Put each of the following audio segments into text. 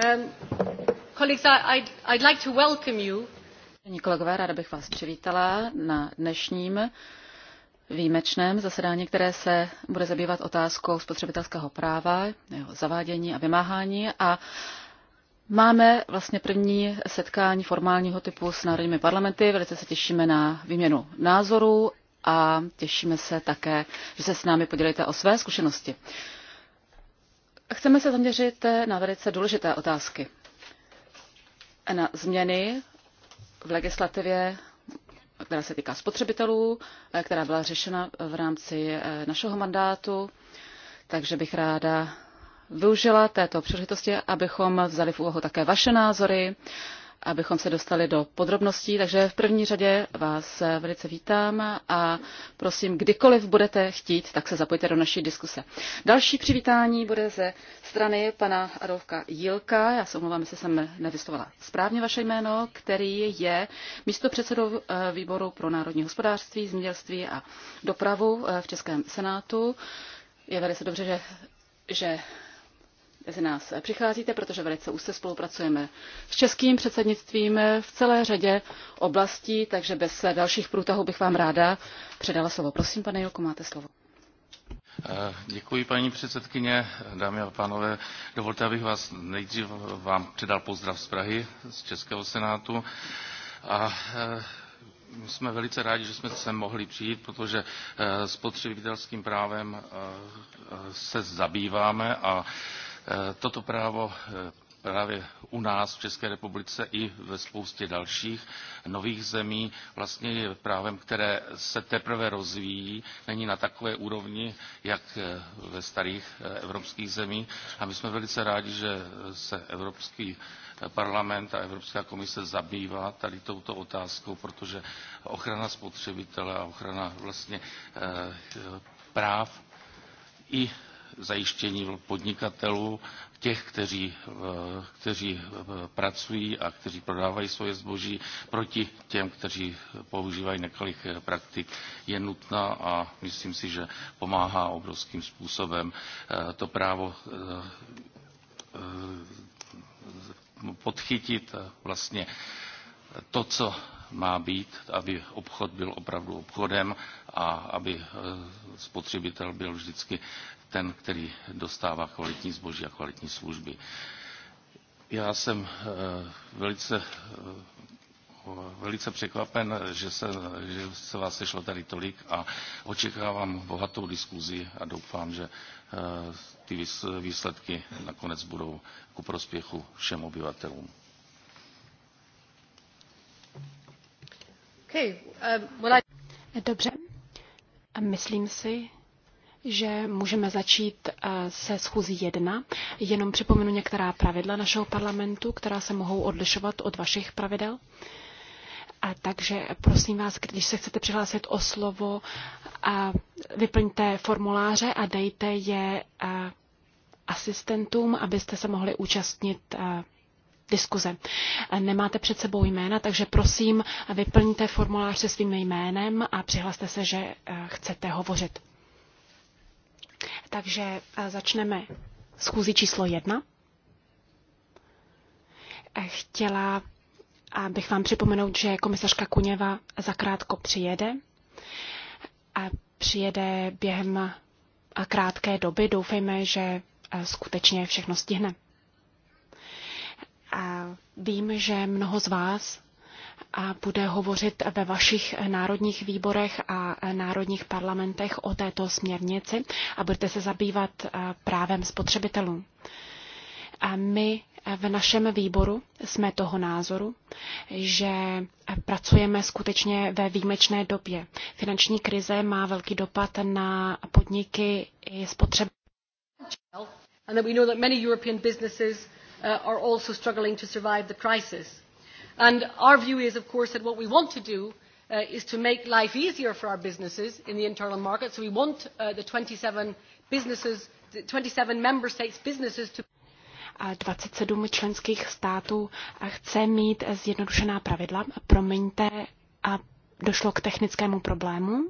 Um, Kolegové, ráda bych vás přivítala na dnešním výjimečném zasedání, které se bude zabývat otázkou spotřebitelského práva, jeho zavádění a vymáhání. A máme vlastně první setkání formálního typu s národními parlamenty. Velice se těšíme na výměnu názorů a těšíme se také, že se s námi podělíte o své zkušenosti. Chceme se zaměřit eh, na velice důležité otázky. Na změny v legislativě, která se týká spotřebitelů, eh, která byla řešena v rámci eh, našeho mandátu. Takže bych ráda využila této příležitosti, abychom vzali v úvahu také vaše názory, abychom se dostali do podrobností. Takže v první řadě vás velice vítám a prosím, kdykoliv budete chtít, tak se zapojte do naší diskuse. Další přivítání bude ze strany pana Adolfka Jilka, já se omlouvám, jestli jsem nevyslovila správně vaše jméno, který je místo předsedou eh, výboru pro národní hospodářství, zemědělství a dopravu eh, v Českém senátu. Je velice dobře, že že mezi nás přicházíte, protože velice úzce spolupracujeme s českým předsednictvím v celé řadě oblastí, takže bez dalších průtahů bych vám ráda předala slovo. Prosím, pane Jilko, máte slovo. Eh, děkuji, paní předsedkyně, dámy a pánové. Dovolte, abych vás nejdřív vám předal pozdrav z Prahy, z Českého senátu. A eh, my jsme velice rádi, že jsme sem mohli přijít, protože eh, spotřebitelským právem se zabýváme a Eh, toto právo eh, právě u nás v České republice i ve spoustě dalších nových zemí vlastně je právem, které se teprve rozvíjí, není na takové úrovni, jak eh, ve starých evropských zemích. A my jsme velice rádi, že se Evropský parlament a Evropská komise zabývá tady touto otázkou, protože ochrana spotřebitele a ochrana vlastně práv i zajištění podnikatelů, těch, kteří, kteří pracují a kteří prodávají svoje zboží, proti těm, kteří používají nekalých praktik, je nutná a myslím si, že pomáhá obrovským způsobem. Eh, to právo eh, eh, podchytit vlastně to, co má být, aby obchod byl opravdu obchodem a aby spotřebitel byl vždycky ten, který dostává kvalitní zboží a kvalitní služby. Já jsem eh, velice, eh, velice překvapen, že se, že se vás sešlo tady tolik a očekávám bohatou diskuzi a doufám, že eh, ty výsledky nakonec budou ku prospěchu všem obyvatelům. Um, Dobře. Myslím si, že můžeme začít eh, se schůzí jedna. Jenom připomenu některá pravidla našeho parlamentu, která se mohou odlišovat od vašich pravidel. A takže prosím vás, když se chcete přihlásit o slovo, a vyplňte formuláře a dejte je eh, asistentům, abyste se mohli účastnit eh, diskuze. Nemáte před sebou jména, takže prosím, vyplňte formulář se svým jménem a přihlaste se, že chcete hovořit. Takže eh, začneme schůzi číslo jedna. Eh, chtěla eh, bych vám připomenout, že komisařka Kuněva zakrátko přijede. A přijede během krátké doby. Doufejme, že skutečně všechno stihne. A vím, že mnoho z vás a bude hovořit ve vašich národních výborech a národních parlamentech o této směrnici a budete se zabývat eh, právem spotřebitelů. A my v našem výboru jsme toho názoru, že pracujeme skutečně ve výjimečné době. Finanční krize má velký dopad na podniky i spotřebitelů. And that we know that many European businesses uh, are also struggling to survive the crisis And our view is, of course, that what we want to do uh, is to make life easier for our businesses in the internal market. So we want uh, the 27 businesses, the 27 member states' businesses to. A 27 členských států eh, chce mít eh, zjednodušená pravidla. Promiňte, a došlo k technickému problému.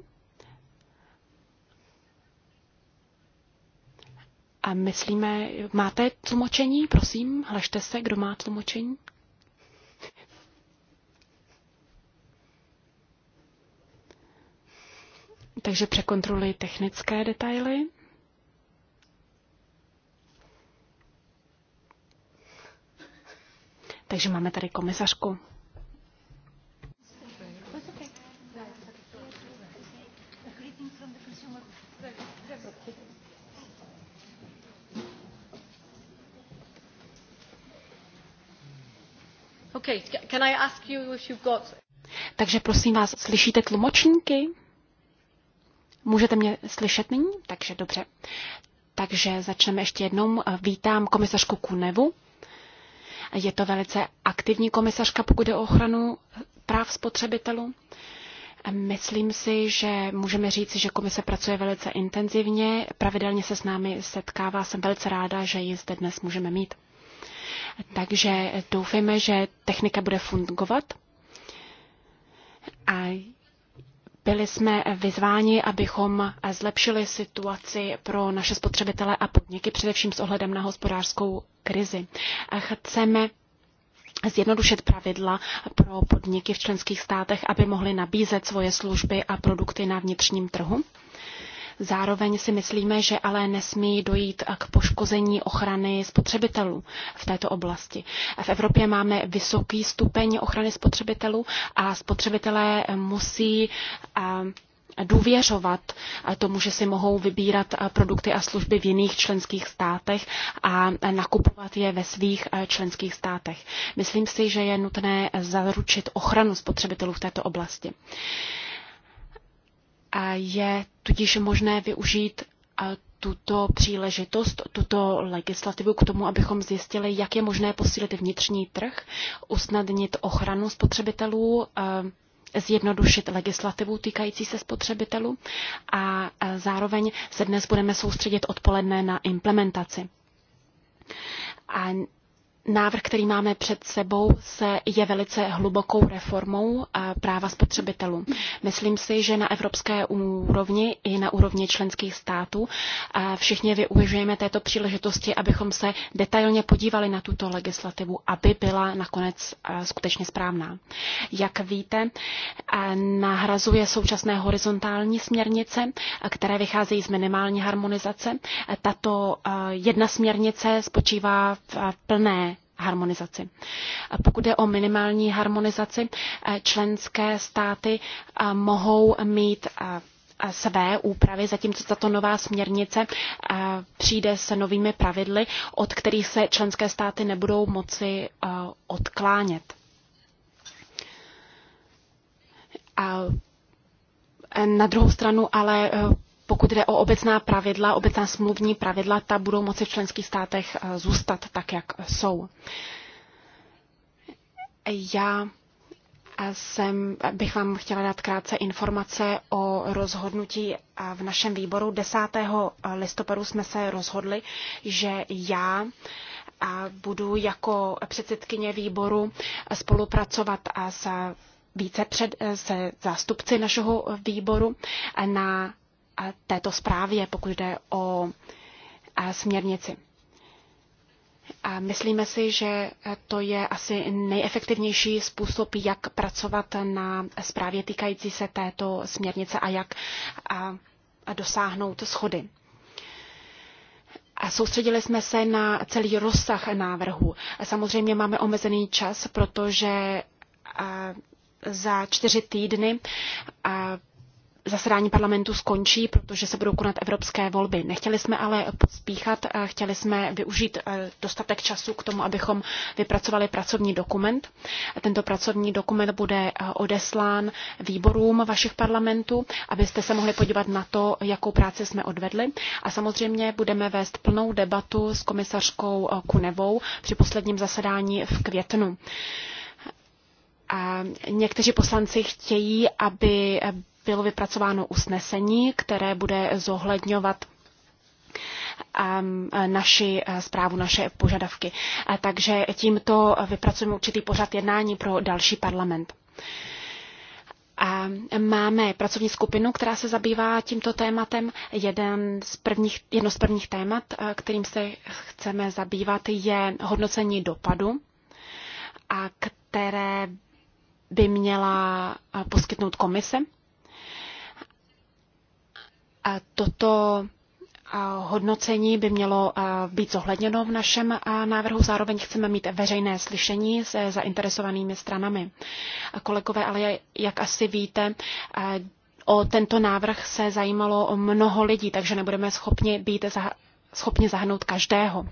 A myslíme, máte tlumočení, prosím, hlašte se, kdo má tlumočení. Takže překontroluji technické detaily. Takže máme tady komisařku. Okay, can I ask you if you've got... Takže prosím vás, slyšíte tlumočníky? Můžete mě slyšet nyní? Takže dobře. Takže začneme ještě jednou. Vítám komisařku Kunevu. Je to velice aktivní komisařka, pokud je o ochranu práv spotřebitelů. Myslím si, že můžeme říct, že komise pracuje velice intenzivně, pravidelně se s námi setkává. Jsem velice ráda, že ji zde dnes můžeme mít. Takže doufejme, že technika bude fungovat. A byli jsme vyzváni, abychom zlepšili situaci pro naše spotřebitele a podniky, především s ohledem na hospodářskou krizi. Chceme zjednodušit pravidla pro podniky v členských státech, aby mohly nabízet svoje služby a produkty na vnitřním trhu. Zároveň si myslíme, že ale nesmí dojít k poškození ochrany spotřebitelů v této oblasti. V Evropě máme vysoký stupeň ochrany spotřebitelů a spotřebitelé musí důvěřovat tomu, že si mohou vybírat produkty a služby v jiných členských státech a nakupovat je ve svých členských státech. Myslím si, že je nutné zaručit ochranu spotřebitelů v této oblasti je tudíž možné využít tuto příležitost, tuto legislativu k tomu, abychom zjistili, jak je možné posílit vnitřní trh, usnadnit ochranu spotřebitelů, zjednodušit legislativu týkající se spotřebitelů a zároveň se dnes budeme soustředit odpoledne na implementaci. A Návrh, který máme před sebou, se je velice hlubokou reformou eh, práva spotřebitelů. Myslím si, že na evropské úrovni i na úrovni členských států eh, všichni využijeme této příležitosti, abychom se detailně podívali na tuto legislativu, aby byla nakonec eh, skutečně správná. Jak víte, nahrazuje současné horizontální směrnice, které vycházejí z minimální harmonizace. Tato jedna směrnice spočívá v plné harmonizaci. Pokud je o minimální harmonizaci, eh, členské státy eh, mohou mít eh, své úpravy, zatímco tato nová směrnice přijde se novými pravidly, od kterých se členské státy nebudou moci odklánět. A na druhou stranu ale pokud jde o obecná pravidla, obecná smluvní pravidla, ta budou moci v členských státech eh, zůstat tak, jak jsou. Já eh, jsem, bych vám chtěla dát krátce informace o rozhodnutí eh, v našem výboru. 10. listopadu jsme se rozhodli, že já budu jako předsedkyně výboru spolupracovat s více před, se zástupci našeho výboru na této zprávě, pokud jde o směrnici. A myslíme si, že to je asi nejefektivnější způsob, jak pracovat na zprávě týkající se této směrnice a jak a, a dosáhnout schody. A soustředili jsme se na celý rozsah návrhu. Samozřejmě máme omezený čas, protože za čtyři týdny zasedání parlamentu skončí, protože se budou konat evropské volby. Nechtěli jsme ale pospíchat, chtěli jsme využít eh, dostatek času k tomu, abychom vypracovali pracovní dokument. Tento pracovní dokument bude eh, odeslán výborům vašich parlamentů, abyste se mohli podívat na to, jakou práci jsme odvedli. A samozřejmě budeme vést plnou debatu s komisařkou eh, Kunevou při posledním zasedání v květnu. A někteří poslanci chtějí, aby bylo vypracováno usnesení, které bude zohledňovat ehm, naši eh, zprávu, naše požadavky. Takže tímto vypracujeme určitý pořad jednání pro další parlament. A máme pracovní skupinu, která se zabývá tímto tématem. Jeden z prvních, jedno z prvních témat, eh, kterým se chceme zabývat, je hodnocení dopadu, a které by měla eh, poskytnout komise toto hodnocení by mělo být zohledněno v našem návrhu. Zároveň chceme mít veřejné slyšení se zainteresovanými stranami. Kolegové, ale jak asi víte, o tento návrh se zajímalo mnoho lidí, takže nebudeme schopni být schopni zahrnout každého.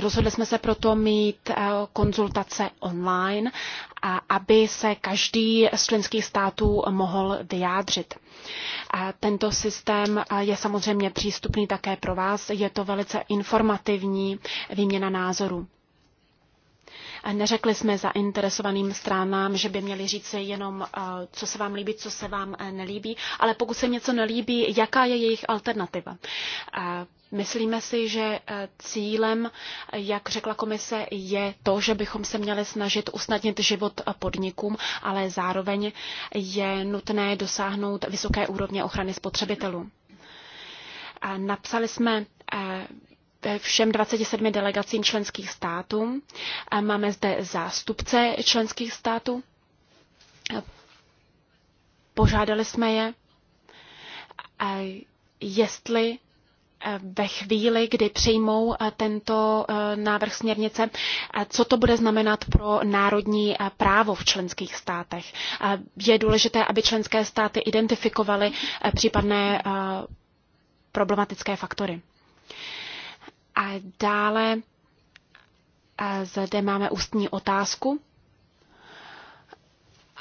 Rozhodli jsme se proto mít eh, konzultace online, aby se každý z členských států mohl vyjádřit. Tento systém eh, je samozřejmě přístupný také pro vás. Je to velice informativní výměna názorů. Neřekli jsme zainteresovaným stranám, že by měli říct jenom, eh, co se vám líbí, co se vám eh, nelíbí, ale pokud se něco nelíbí, jaká je jejich alternativa. Eh, myslíme si, že cílem, jak řekla komise, je to, že bychom se měli snažit usnadnit život podnikům, ale zároveň je nutné dosáhnout vysoké úrovně ochrany spotřebitelů. Napsali jsme všem 27 delegacím členských států. Máme zde zástupce členských států. Požádali jsme je, jestli ve chvíli, kdy přijmou tento e, návrh směrnice, co to bude znamenat pro národní právo v členských státech. Je důležité, aby členské státy identifikovaly případné problematické faktory. A dále eh, zde máme ústní otázku,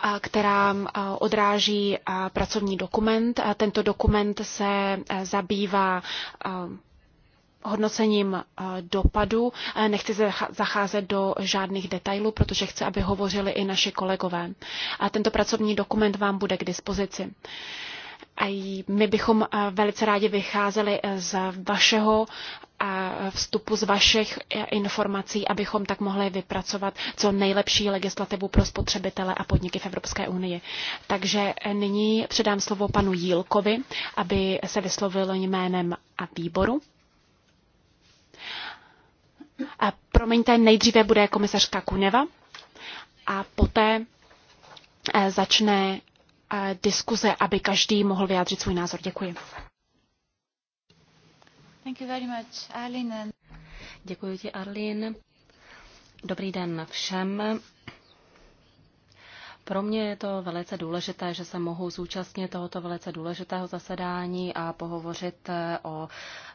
eh, která eh, odráží pracovní dokument. Tento dokument se zabývá hodnocením dopadu. Nechci zacházet do žádných detailů, protože chci, aby hovořili i naši kolegové. A tento pracovní dokument vám bude k dispozici. A my bychom velice rádi vycházeli z vašeho vstupu z vašich eh, informací, abychom tak mohli vypracovat co nejlepší legislativu pro spotřebitele a podniky v Evropské unii. Takže eh, nyní předám slovo panu Jílkovi, aby se vyslovil jménem a výboru. A promiňte, nejdříve bude komisařka Kuneva a poté eh, začne diskuze, aby každý mohl vyjádřit svůj názor. Děkuji. Thank you very much, Arlene. Děkuji ti, Arlin, Dobrý den všem. Pro mě je to velice důležité, že se mohu zúčastnit tohoto velice důležitého zasedání a pohovořit eh, o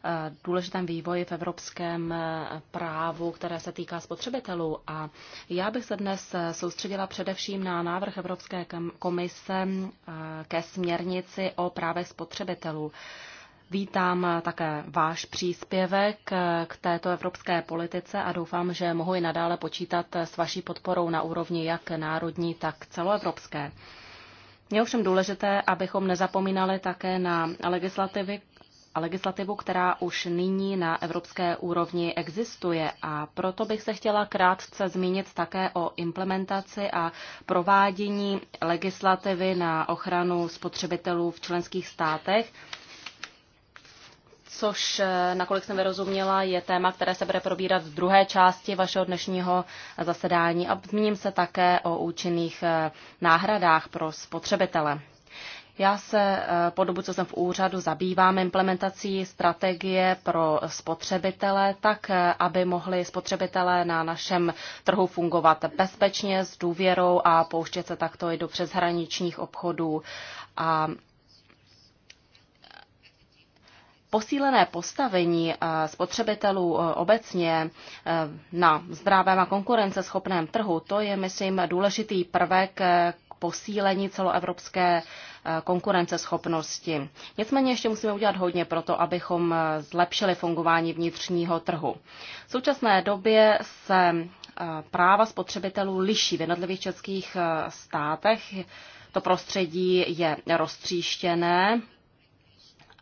eh, důležitém vývoji v evropském eh, právu, které se týká spotřebitelů. A já bych se dnes soustředila především na návrh Evropské komise ke směrnici o právech spotřebitelů. Vítám eh, také váš příspěvek eh, k této evropské politice a doufám, že mohu i nadále počítat eh, s vaší podporou na úrovni jak národní, tak celoevropské. Je ovšem důležité, abychom nezapomínali také na legislativy, a legislativu, která už nyní na evropské úrovni existuje. A proto bych se chtěla krátce zmínit také o implementaci a provádění legislativy na ochranu spotřebitelů v členských státech což, eh, nakolik jsem vyrozuměla, je téma, které se bude probírat v druhé části vašeho dnešního zasedání a zmíním se také o účinných eh, náhradách pro spotřebitele. Já se eh, po dobu, co jsem v úřadu, zabývám implementací strategie pro spotřebitele, tak aby mohli spotřebitele na našem trhu fungovat bezpečně, s důvěrou a pouštět se takto i do přeshraničních obchodů a posílené postavení eh, spotřebitelů eh, obecně eh, na zdravém a konkurenceschopném trhu, to je, myslím, důležitý prvek posílení celoevropské konkurenceschopnosti. Nicméně ještě musíme udělat hodně pro to, abychom zlepšili fungování vnitřního trhu. V současné době se práva spotřebitelů liší v jednotlivých českých státech. To prostředí je roztříštěné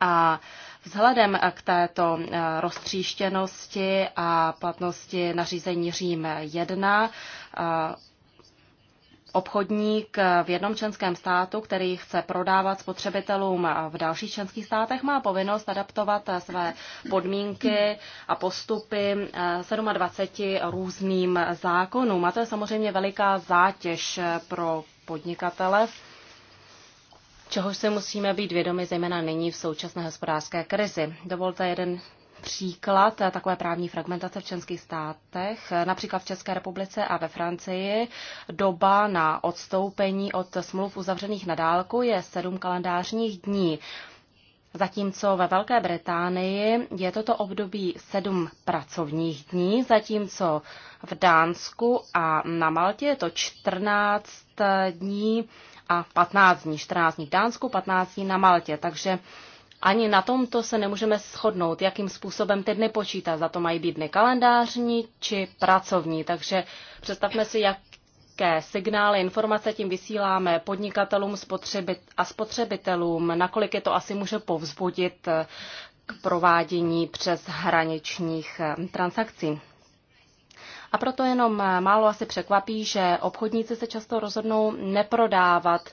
a Vzhledem k této eh, roztříštěnosti a platnosti nařízení Řím 1 eh, obchodník v jednom členském státu, který chce prodávat spotřebitelům v dalších členských státech, má povinnost adaptovat eh, své podmínky a postupy 27 různým zákonům. A to je samozřejmě veliká zátěž pro podnikatele čehož se musíme být vědomi zejména nyní v současné hospodářské krizi. Dovolte jeden příklad takové právní fragmentace v členských státech, například v České republice a ve Francii. Doba na odstoupení od smluv uzavřených na dálku je sedm kalendářních dní. Zatímco ve Velké Británii je toto období sedm pracovních dní, zatímco v Dánsku a na Maltě je to 14 dní a 15 dní, 14 dní v Dánsku, 15 dní na Maltě. Takže ani na tomto se nemůžeme shodnout, jakým způsobem ty dny počítat. Za to mají být dny kalendářní či pracovní. Takže představme si, jak jaké signály, informace tím vysíláme podnikatelům spotřebit a spotřebitelům, nakolik je to asi může povzbudit k provádění přes hraničních eh, transakcí. A proto jenom eh, málo asi překvapí, že obchodníci se často rozhodnou neprodávat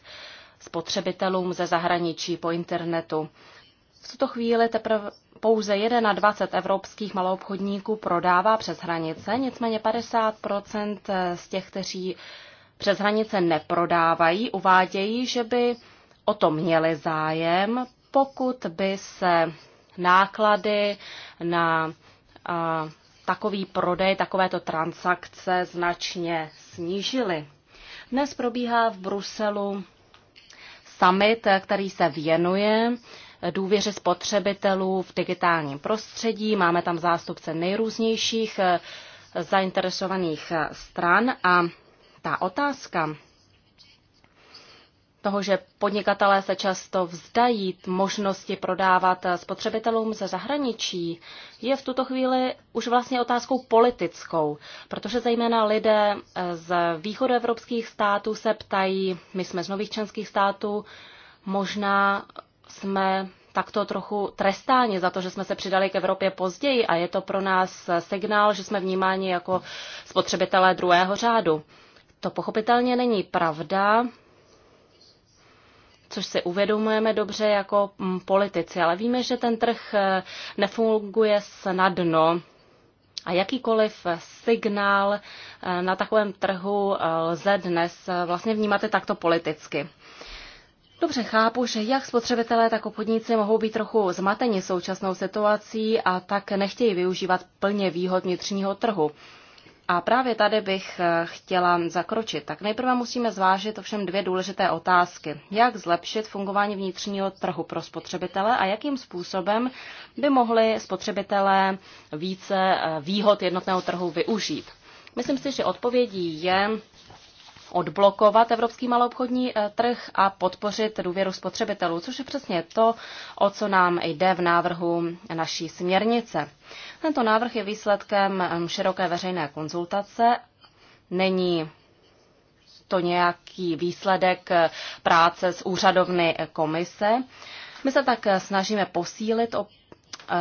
spotřebitelům ze zahraničí po internetu. V tuto chvíli teprve pouze 1 na 20 evropských maloobchodníků prodává přes hranice, nicméně 50 eh, z těch, kteří přes hranice neprodávají, uvádějí, že by o to měli zájem, pokud by se náklady na takový prodej, takovéto transakce značně snížily. Dnes probíhá v Bruselu summit, který se věnuje důvěře spotřebitelů v digitálním prostředí. Máme tam zástupce nejrůznějších zainteresovaných stran a ta otázka, toho, že podnikatelé se často vzdají možnosti prodávat spotřebitelům ze zahraničí, je v tuto chvíli už vlastně otázkou politickou, protože zejména lidé z evropských států se ptají, my jsme z nových členských států, možná jsme takto trochu trestáni za to, že jsme se přidali k Evropě později a je to pro nás signál, že jsme vnímáni jako spotřebitelé druhého řádu. To pochopitelně není pravda což si uvědomujeme dobře jako mm, politici, ale víme, že ten trh eh, nefunguje snadno. A jakýkoliv signál eh, na takovém trhu eh, lze dnes vlastně vnímat i takto politicky. Dobře chápu, že jak spotřebitelé, tak obchodníci mohou být trochu zmateni současnou situací a tak nechtějí využívat plně výhod vnitřního trhu. A právě tady bych eh, chtěla zakročit. Tak nejprve musíme zvážit ovšem dvě důležité otázky. Jak zlepšit fungování vnitřního trhu pro spotřebitele a jakým způsobem by mohli spotřebitelé více eh, výhod jednotného trhu využít. Myslím si, že odpovědí je odblokovat evropský maloobchodní eh, trh a podpořit důvěru spotřebitelů, což je přesně to, o co nám jde v návrhu naší směrnice. Tento návrh je výsledkem ehm, široké veřejné konzultace. Není to nějaký výsledek eh, práce z úřadovny komise. My se tak eh, snažíme posílit o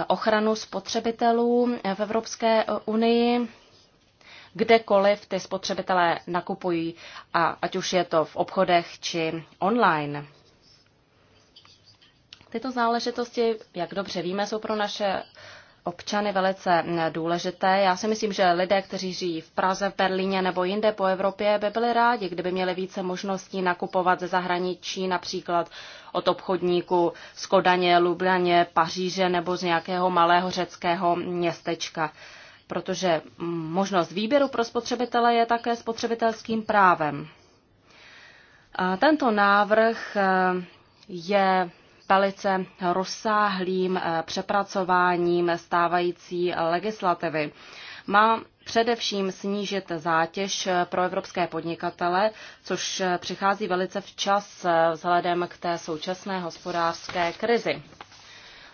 ochranu spotřebitelů v Evropské unii kdekoliv ty spotřebitelé nakupují, a ať už je to v obchodech či online. Tyto záležitosti, jak dobře víme, jsou pro naše občany velice důležité. Já si myslím, že lidé, kteří žijí v Praze, v Berlíně nebo jinde po Evropě, by byli rádi, kdyby měli více možností nakupovat ze zahraničí, například od obchodníků z Kodaně, Lublaně, Paříže nebo z nějakého malého řeckého městečka protože možnost výběru pro spotřebitele je také spotřebitelským právem. Tento návrh eh, je velice rozsáhlým eh, přepracováním stávající legislativy. Má především snížit zátěž eh, pro evropské podnikatele, což přichází velice včas vzhledem k té současné hospodářské krizi.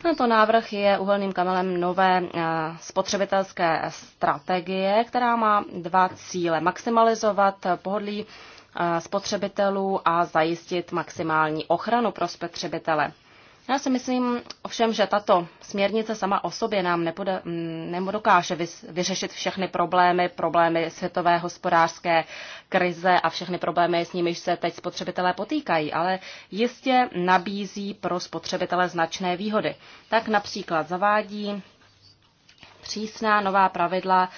Tento návrh je uhelným kamelem nové eh, spotřebitelské strategie, která má dva cíle. Maximalizovat pohodlí eh, spotřebitelů a zajistit maximální ochranu pro spotřebitele. Já si myslím ovšem, že tato směrnice sama o sobě nám nepode, nedokáže vyřešit všechny problémy, problémy světové hospodářské krize a všechny problémy, s nimiž se teď spotřebitelé potýkají, ale jistě nabízí pro spotřebitele značné výhody. Tak například zavádí přísná nová pravidla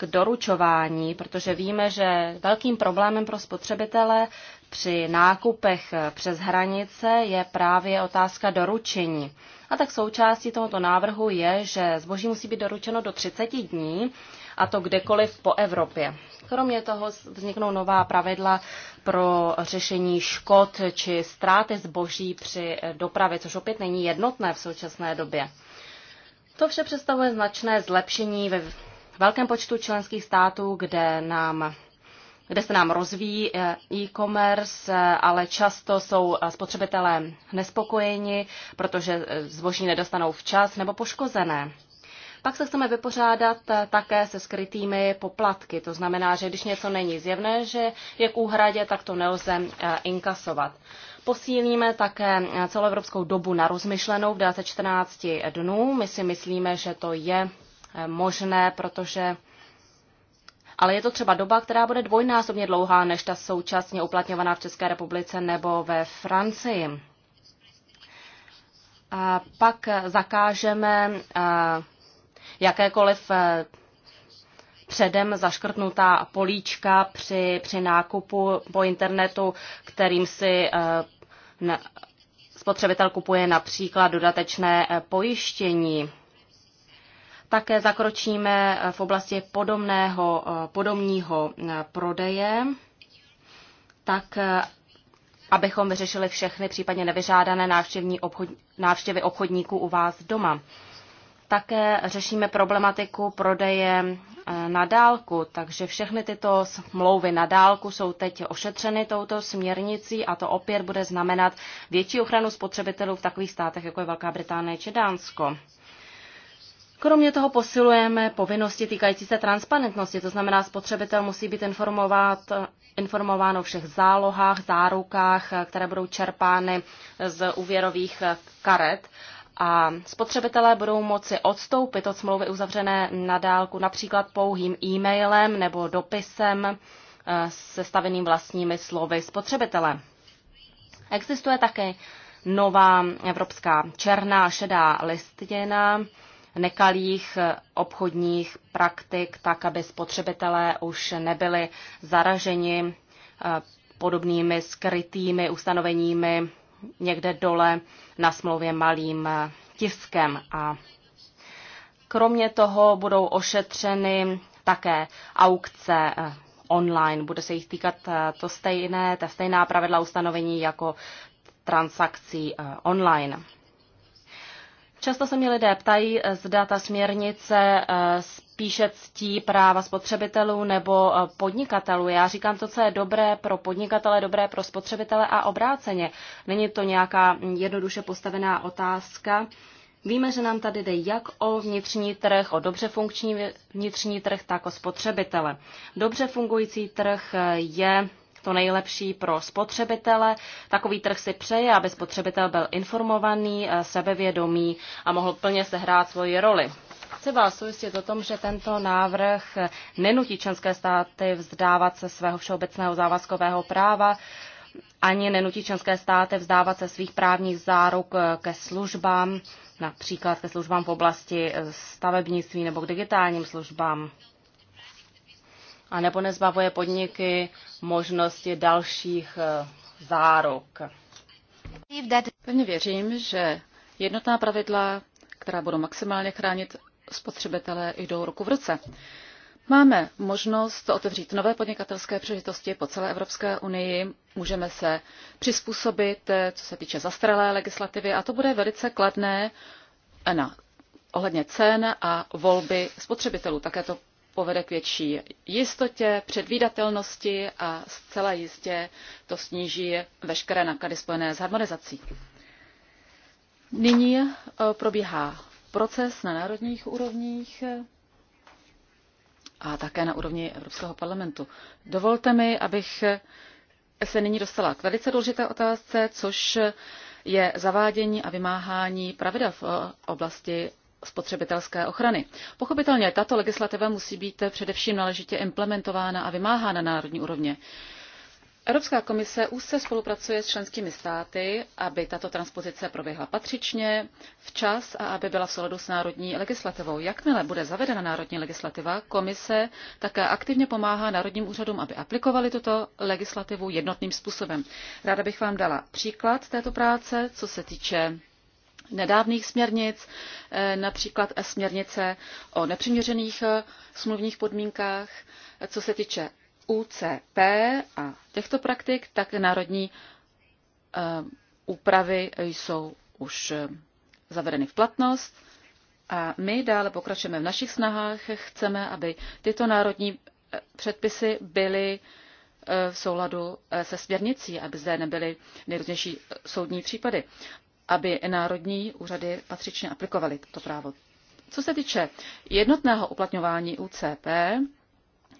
k doručování, protože víme, že velkým problémem pro spotřebitele při nákupech přes hranice je právě otázka doručení. A tak součástí tohoto návrhu je, že zboží musí být doručeno do 30 dní, a to kdekoliv po Evropě. Kromě toho vzniknou nová pravidla pro řešení škod či ztráty zboží při dopravě, což opět není jednotné v současné době. To vše představuje značné zlepšení ve velkém počtu členských států, kde nám kde se nám rozvíjí eh, e-commerce, ale často jsou eh, spotřebitelé nespokojeni, protože eh, zboží nedostanou včas nebo poškozené. Pak se chceme vypořádat také se skrytými poplatky. To znamená, že když něco není zjevné, že je k úhradě, tak to nelze inkasovat. Posílíme také celoevropskou dobu na rozmyšlenou v délce 14 dnů. My si myslíme, že to je Eh, možné, protože ale je to třeba doba, která bude dvojnásobně dlouhá než ta současně uplatňovaná v České republice nebo ve Francii. A pak zakážeme eh, jakékoliv eh, předem zaškrtnutá políčka při, při nákupu po internetu, kterým si spotřebitel kupuje například dodatečné pojištění. Také zakročíme v oblasti podobného, podobního eh, prodeje, tak eh, abychom vyřešili všechny případně nevyžádané návštěvní obchod, návštěvy obchodníků u vás doma. Také řešíme problematiku prodeje eh, na dálku, takže všechny tyto smlouvy na dálku jsou teď ošetřeny touto směrnicí a to opět bude znamenat větší ochranu spotřebitelů v takových státech, jako je Velká Británie či Dánsko. Kromě toho posilujeme povinnosti týkající se transparentnosti, to znamená, spotřebitel musí být informovat, informován o všech zálohách, zárukách, které budou čerpány z úvěrových karet a spotřebitelé budou moci odstoupit od smlouvy uzavřené na dálku například pouhým e-mailem nebo dopisem eh, sestaveným vlastními slovy spotřebitele. Existuje také nová evropská černá šedá listina, nekalých eh, obchodních praktik, tak aby spotřebitelé už nebyli zaraženi eh, podobnými skrytými ustanoveními někde dole na smlouvě malým eh, tiskem. A kromě toho budou ošetřeny také aukce online. Bude se jich týkat to stejné, ta stejná pravidla ustanovení jako transakcí online. Často se mě lidé ptají, eh, zda ta směrnice eh, spíše ctí práva spotřebitelů nebo eh, podnikatelů. Já říkám to, co je dobré pro podnikatele, dobré pro spotřebitele a obráceně. Není to nějaká jednoduše postavená otázka. Víme, že nám tady jde jak o vnitřní trh, o dobře funkční vnitřní trh, tak o spotřebitele. Dobře fungující trh je to nejlepší pro spotřebitele. Takový trh si přeje, aby spotřebitel byl informovaný, eh, sebevědomý a mohl plně sehrát svoji roli. Chci vás ujistit o tom, že tento návrh eh, nenutí členské státy vzdávat se svého všeobecného závazkového práva, ani nenutí členské státy vzdávat se svých právních záruk eh, ke službám, například ke službám v oblasti stavebnictví nebo k digitálním službám a nebo nezbavuje podniky možnosti dalších eh, záruk. Pevně věřím, že jednotná pravidla, která budou maximálně chránit spotřebitele, jdou ruku v ruce. Máme možnost otevřít nové podnikatelské příležitosti po celé Evropské unii, můžeme se přizpůsobit, eh, co se týče zastaralé legislativy, a to bude velice kladné eh, na ohledně cen a volby spotřebitelů. Také to povede k větší jistotě, předvídatelnosti a zcela jistě to sníží veškeré náklady spojené s harmonizací. Nyní eh, probíhá proces na národních úrovních eh, a také na úrovni Evropského parlamentu. Dovolte mi, abych eh, se nyní dostala k velice důležité otázce, což je zavádění a vymáhání pravidel v oblasti spotřebitelské ochrany. Pochopitelně tato legislativa musí být především náležitě implementována a vymáhána na národní úrovně. Evropská komise úzce spolupracuje s členskými státy, aby tato transpozice proběhla patřičně, včas a aby byla v souladu s národní legislativou. Jakmile bude zavedena národní legislativa, komise také aktivně pomáhá národním úřadům, aby aplikovali tuto legislativu jednotným způsobem. Ráda bych vám dala příklad této práce, co se týče nedávných směrnic, eh, například směrnice o nepřiměřených eh, smluvních podmínkách. Co se týče UCP a těchto praktik, tak národní eh, úpravy jsou už zavedeny v platnost. A my dále pokračujeme v našich snahách. Chceme, aby tyto národní předpisy byly v souladu se směrnicí, aby zde nebyly nejrůznější soudní případy aby národní úřady patřičně aplikovaly toto právo. Co se týče jednotného uplatňování UCP,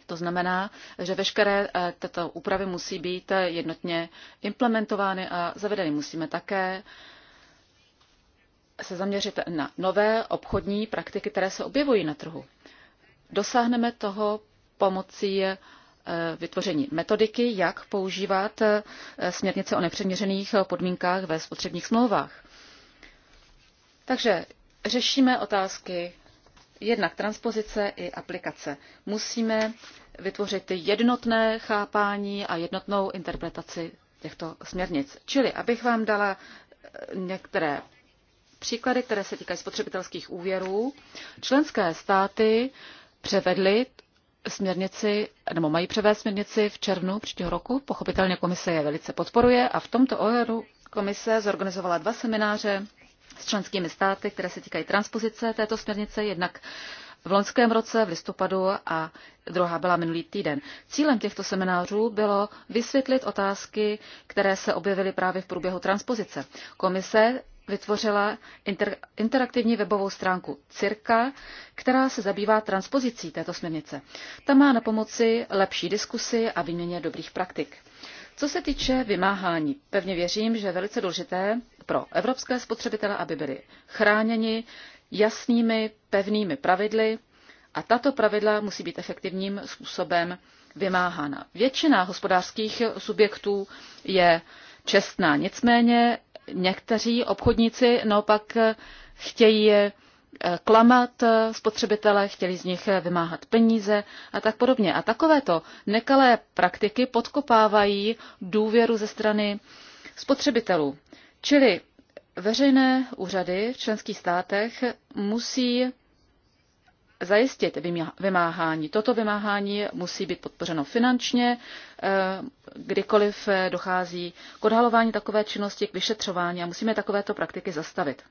to znamená, že veškeré eh, tyto úpravy musí být eh, jednotně implementovány a zavedeny. Musíme také se zaměřit na nové obchodní praktiky, které se objevují na trhu. Dosáhneme toho pomocí Eh, vytvoření metodiky, jak používat eh, směrnice o nepřeměřených podmínkách ve spotřebních smlouvách. Takže řešíme otázky jednak transpozice i aplikace. Musíme vytvořit jednotné chápání a jednotnou interpretaci těchto směrnic. Čili, abych vám dala eh, některé příklady, které se týkají spotřebitelských úvěrů, členské státy převedly směrnici, nebo mají převést směrnici v červnu příštího roku. Pochopitelně komise je velice podporuje a v tomto ohledu komise zorganizovala dva semináře s členskými státy, které se týkají transpozice této směrnice, jednak v loňském roce v listopadu a druhá byla minulý týden. Cílem těchto seminářů bylo vysvětlit otázky, které se objevily právě v průběhu transpozice. Komise vytvořila inter, interaktivní webovou stránku Cirka, která se zabývá transpozicí této směrnice. Ta má na pomoci lepší diskusy a výměně dobrých praktik. Co se týče vymáhání, pevně věřím, že je velice důležité pro evropské spotřebitele, aby byli chráněni jasnými, pevnými pravidly a tato pravidla musí být efektivním způsobem vymáhána. Většina hospodářských subjektů je čestná, nicméně někteří obchodníci naopak chtějí eh, klamat eh, spotřebitele, chtěli z nich eh, vymáhat peníze a tak podobně. A takovéto nekalé praktiky podkopávají důvěru ze strany spotřebitelů. Čili veřejné úřady v členských státech musí zajistit vymáhání. Toto vymáhání musí být podpořeno finančně, eh, kdykoliv eh, dochází k odhalování takové činnosti, k vyšetřování a musíme takovéto praktiky zastavit.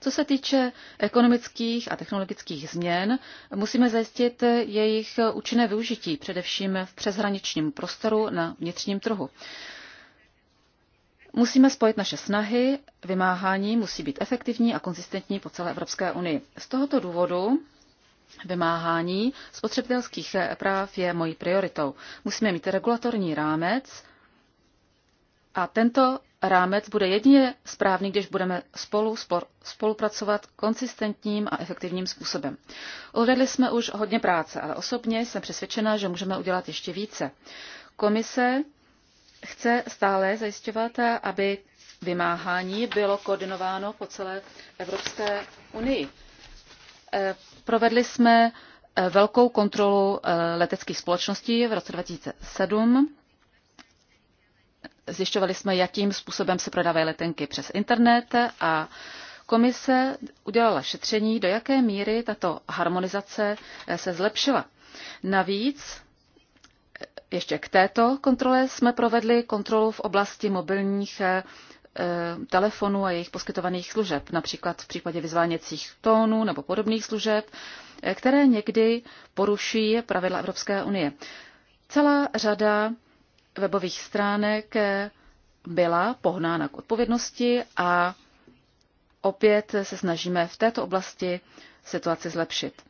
Co se týče ekonomických a technologických změn, musíme zajistit eh, jejich účinné využití, především v přeshraničním prostoru na vnitřním trhu. Musíme spojit naše snahy, vymáhání musí být efektivní a konzistentní po celé Evropské unii. Z tohoto důvodu Vymáhání spotřebitelských práv je mojí prioritou. Musíme mít regulatorní rámec a tento rámec bude jedině správný, když budeme spolu spor, spolupracovat konsistentním a efektivním způsobem. Odvedli jsme už hodně práce, ale osobně jsem přesvědčena, že můžeme udělat ještě více. Komise chce stále zajišťovat, aby vymáhání bylo koordinováno po celé Evropské unii. Eh, provedli jsme eh, velkou kontrolu eh, leteckých společností v roce 2007. Zjišťovali jsme, jakým způsobem se prodávají letenky přes internet a komise udělala šetření, do jaké míry tato harmonizace se zlepšila. Navíc ještě k této kontrole jsme provedli kontrolu v oblasti mobilních Eh, telefonů a jejich poskytovaných služeb, například v případě vyzváněcích tónů nebo podobných služeb, eh, které někdy porušují pravidla Evropské unie. Celá řada webových stránek eh, byla pohnána k odpovědnosti a opět se snažíme v této oblasti situaci zlepšit.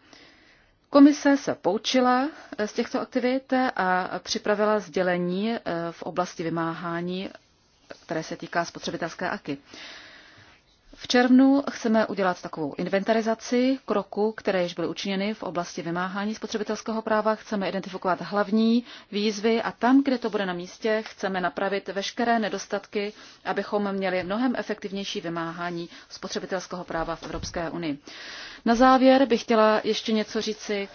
Komise se poučila z těchto aktivit a připravila sdělení v oblasti vymáhání které se týká spotřebitelské aky. V červnu chceme udělat takovou inventarizaci kroků, které již byly učiněny v oblasti vymáhání spotřebitelského práva. Chceme identifikovat hlavní výzvy a tam, kde to bude na místě, chceme napravit veškeré nedostatky, abychom měli mnohem efektivnější vymáhání spotřebitelského práva v Evropské unii. Na závěr bych chtěla ještě něco říci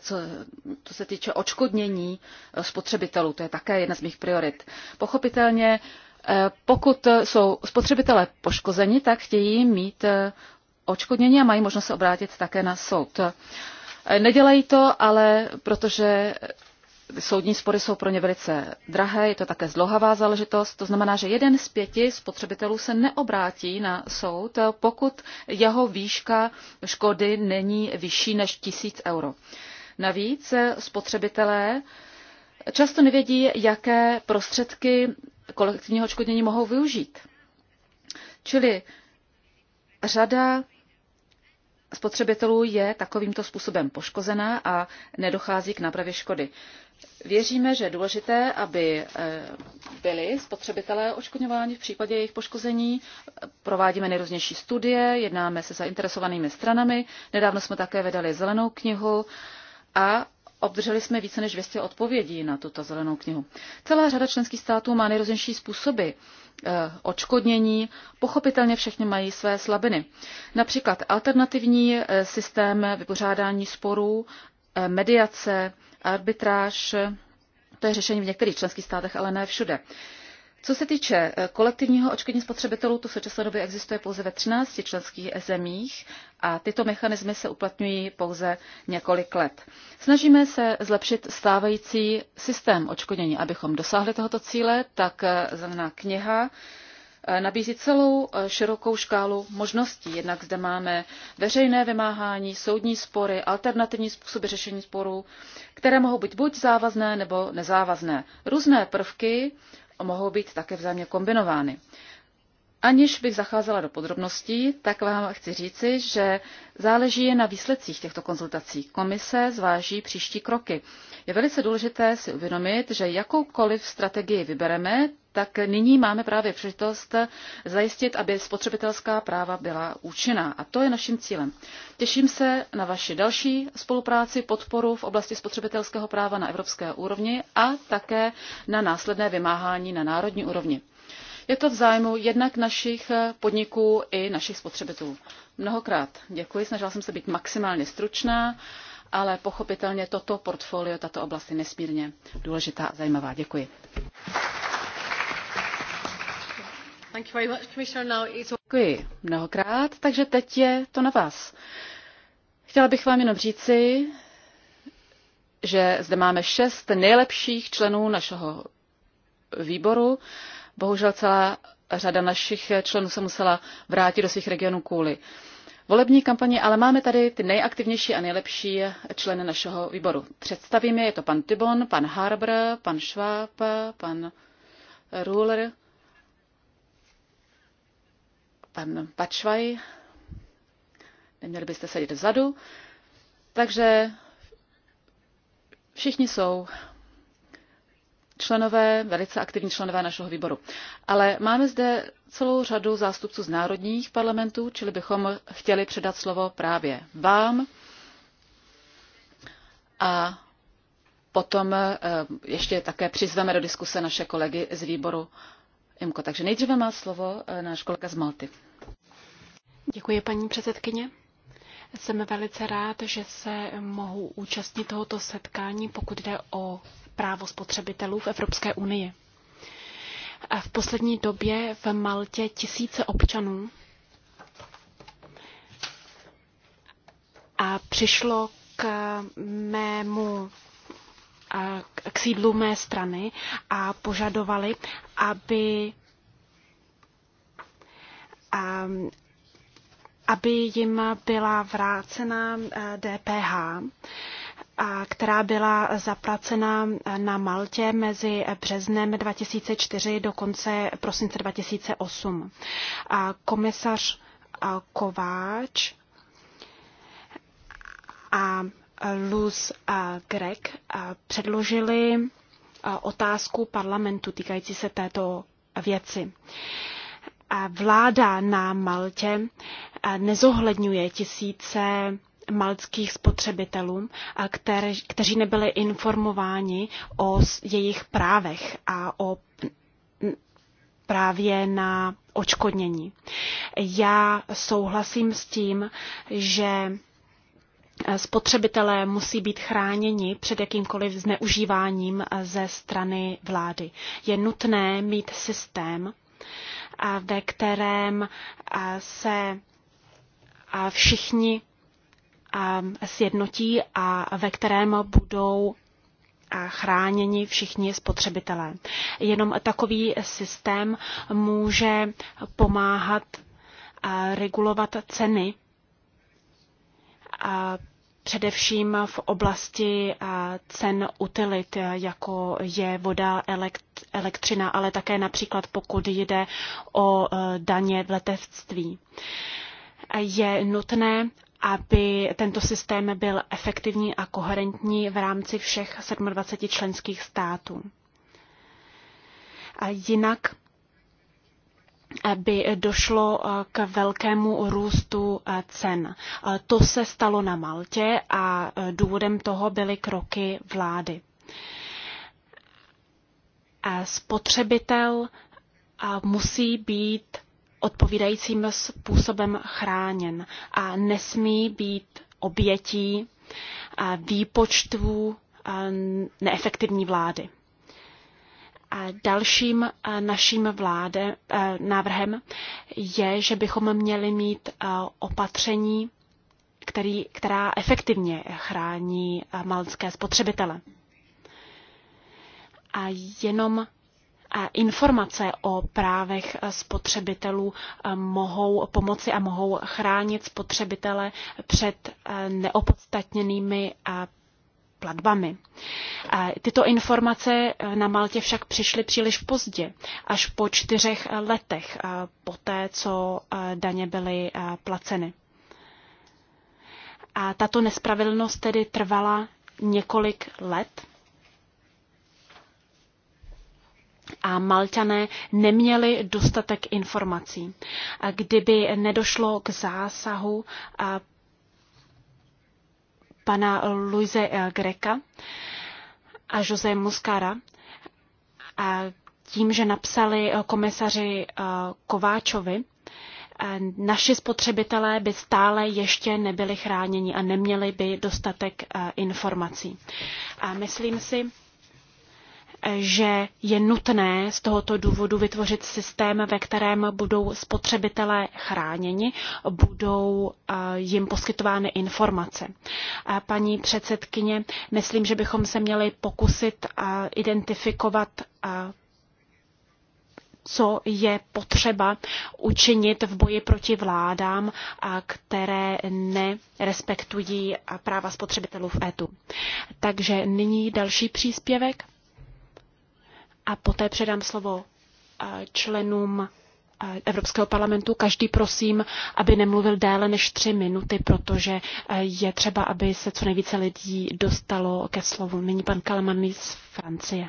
co, co se týče očkodnění eh, spotřebitelů. To je také jedna z mých priorit. Pochopitelně, eh, pokud jsou spotřebitelé poškozeni, tak chtějí mít eh, očkodnění a mají možnost se obrátit také na soud. Nedělají to, ale protože soudní spory jsou pro ně velice drahé, je to také zdlouhavá záležitost. To znamená, že jeden z pěti spotřebitelů se neobrátí na soud, pokud jeho výška škody není vyšší než tisíc euro. Navíc spotřebitelé často nevědí, jaké prostředky kolektivního odškodnění mohou využít. Čili řada spotřebitelů je takovýmto způsobem poškozená a nedochází k nápravě škody. Věříme, že je důležité, aby eh, byli spotřebitelé očkodňováni v případě jejich poškození. Provádíme nejrůznější studie, jednáme se zainteresovanými stranami. Nedávno jsme také vydali zelenou knihu a obdrželi jsme více než 200 odpovědí na tuto zelenou knihu. Celá řada členských států má nejrozenší způsoby eh, odškodnění, pochopitelně všechny mají své slabiny. Například alternativní eh, systém vypořádání sporů, eh, mediace, arbitráž, to je řešení v některých členských státech, ale ne všude. Co se týče eh, kolektivního očkodnění spotřebitelů, to v současné době existuje pouze ve 13 členských zemích a tyto mechanismy se uplatňují pouze několik let. Snažíme se zlepšit stávající systém očkodnění. Abychom dosáhli tohoto cíle, tak eh, znamená kniha eh, nabízí celou širokou škálu možností. Jednak zde máme veřejné vymáhání, soudní spory, alternativní způsoby řešení sporů, které mohou být buď závazné nebo nezávazné. Různé prvky mohou být také vzájemně kombinovány. Aniž bych zacházela do podrobností, tak vám chci říci, že záleží na výsledcích těchto konzultací. Komise zváží příští kroky. Je velice důležité si uvědomit, že jakoukoliv strategii vybereme, tak nyní máme právě příležitost zajistit, aby spotřebitelská práva byla účinná. A to je naším cílem. Těším se na vaši další spolupráci, podporu v oblasti spotřebitelského práva na evropské úrovni a také na následné vymáhání na národní úrovni. Je to v zájmu jednak našich podniků i našich spotřebitelů. Mnohokrát děkuji, snažila jsem se být maximálně stručná, ale pochopitelně toto portfolio, tato oblast je nesmírně důležitá a zajímavá. Děkuji. Děkuji mnohokrát, takže teď je to na vás. Chtěla bych vám jenom říci, že zde máme šest nejlepších členů našeho výboru. Bohužel celá řada našich členů se musela vrátit do svých regionů kvůli volební kampani, ale máme tady ty nejaktivnější a nejlepší členy našeho výboru. Představím je, je to pan Tybon, pan Harbr, pan Schwab, pan Ruler, pan Pačvaj. Neměli byste sedět vzadu. Takže všichni jsou členové, velice aktivní členové našeho výboru. Ale máme zde celou řadu zástupců z národních parlamentů, čili bychom chtěli předat slovo právě vám. A potom eh, ještě také přizveme do diskuse naše kolegy z výboru Imko. Takže nejdříve má slovo eh, náš kolega z Malty. Děkuji, paní předsedkyně. Jsem velice rád, že se mohu účastnit tohoto setkání, pokud jde o právo spotřebitelů v Evropské unii. v poslední době v Maltě tisíce občanů a přišlo k mému k sídlu mé strany a požadovali, aby um, aby jim byla vrácena DPH, eh, která byla zaplacena eh, na Maltě mezi březnem 2004 do konce prosince 2008. Komisař eh, Kováč a Luz a Greg předložili otázku parlamentu týkající se této věci. Vláda na Maltě nezohledňuje tisíce maltských spotřebitelů, které, kteří nebyli informováni o jejich právech a o právě na očkodnění. Já souhlasím s tím, že spotřebitelé musí být chráněni před jakýmkoliv zneužíváním ze strany vlády. Je nutné mít systém, ve kterém se všichni sjednotí a ve kterém budou chráněni všichni spotřebitelé. Jenom takový systém může pomáhat regulovat ceny především v oblasti eh, cen utilit, eh, jako je voda, elektřina, ale také například pokud jde o eh, daně v letectví. Je nutné, aby tento systém byl efektivní a koherentní v rámci všech 27 členských států. A jinak by došlo eh, k velkému růstu eh, cen. Eh, to se stalo na Maltě a důvodem toho byly kroky vlády. Spotřebitel musí být odpovídajícím způsobem chráněn a nesmí být obětí výpočtů neefektivní vlády. Dalším naším vláde, návrhem je, že bychom měli mít opatření, který, která efektivně chrání malské spotřebitele. A jenom informace o právech spotřebitelů mohou pomoci a mohou chránit spotřebitele před neopodstatněnými platbami. Tyto informace eh, na Maltě však přišly příliš pozdě, až po čtyřech eh, letech eh, poté, co daně byly placeny. A tato nespravedlnost tedy trvala několik let a Malťané neměli dostatek informací. Kdyby nedošlo k zásahu pana Luise Greka a Jose Muscara a tím, že napsali eh, komisaři eh, Kováčovi, eh, naši spotřebitelé by stále ještě nebyli chráněni a neměli by dostatek informací. A myslím si, že je nutné z tohoto důvodu vytvořit systém, ve kterém budou spotřebitelé chráněni, budou eh, jim poskytovány informace. Paní předsedkyně, myslím, že bychom se měli pokusit eh, identifikovat eh, co je potřeba učinit v boji proti vládám, které nerespektují práva spotřebitelů v ETU. Takže nyní další příspěvek a poté předám slovo eh, členům eh, Evropského parlamentu. Každý prosím, aby nemluvil déle než tři minuty, protože eh, je třeba, aby se co nejvíce lidí dostalo ke slovu. Nyní pan Kalamany z Francie.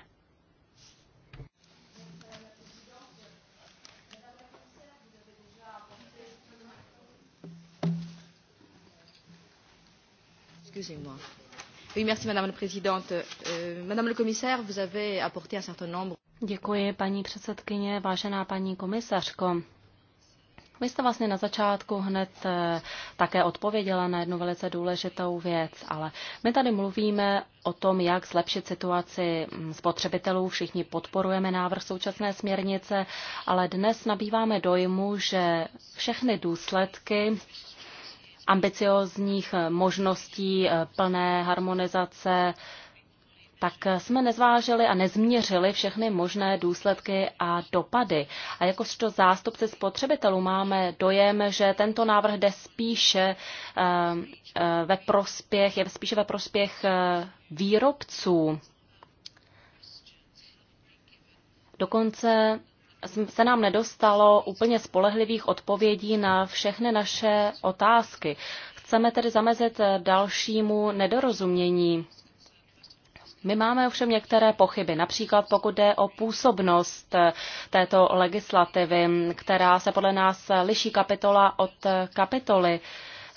Excusez-moi. Madame la Présidente. Euh, Madame le Commissaire, vous avez apporté un certain nombre. Děkuji, paní předsedkyně, vážená paní komisařko. Vy jste vlastně na začátku hned eh, také odpověděla na jednu velice důležitou věc, ale my tady mluvíme o tom, jak zlepšit situaci mm, spotřebitelů. Všichni podporujeme návrh současné směrnice, ale dnes nabýváme dojmu, že všechny důsledky ambiciozních eh, možností eh, plné harmonizace, tak eh, jsme nezvážili a nezměřili všechny možné důsledky a dopady. A jakožto zástupci spotřebitelů máme dojem, že tento návrh jde spíše ve prospěch, je spíše ve prospěch výrobců. Dokonce se nám nedostalo úplně spolehlivých odpovědí na všechny naše otázky. Chceme tedy zamezit eh, dalšímu nedorozumění. My máme ovšem některé pochyby, například pokud jde o působnost eh, této legislativy, která se podle nás liší kapitola od kapitoly.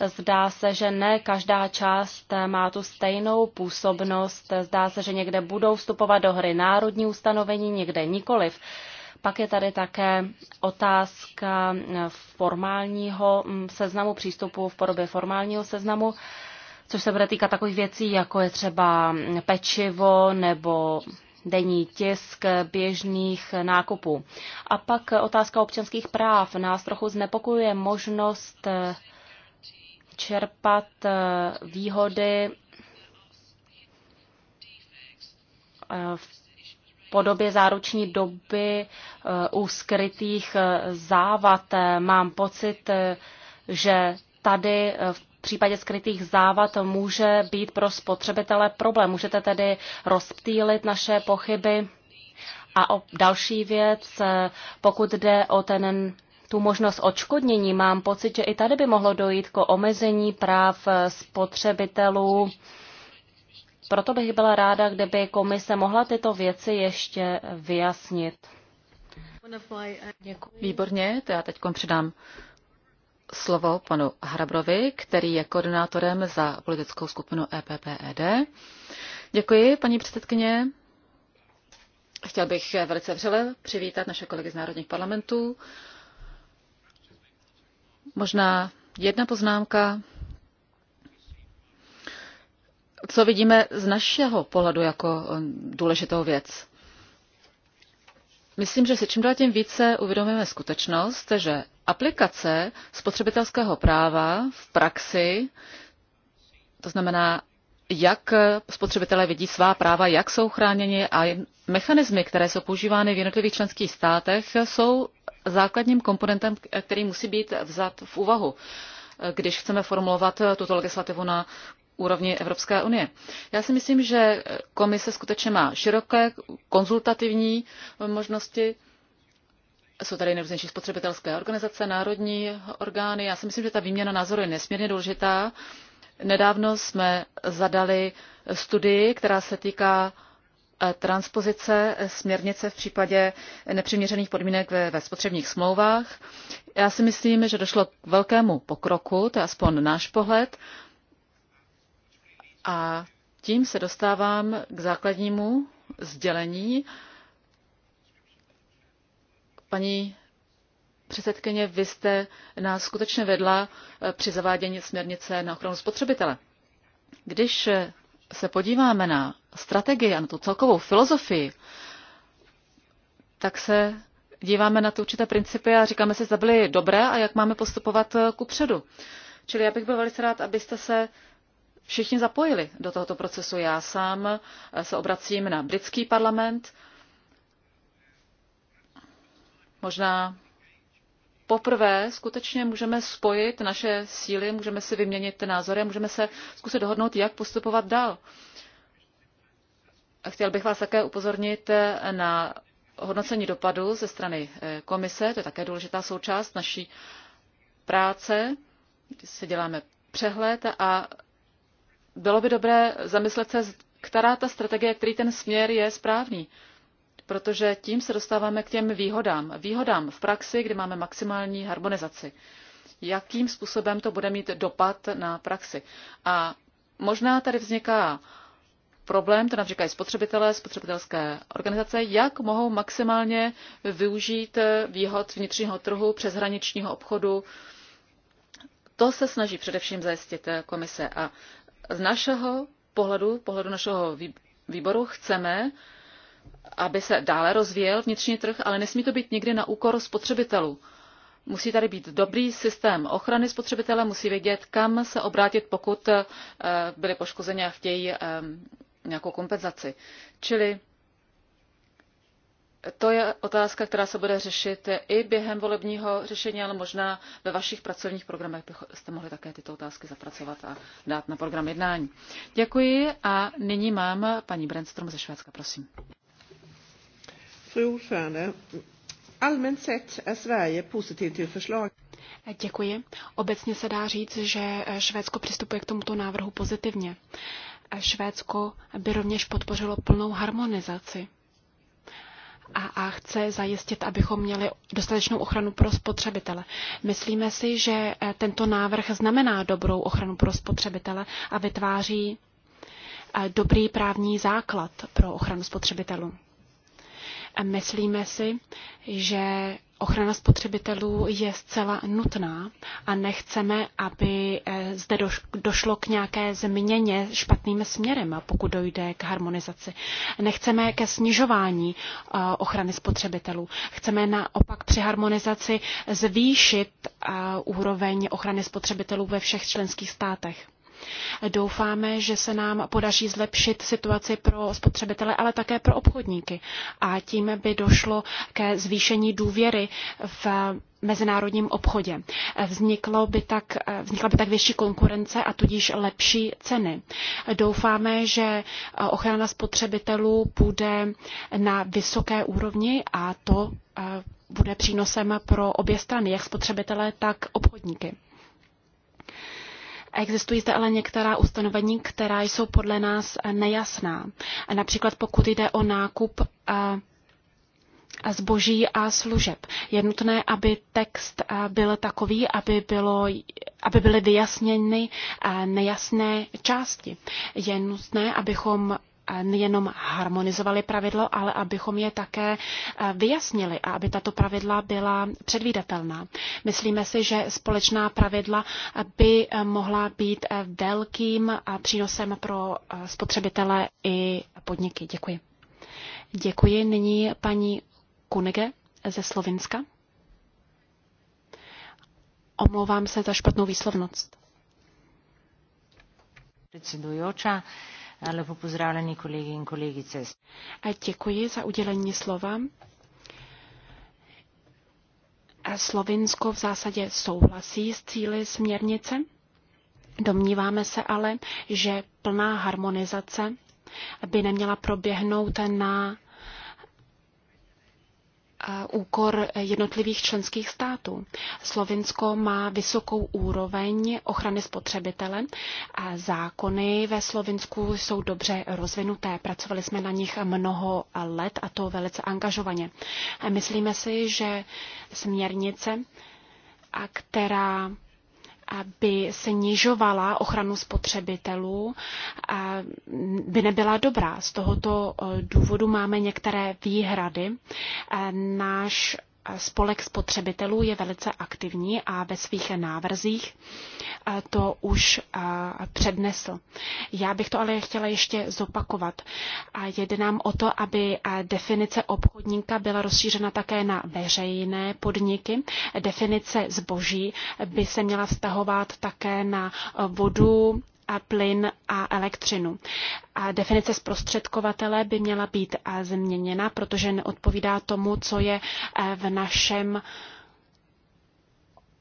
Zdá se, že ne každá část eh, má tu stejnou působnost. Zdá se, že někde budou vstupovat do hry národní ustanovení, někde nikoliv. Pak je tady také otázka eh, formálního mm, seznamu přístupu v podobě formálního seznamu, což se bude týkat takových věcí, jako je třeba mm, pečivo nebo denní tisk běžných nákupů. A pak otázka občanských práv. Nás trochu znepokojuje možnost eh, čerpat eh, výhody v podobě záruční doby u eh, skrytých eh, závad. Eh, mám pocit, že tady v v případě skrytých závad může být pro spotřebitele problém. Můžete tedy rozptýlit naše pochyby. A o další věc, pokud jde o ten tu možnost odškodnění, mám pocit, že i tady by mohlo dojít k omezení práv spotřebitelů proto bych byla ráda, kdyby komise mohla tyto věci ještě vyjasnit. Děkuji. Výborně, to já teď předám slovo panu Hrabrovi, který je koordinátorem za politickou skupinu EPPED. Děkuji, paní předsedkyně. Chtěl bych velice vřele přivítat naše kolegy z národních parlamentů. Možná jedna poznámka co vidíme z našeho pohledu jako eh, důležitou věc. Myslím, že si čím dál tím více uvědomujeme skutečnost, že aplikace spotřebitelského práva v praxi, to znamená, jak spotřebitelé vidí svá práva, jak jsou chráněni a mechanismy, které jsou používány v jednotlivých členských státech, jsou základním komponentem, který musí být vzat v úvahu, když chceme formulovat tuto legislativu na úrovni Evropské unie. Já si myslím, že komise skutečně má široké konzultativní možnosti. Jsou tady nejrůznější spotřebitelské organizace, národní orgány. Já si myslím, že ta výměna názoru je nesmírně důležitá. Nedávno jsme zadali studii, která se týká eh, transpozice směrnice v případě nepřiměřených podmínek ve, ve spotřebních smlouvách. Já si myslím, že došlo k velkému pokroku, to je aspoň náš pohled. A tím se dostávám k základnímu sdělení. Paní předsedkyně, vy jste nás skutečně vedla eh, při zavádění směrnice na ochranu spotřebitele. Když eh, se podíváme na strategii a na tu celkovou filozofii, tak se díváme na ty určité principy a říkáme si, zda byly dobré a jak máme postupovat eh, ku předu. Čili já bych byl velice rád, abyste se všichni zapojili do tohoto procesu. Já sám eh, se obracím na britský parlament. Možná poprvé skutečně můžeme spojit naše síly, můžeme si vyměnit názory, můžeme se zkusit dohodnout, jak postupovat dál. Chtěl bych vás také upozornit eh, na hodnocení dopadu ze strany eh, komise, to je také důležitá součást naší práce, kdy se děláme přehled a bylo by dobré zamyslet se, která ta strategie, který ten směr je správný. Protože tím se dostáváme k těm výhodám. Výhodám v praxi, kdy máme maximální harmonizaci. Jakým způsobem to bude mít dopad na praxi. A možná tady vzniká problém, to nám říkají spotřebitelé, spotřebitelské organizace, jak mohou maximálně využít výhod vnitřního trhu, přeshraničního obchodu. To se snaží především zajistit komise. A z našeho pohledu, pohledu našeho výboru, chceme, aby se dále rozvíjel vnitřní trh, ale nesmí to být nikdy na úkor spotřebitelů. Musí tady být dobrý systém ochrany spotřebitele, musí vědět, kam se obrátit, pokud eh, byly poškozeny, a chtějí eh, nějakou kompenzaci. Čili to je otázka, která se bude řešit i během volebního řešení, ale možná ve vašich pracovních programech byste mohli také tyto otázky zapracovat a dát na program jednání. Děkuji a nyní mám paní Brandstrom ze Švédska, prosím. Děkuji. Obecně se dá říct, že Švédsko přistupuje k tomuto návrhu pozitivně. Švédsko by rovněž podpořilo plnou harmonizaci a, a chce zajistit, abychom měli dostatečnou ochranu pro spotřebitele. Myslíme si, že eh, tento návrh znamená dobrou ochranu pro spotřebitele a vytváří eh, dobrý právní základ pro ochranu spotřebitelů. Myslíme si, že Ochrana spotřebitelů je zcela nutná a nechceme, aby eh, zde došlo k nějaké změně špatným směrem, pokud dojde k harmonizaci. Nechceme ke snižování eh, ochrany spotřebitelů. Chceme naopak při harmonizaci zvýšit eh, úroveň ochrany spotřebitelů ve všech členských státech. Doufáme, že se nám podaří zlepšit situaci pro spotřebitele, ale také pro obchodníky. A tím by došlo ke zvýšení důvěry v mezinárodním obchodě. Vzniklo by tak, vznikla by tak větší konkurence a tudíž lepší ceny. Doufáme, že ochrana spotřebitelů bude na vysoké úrovni a to eh, bude přínosem pro obě strany, jak spotřebitele, tak obchodníky. Existují zde ale některá ustanovení, která jsou podle nás nejasná. Například pokud jde o nákup eh, zboží a služeb. Je nutné, aby text eh, byl takový, aby, bylo, aby byly vyjasněny eh, nejasné části. Je nutné, abychom nejenom harmonizovali pravidlo, ale abychom je také e, vyjasnili a aby tato pravidla byla předvídatelná. Myslíme si, že společná pravidla by e, mohla být e, velkým přínosem pro spotřebitele i podniky. Děkuji. Děkuji. Nyní paní Kunege ze Slovinska. Omlouvám se za špatnou výslovnost. Předsedujoča, Lepo pozdravljeni kolegi in kolegice. Děkuji za udělení slova. Slovinsko v zásadě souhlasí s cíly směrnice. Domníváme se ale, že plná harmonizace by neměla proběhnout na úkor jednotlivých členských států. Slovinsko má vysokou úroveň ochrany spotřebitele a zákony ve Slovinsku jsou dobře rozvinuté. Pracovali jsme na nich mnoho let a to velice angažovaně. Myslíme si, že směrnice, která se snižovala ochranu spotřebitelů, by nebyla dobrá. Z tohoto eh, důvodu máme některé výhrady. Eh, náš spolek spotřebitelů je velice aktivní a ve svých návrzích eh, to už eh, přednesl. Já bych to ale chtěla ještě zopakovat. Jde nám o to, aby eh, definice obchodníka byla rozšířena také na veřejné podniky. Definice zboží by se měla vztahovat také na vodu, a plyn a elektřinu. A definice zprostředkovatele by měla být změněna, protože neodpovídá tomu, co je eh, v našem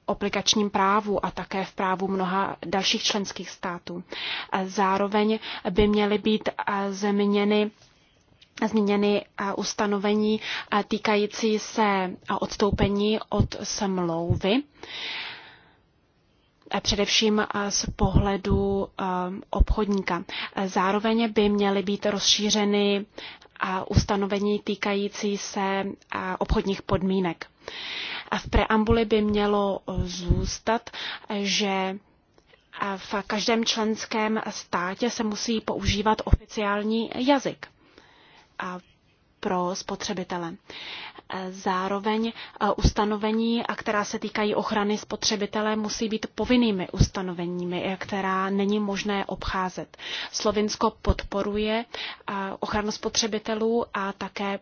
aplikačním právu a také v právu mnoha dalších členských států. Zároveň by měly být eh, změněny změněny eh, ustanovení týkající se odstoupení od smlouvy Eh, především eh, z pohledu eh, obchodníka. Zároveň by měly být rozšířeny ustanovení týkající se obchodních podmínek. V preambuli by mělo zůstat, že v každém členském státě se musí používat oficiální jazyk pro spotřebitele. Eh, zároveň eh, ustanovení, která se týkají ochrany spotřebitele, musí být povinnými ustanoveními, eh, která není možné obcházet. Slovinsko podporuje ochranu spotřebitelů a také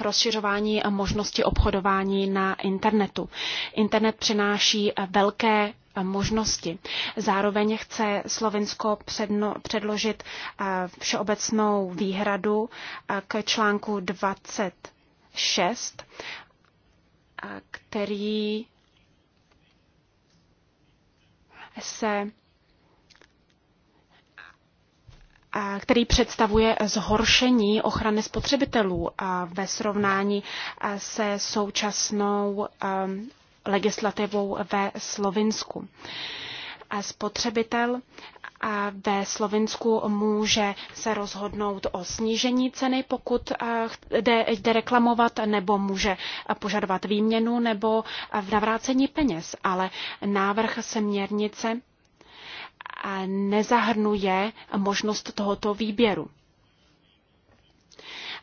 rozšiřování možnosti obchodování na internetu. Internet přináší velké možnosti. Zároveň chce Slovensko předno, předložit eh, všeobecnou výhradu eh, k článku 26, eh, který se který představuje zhoršení ochrany spotřebitelů ve srovnání se současnou legislativou ve Slovinsku. A spotřebitel a ve Slovinsku může se rozhodnout o snížení ceny, pokud jde, jde reklamovat, nebo může požadovat výměnu nebo v navrácení peněz. Ale návrh směrnice nezahrnuje možnost tohoto výběru.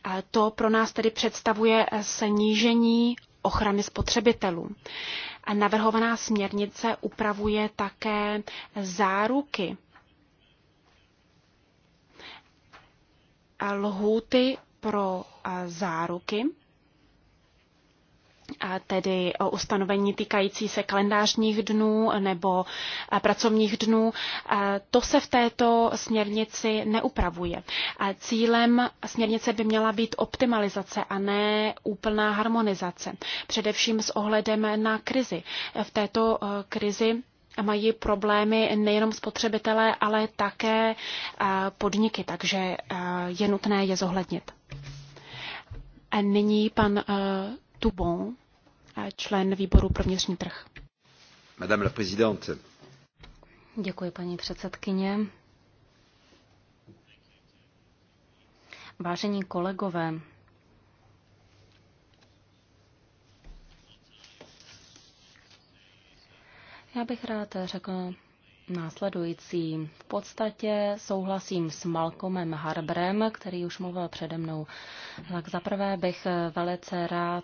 A to pro nás tedy představuje snížení ochrany spotřebitelů. Navrhovaná směrnice upravuje také záruky lhůty pro záruky tedy ustanovení týkající se kalendářních dnů nebo pracovních dnů, to se v této směrnici neupravuje. Cílem směrnice by měla být optimalizace a ne úplná harmonizace, především s ohledem na krizi. V této krizi mají problémy nejenom spotřebitelé, ale také podniky, takže je nutné je zohlednit. A nyní pan Tubon člen výboru pro vnitřní trh. Madame la présidente. Děkuji, paní předsedkyně. Vážení kolegové, já bych rád řekl následující. V podstatě souhlasím s Malcolmem Harbrem, který už mluvil přede mnou. Tak zaprvé bych velice rád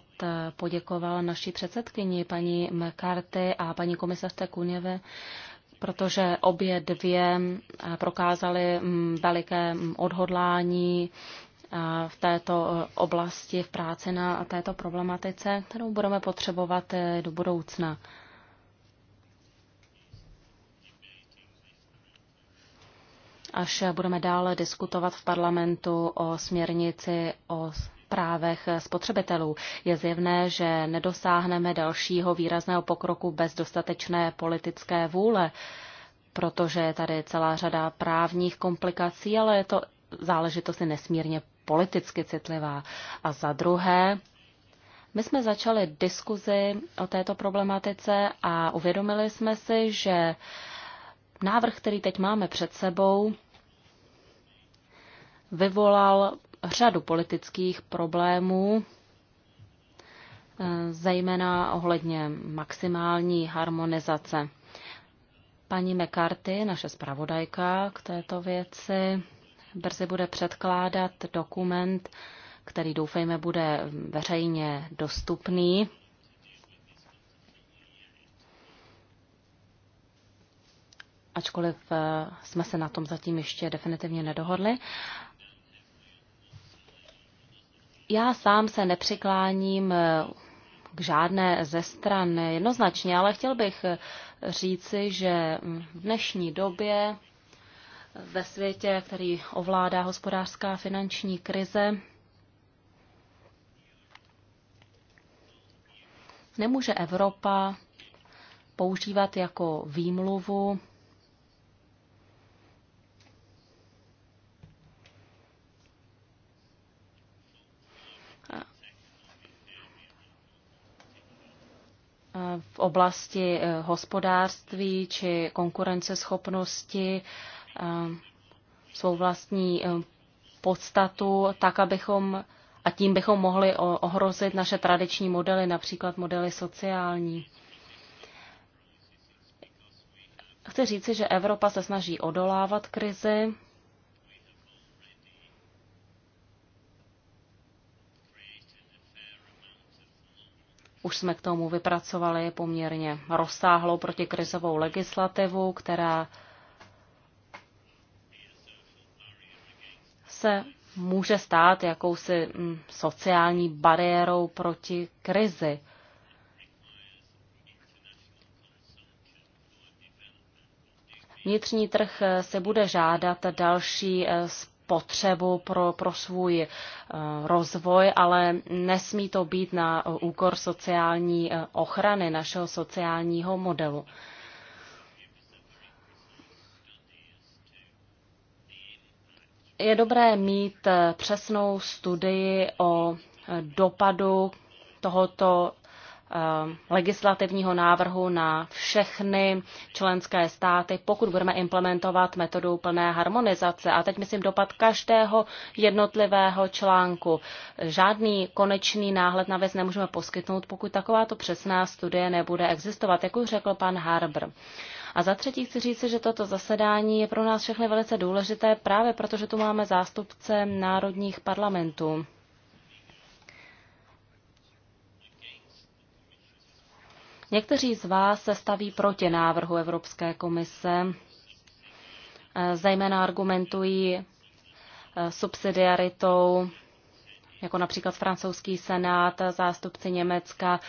poděkoval naší předsedkyni, paní McCarthy a paní komisařce Kuněve, protože obě dvě prokázaly mm, veliké mm, odhodlání v této e, oblasti, v práci na této problematice, kterou budeme potřebovat e, do budoucna. až budeme dále diskutovat v parlamentu o směrnici o právech spotřebitelů. Je zjevné, že nedosáhneme dalšího výrazného pokroku bez dostatečné politické vůle, protože je tady celá řada právních komplikací, ale je to záležitost je nesmírně politicky citlivá. A za druhé, my jsme začali diskuzi o této problematice a uvědomili jsme si, že Návrh, který teď máme před sebou, vyvolal řadu politických problémů, eh, zejména ohledně maximální harmonizace. Paní McCarthy, naše zpravodajka k této věci, brzy bude předkládat dokument, který doufejme bude veřejně dostupný ačkoliv eh, jsme se na tom zatím ještě definitivně nedohodli. Já sám se nepřikláním eh, k žádné ze stran jednoznačně, ale chtěl bych eh, říci, že mm, v dnešní době ve světě, který ovládá hospodářská finanční krize, nemůže Evropa používat jako výmluvu v oblasti eh, hospodářství či konkurenceschopnosti eh, svou vlastní eh, podstatu, tak abychom a tím bychom mohli ohrozit naše tradiční modely, například modely sociální. Chci říci, že Evropa se snaží odolávat krizi, Už jsme k tomu vypracovali poměrně rozsáhlou protikrizovou legislativu, která se může stát jakousi mm, sociální bariérou proti krizi. Vnitřní trh se bude žádat další eh, spolupráci potřebu pro, pro svůj eh, rozvoj, ale nesmí to být na úkor sociální eh, ochrany našeho sociálního modelu. Je dobré mít eh, přesnou studii o dopadu tohoto Eh, legislativního návrhu na všechny členské státy, pokud budeme implementovat metodu plné harmonizace. A teď myslím dopad každého jednotlivého článku. Žádný konečný náhled na věc nemůžeme poskytnout, pokud takováto přesná studie nebude existovat, jak už řekl pan Harbr. A za třetí chci říci, že toto zasedání je pro nás všechny velice důležité právě proto, že tu máme zástupce národních parlamentů. Někteří z vás se staví proti návrhu Evropské komise, eh, zejména argumentují eh, subsidiaritou, jako například francouzský senát, eh, zástupci Německa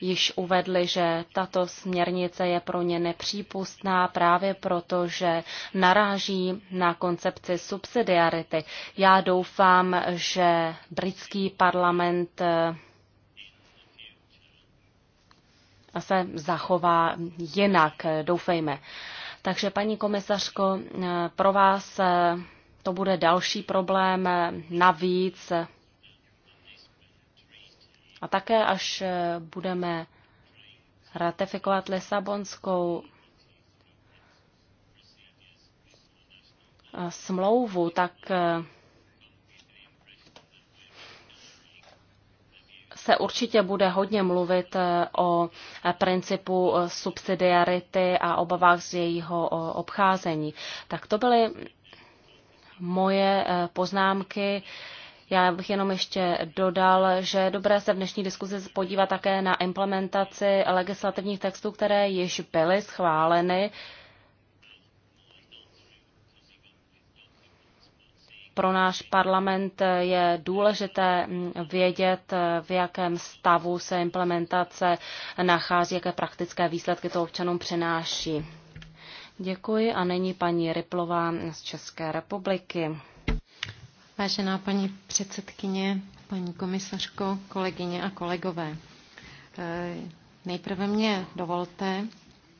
již uvedli, že tato směrnice je pro ně nepřípustná právě proto, že naráží na koncepci subsidiarity. Já doufám, že britský parlament se zachová jinak, doufejme. Takže paní komisařko, pro vás to bude další problém navíc. A také, až budeme ratifikovat Lisabonskou smlouvu, tak se určitě bude hodně mluvit eh, o eh, principu eh, subsidiarity a obavách z jejího obcházení. Tak to byly moje poznámky. Já bych jenom ještě dodal, že je dobré se v dnešní diskuzi podívat také na implementaci legislativních textů, které již byly schváleny. Uh, pro náš parlament je důležité vědět, v jakém stavu se implementace nachází, jaké praktické výsledky to občanům přináší. Děkuji a nyní paní Riplová z České republiky. Vážená paní předsedkyně, paní komisařko, kolegyně a kolegové, eh, nejprve mě dovolte,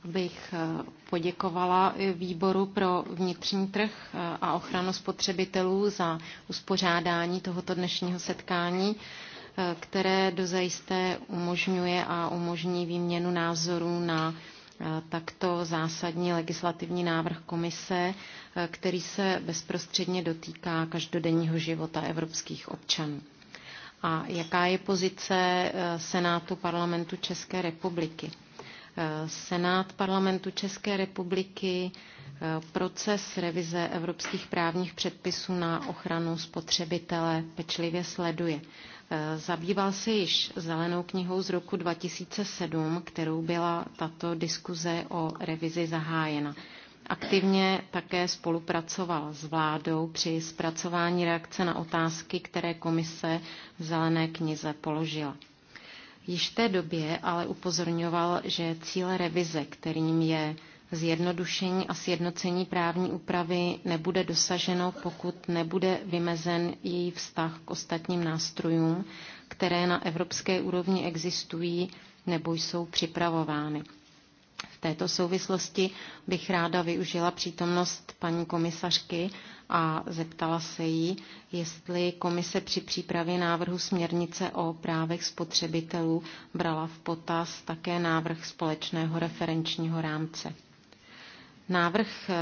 bych eh, poděkovala výboru pro vnitřní trh eh, a ochranu spotřebitelů za uspořádání tohoto dnešního setkání, eh, které dozajisté umožňuje a umožní výměnu názorů na takto zásadní legislativní návrh komise, který se bezprostředně dotýká každodenního života evropských občanů. A jaká je pozice Senátu parlamentu České republiky? Eh, Senát parlamentu České republiky eh, proces revize evropských právních předpisů na ochranu spotřebitele pečlivě sleduje. Eh, zabýval se již zelenou knihou z roku 2007, kterou byla tato diskuze o revizi zahájena. Aktivně také spolupracoval s vládou při zpracování reakce na otázky, které komise v zelené knize položila. Již té době ale upozorňoval, že cíle revize, kterým je zjednodušení a sjednocení právní úpravy, nebude dosaženo, pokud nebude vymezen její vztah k ostatním nástrojům, které na evropské úrovni existují nebo jsou připravovány. V této souvislosti bych ráda využila přítomnost paní komisařky a zeptala se jí, jestli komise při přípravě návrhu směrnice o právech spotřebitelů brala v potaz také návrh společného referenčního rámce. Návrh eh,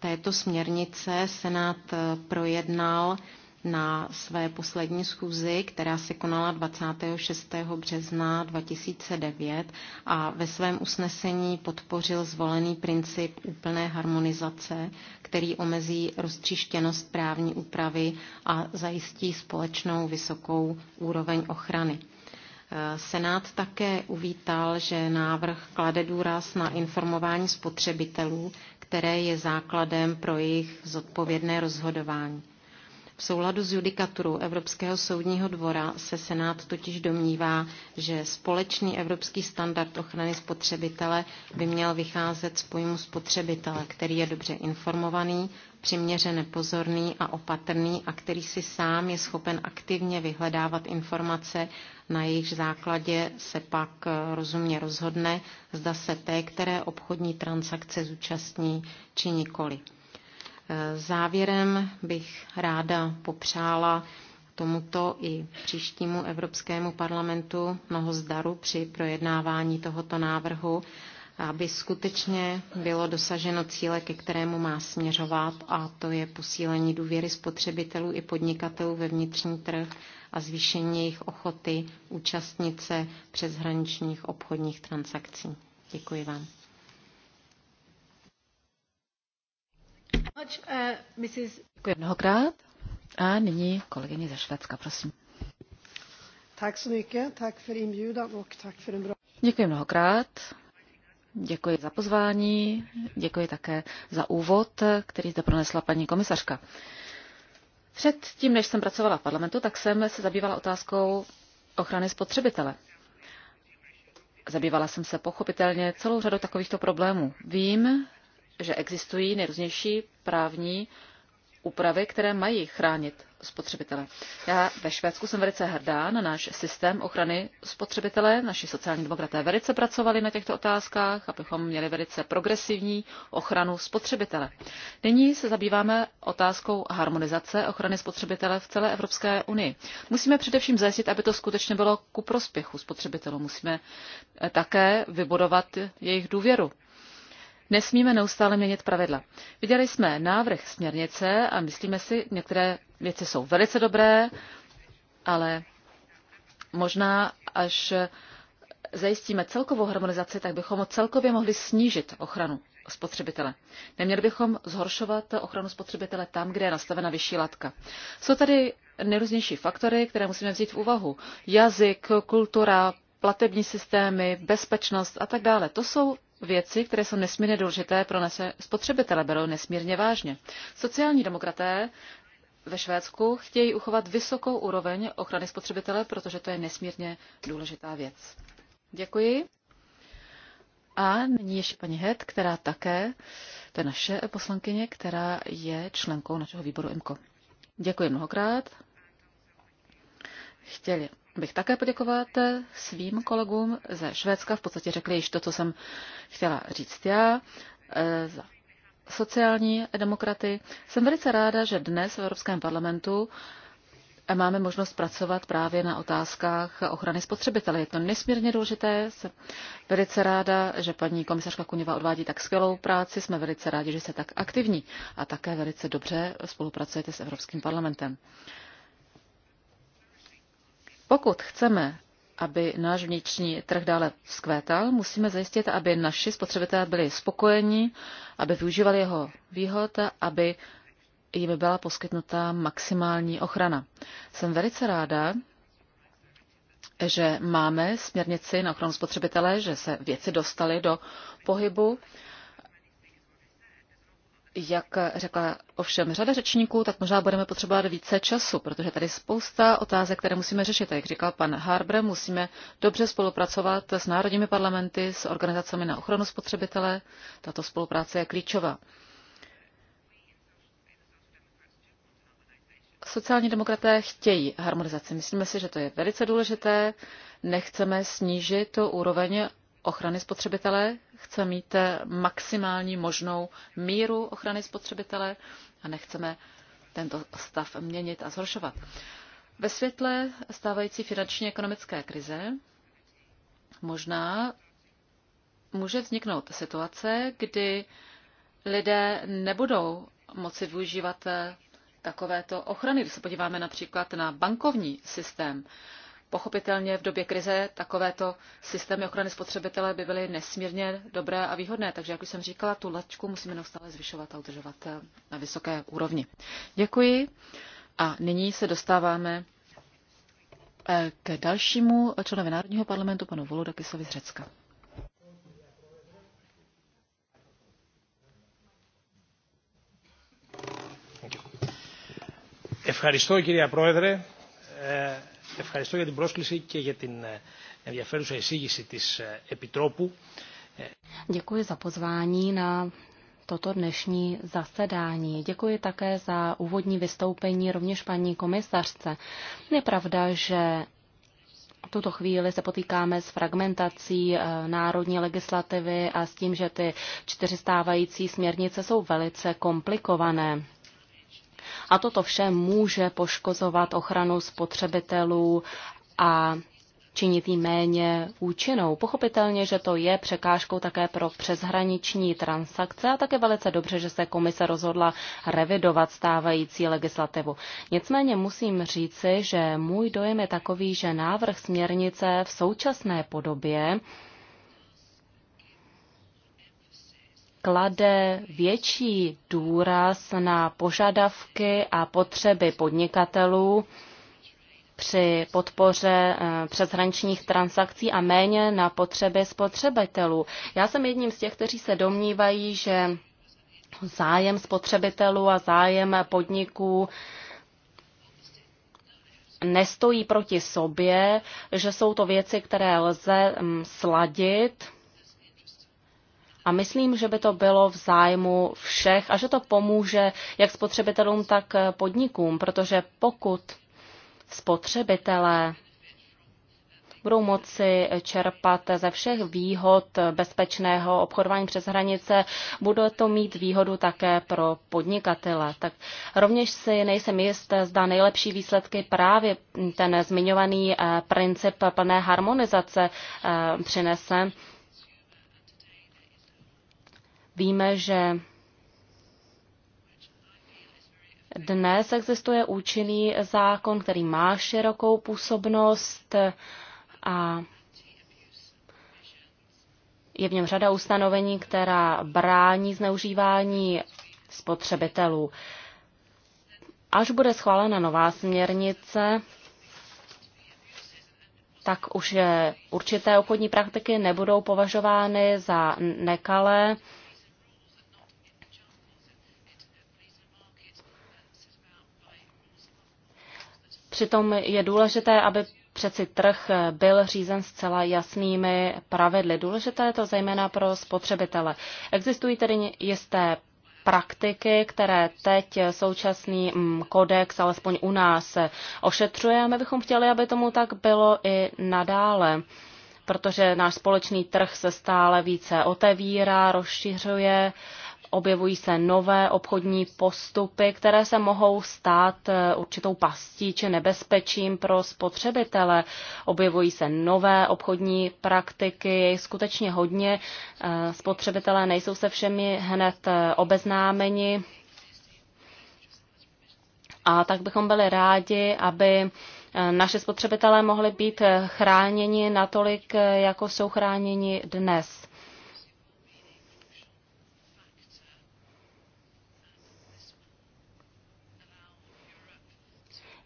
této směrnice Senát eh, projednal na své poslední schůzi, která se konala 26. března 2009 a ve svém usnesení podpořil zvolený princip úplné harmonizace, který omezí roztříštěnost právní úpravy a zajistí společnou vysokou úroveň ochrany. Senát také uvítal, že návrh klade důraz na informování spotřebitelů, které je základem pro jejich zodpovědné rozhodování. V souladu s judikaturou Evropského soudního dvora se Senát totiž domnívá, že společný evropský standard ochrany spotřebitele by měl vycházet z pojmu spotřebitele, který je dobře informovaný, přiměřeně pozorný a opatrný a který si sám je schopen aktivně vyhledávat informace, na jejich základě se pak eh, rozumně rozhodne, zda se té, které obchodní transakce zúčastní, či nikoli. Eh, závěrem bych ráda popřála tomuto i příštímu Evropskému parlamentu mnoho zdaru při projednávání tohoto návrhu, aby skutečně bylo dosaženo cíle, ke kterému má směřovat, a to je posílení důvěry spotřebitelů i podnikatelů ve vnitřní trh a zvýšení jejich ochoty účastnit se přeshraničních obchodních transakcí. Děkuji vám. Uh, děkuji mnohokrát. A nyní kolegyně ze Švédska, prosím. Děkuji mnohokrát. Děkuji za pozvání, děkuji také za úvod, který zde pronesla paní komisařka. Před tím, než jsem pracovala v parlamentu, tak jsem se zabývala otázkou ochrany spotřebitele. Zabývala jsem se pochopitelně celou řadou takovýchto problémů. Vím, že existují nejrůznější právní úpravy, které mají chránit spotřebitele. Já ve Švédsku jsem velice hrdá na náš systém ochrany spotřebitele. Naši sociální demokraté velice pracovali na těchto otázkách, abychom měli velice progresivní ochranu spotřebitele. Nyní se zabýváme otázkou harmonizace ochrany spotřebitele v celé Evropské unii. Musíme především zajistit, aby to skutečně bylo ku prospěchu spotřebitelů. Musíme eh, také vybudovat jejich důvěru nesmíme neustále měnit pravidla. Viděli jsme návrh směrnice a myslíme si, některé věci jsou velice dobré, ale možná až zajistíme celkovou harmonizaci, tak bychom celkově mohli snížit ochranu spotřebitele. Neměli bychom zhoršovat ochranu spotřebitele tam, kde je nastavena vyšší latka. Jsou tady nejrůznější faktory, které musíme vzít v úvahu. Jazyk, kultura, platební systémy, bezpečnost a tak dále. To jsou věci, které jsou nesmírně důležité pro naše spotřebitele, berou nesmírně vážně. Sociální demokraté ve Švédsku chtějí uchovat vysokou úroveň ochrany spotřebitele, protože to je nesmírně důležitá věc. Děkuji. A nyní ještě paní Het, která také, to je naše poslankyně, která je členkou našeho výboru IMCO. Děkuji mnohokrát. Chtěli bych také poděkovat svým kolegům ze Švédska. V podstatě řekli již to, co jsem chtěla říct já, eh, za sociální demokraty. Jsem velice ráda, že dnes v Evropském parlamentu máme možnost pracovat právě na otázkách ochrany spotřebitele. Je to nesmírně důležité. Jsem velice ráda, že paní komisařka Kuněva odvádí tak skvělou práci. Jsme velice rádi, že jste tak aktivní a také velice dobře spolupracujete s Evropským parlamentem. Pokud chceme, aby náš vnitřní trh dále vzkvétal, musíme zajistit, aby naši spotřebitelé byli spokojeni, aby využívali jeho výhod, aby jim byla poskytnuta maximální ochrana. Jsem velice ráda, že máme směrnici na ochranu spotřebitele, že se věci dostaly do pohybu. Jak řekla ovšem řada řečníků, tak možná budeme potřebovat více času, protože tady je spousta otázek, které musíme řešit. A jak říkal pan Harbre, musíme dobře spolupracovat s národními parlamenty, s organizacemi na ochranu spotřebitele. Tato spolupráce je klíčová. Sociální demokraté chtějí harmonizaci. Myslíme si, že to je velice důležité. Nechceme snížit to úroveň ochrany spotřebitele, chceme mít eh, maximální možnou míru ochrany spotřebitele a nechceme tento stav měnit a zhoršovat. Ve světle stávající finanční ekonomické krize možná může vzniknout situace, kdy lidé nebudou moci využívat eh, takovéto ochrany. Když se podíváme například na bankovní systém, Pochopitelně v době krize takovéto systémy ochrany spotřebitele by byly nesmírně dobré a výhodné, takže jak už jsem říkala, tu laťku musíme neustále zvyšovat a udržovat eh, na vysoké úrovni. Děkuji a nyní se dostáváme eh, k dalšímu členovi Národního parlamentu, panu Volodakisovi z Řecka. Ευχαριστώ κυρία Πρόεδρε. Ευχαριστώ για την πρόσκληση και για την ενδιαφέρουσα εισήγηση της Επιτρόπου. Děkuji za pozvání na toto dnešní zasedání. Děkuji také za úvodní vystoupení rovněž paní komisařce. Je pravda, že v tuto chvíli se potýkáme s fragmentací e, národní legislativy a s tím, že ty čtyři stávající směrnice jsou velice komplikované. A toto vše může poškozovat ochranu spotřebitelů a činit ji méně účinnou. Pochopitelně, že to je překážkou také pro přeshraniční transakce a také velice dobře, že se komise rozhodla revidovat stávající legislativu. Nicméně musím říci, že můj dojem je takový, že návrh směrnice v současné podobě klade větší důraz na požadavky a potřeby podnikatelů při podpoře eh, přeshraničních transakcí a méně na potřeby spotřebitelů. Já jsem jedním z těch, kteří se domnívají, že zájem spotřebitelů a zájem podniků nestojí proti sobě, že jsou to věci, které lze mm, sladit a myslím, že by to bylo v zájmu všech a že to pomůže jak spotřebitelům, tak eh, podnikům, protože pokud spotřebitelé budou moci čerpat ze všech výhod bezpečného obchodování přes hranice, bude to mít výhodu také pro podnikatele. Tak rovněž si nejsem jist, zda nejlepší výsledky právě ten zmiňovaný eh, princip plné harmonizace eh, přinese. Víme, že dnes existuje účinný zákon, který má širokou působnost a je v něm řada ustanovení, která brání zneužívání spotřebitelů. Až bude schválena nová směrnice, tak už určité obchodní praktiky nebudou považovány za nekalé Přitom je důležité, aby přeci trh byl řízen zcela jasnými pravidly. Důležité je to zejména pro spotřebitele. Existují tedy jisté praktiky, které teď současný mm, kodex, alespoň u nás, ošetřuje. A my bychom chtěli, aby tomu tak bylo i nadále, protože náš společný trh se stále více otevírá, rozšiřuje objevují se nové obchodní postupy, které se mohou stát eh, určitou pastí či nebezpečím pro spotřebitele. Objevují se nové obchodní praktiky, je skutečně hodně. Eh, spotřebitelé nejsou se všemi hned eh, obeznámeni. A tak bychom byli rádi, aby naše spotřebitelé mohli být chráněni natolik, jako jsou chráněni dnes.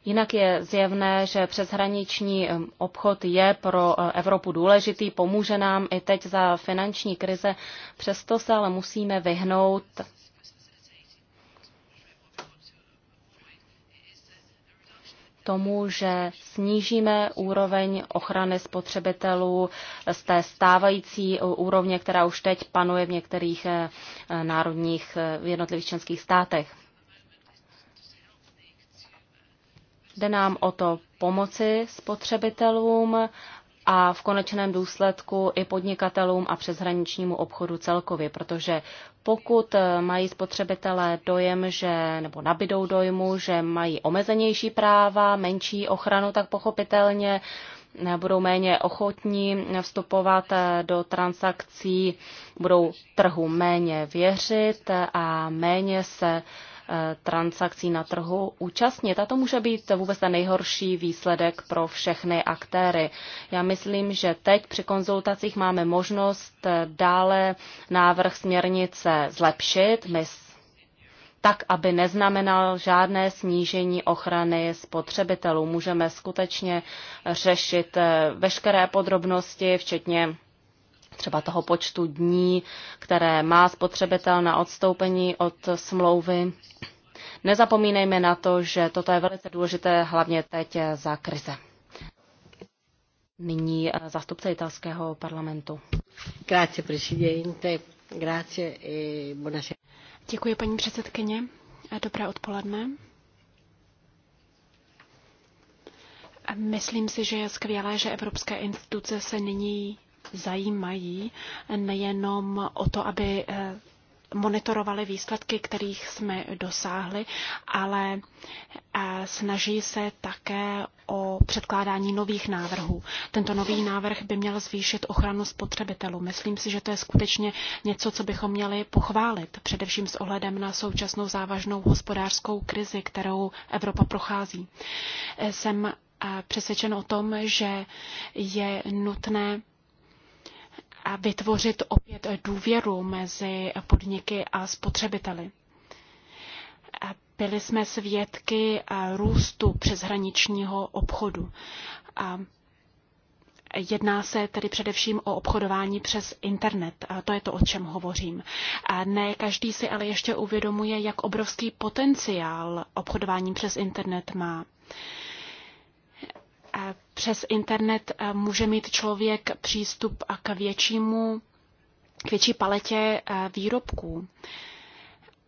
Jinak je zjevné, že přeshraniční obchod je pro e, Evropu důležitý, pomůže nám i teď za finanční krize, přesto se ale musíme vyhnout tomu, že snížíme úroveň ochrany spotřebitelů z té stávající e, úrovně, která už teď panuje v některých e, národních v jednotlivých členských státech. Jde nám o to pomoci spotřebitelům a v konečném důsledku i podnikatelům a přeshraničnímu obchodu celkově, protože pokud eh, mají spotřebitelé dojem, že, nebo nabidou dojmu, že mají omezenější práva, menší ochranu, tak pochopitelně eh, budou méně ochotní vstupovat eh, do transakcí, budou trhu méně věřit a méně se transakcí na trhu účastnit. A to může být vůbec ten nejhorší výsledek pro všechny aktéry. Já myslím, že teď při konzultacích máme možnost dále návrh směrnice zlepšit. My tak, aby neznamenal žádné snížení ochrany spotřebitelů. Můžeme skutečně řešit eh, veškeré podrobnosti, včetně třeba toho počtu dní, které má spotřebitel na odstoupení od smlouvy. Nezapomínejme na to, že toto je velice důležité, hlavně teď za krize. Nyní eh, zástupce italského parlamentu. Grazie, presidente. Grazie e buonasera. Děkuji, paní předsedkyně. a Dobré odpoledne. Myslím si, že je skvělé, že evropské instituce se nyní zajímají nejenom o to, aby eh, monitorovali výsledky, kterých jsme dosáhli, ale eh, snaží se také o předkládání nových návrhů. Tento nový návrh by měl zvýšit ochranu spotřebitelů. Myslím si, že to je skutečně něco, co bychom měli pochválit, především s ohledem na současnou závažnou hospodářskou krizi, kterou Evropa prochází. Eh, jsem přesvědčen o tom, že je nutné vytvořit opět důvěru mezi podniky a spotřebiteli. Byli jsme svědky růstu přeshraničního obchodu. Jedná se tedy především o obchodování přes internet. A to je to, o čem hovořím. A ne každý si ale ještě uvědomuje, jak obrovský potenciál obchodování přes internet má. Přes internet eh, může mít člověk přístup k většímu, k větší paletě eh, výrobků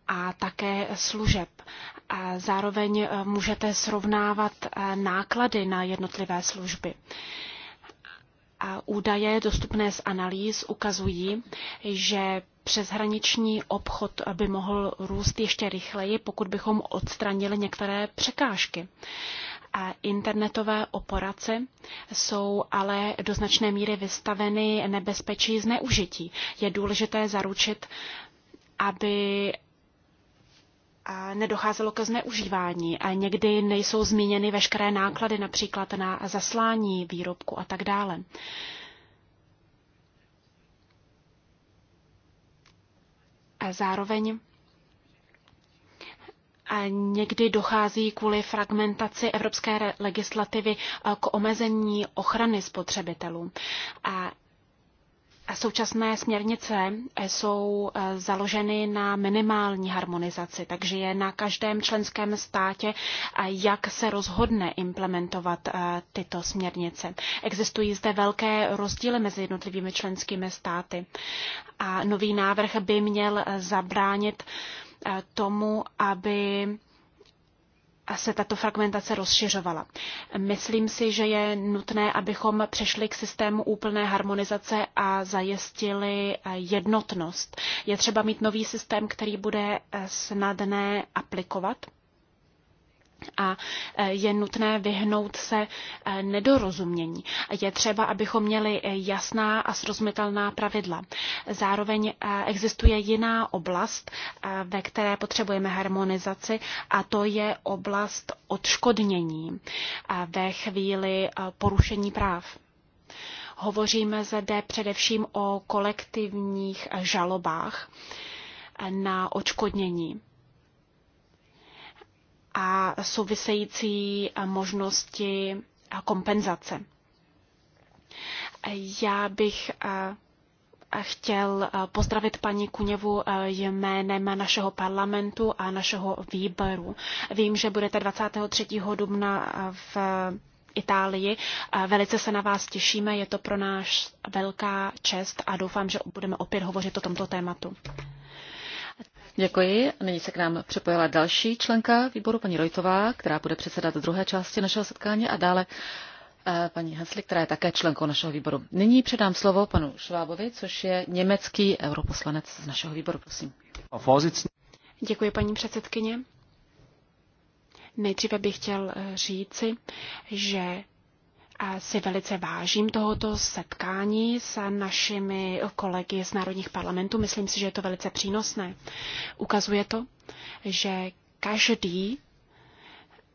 a také služeb. A zároveň eh, můžete srovnávat náklady na jednotlivé služby. A údaje dostupné z analýz ukazují, že přeshraniční obchod by mohl růst ještě rychleji, pokud bychom odstranili některé překážky internetové operace jsou ale do značné míry vystaveny nebezpečí zneužití. Je důležité zaručit, aby nedocházelo ke zneužívání a někdy nejsou zmíněny veškeré náklady, například na zaslání výrobku a tak dále. A zároveň Někdy dochází kvůli fragmentaci evropské legislativy eh, k omezení ochrany spotřebitelů. A Současné směrnice eh, jsou eh, založeny na minimální harmonizaci, takže je na každém členském státě, jak se rozhodne implementovat tyto směrnice. Existují zde velké rozdíly mezi jednotlivými členskými státy a nový návrh by měl zabránit Eh, tomu, aby se tato fragmentace rozšiřovala. Myslím si, že je nutné, abychom přešli k systému úplné harmonizace a zajistili eh, jednotnost. Je třeba mít nový systém, který bude eh, snadné aplikovat a e, je nutné vyhnout se e, nedorozumění. Je třeba, abychom měli e, jasná a srozumitelná pravidla. Zároveň existuje jiná oblast, ve které potřebujeme harmonizaci a to je oblast odškodnění ve chvíli porušení práv. Hovoříme zde především o kolektivních žalobách na odškodnění a související eh, možnosti eh, kompenzace. Já bych eh, chtěl pozdravit paní Kuněvu jménem našeho parlamentu a našeho výboru. Vím, že budete 23. dubna v Itálii. Velice se na vás těšíme, je to pro nás velká čest a doufám, že budeme opět hovořit o tomto tématu. Děkuji. Nyní se k nám připojila další členka výboru, paní Rojtová, která bude předsedat druhé části našeho setkání a dále eh, paní Hasli, která je také členkou našeho výboru. Nyní předám slovo panu Švábovi, což je německý europoslanec z našeho výboru. Prosím. Děkuji, paní předsedkyně. Nejdříve bych chtěl eh, říci, že si velice vážím tohoto setkání s našimi kolegy z národních parlamentů. Myslím si, že je to velice přínosné. Ukazuje to, že každý,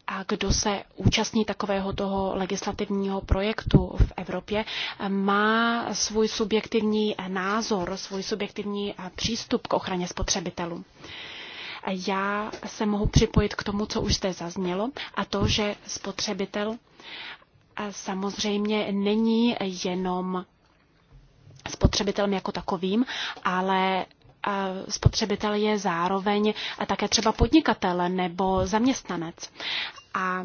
a kdo se účastní takového toho legislativního projektu v Evropě, má svůj subjektivní názor, svůj subjektivní přístup k ochraně spotřebitelů já se mohu připojit k tomu, co už zde zaznělo, a to, že spotřebitel samozřejmě není jenom spotřebitelem jako takovým, ale spotřebitel je zároveň také třeba podnikatel nebo zaměstnanec. A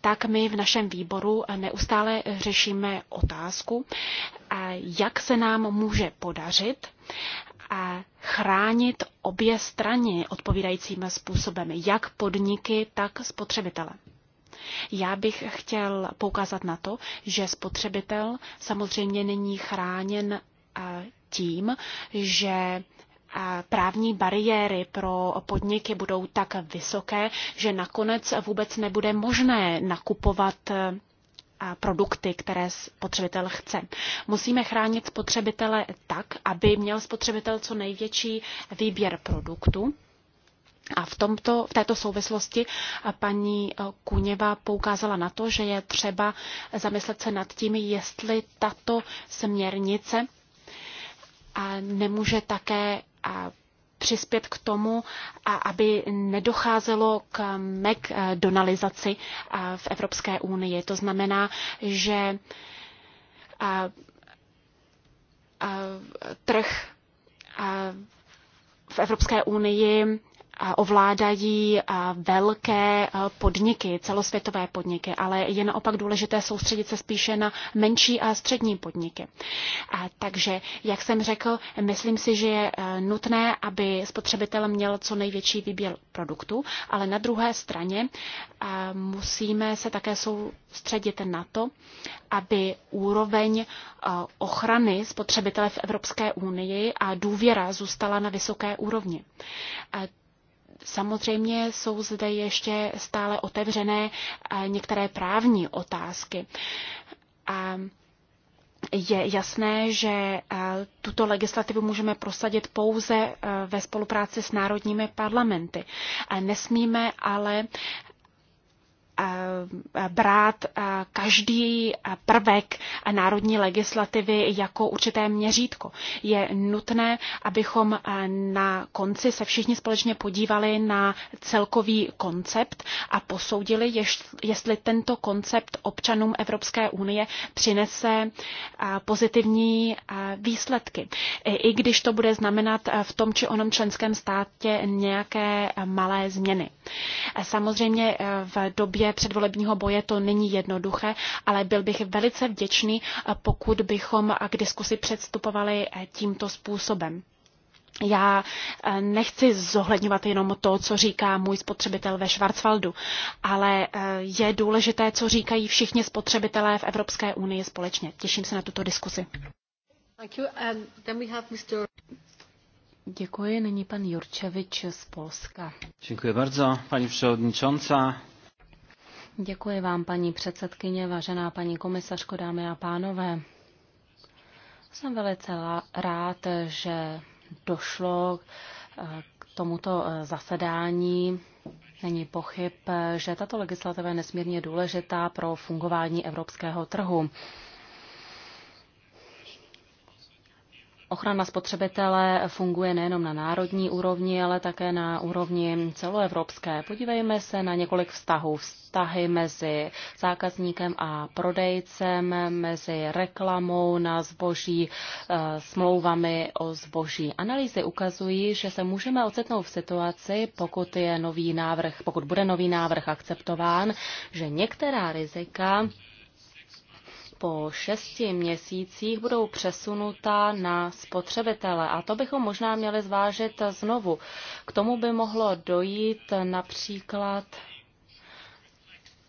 tak my v našem výboru neustále řešíme otázku, jak se nám může podařit chránit obě strany odpovídajícím způsobem, jak podniky, tak spotřebitele. Já bych chtěl poukázat na to, že spotřebitel samozřejmě není chráněn eh, tím, že eh, právní bariéry pro podniky budou tak vysoké, že nakonec vůbec nebude možné nakupovat eh, produkty, které spotřebitel chce. Musíme chránit spotřebitele tak, aby měl spotřebitel co největší výběr produktů a v, tomto, v této souvislosti eh, paní eh, Kuněva poukázala na to, že je třeba zamyslet se nad tím, jestli tato směrnice a eh, nemůže také a přispět k tomu, a aby nedocházelo k McDonalizaci v Evropské unii. To znamená, že a, a, trh a, v Evropské unii ovládají velké podniky, celosvětové podniky, ale je naopak důležité soustředit se spíše na menší a střední podniky. A takže, jak jsem řekl, myslím si, že je e, nutné, aby spotřebitel měl co největší výběr produktů, ale na druhé straně e, musíme se také soustředit na to, aby úroveň e, ochrany spotřebitele v Evropské unii a důvěra zůstala na vysoké úrovni. Samozřejmě jsou zde ještě stále otevřené eh, některé právní otázky. A je jasné, že eh, tuto legislativu můžeme prosadit pouze eh, ve spolupráci s národními parlamenty. Nesmíme ale brát každý prvek národní legislativy jako určité měřítko. Je nutné, abychom na konci se všichni společně podívali na celkový koncept a posoudili, jestli tento koncept občanům Evropské unie přinese pozitivní výsledky. I když to bude znamenat v tom či onom členském státě nějaké malé změny. Samozřejmě v době době předvolebního boje to není jednoduché, ale byl bych velice vděčný, eh, pokud bychom eh, k diskusi předstupovali eh, tímto způsobem. Já nechci zohledňovat jenom to, co říká můj spotřebitel ve Schwarzwaldu, ale je důležité, co říkají všichni spotřebitelé v Evropské unii společně. Těším se na tuto diskusi. Děkuji, nyní pan Jurčevič z Polska. Děkuji bardzo, paní předsedající. Děkuji vám, paní předsedkyně, vážená paní komisařko, dámy a pánové. Jsem velice rád, že došlo eh, k tomuto eh, zasedání. Není pochyb, eh, že tato legislativa je nesmírně důležitá pro fungování evropského trhu. Ochrana spotřebitele funguje nejenom na národní úrovni, ale také na úrovni celoevropské. Podívejme se na několik vztahů. Vztahy mezi zákazníkem a prodejcem, mezi reklamou na zboží, eh, smlouvami o zboží. Analýzy ukazují, že se můžeme ocitnout v situaci, pokud je nový návrh, pokud bude nový návrh akceptován, že některá rizika po šesti měsících budou přesunuta na spotřebitele. A to bychom možná měli zvážit znovu. K tomu by mohlo dojít například,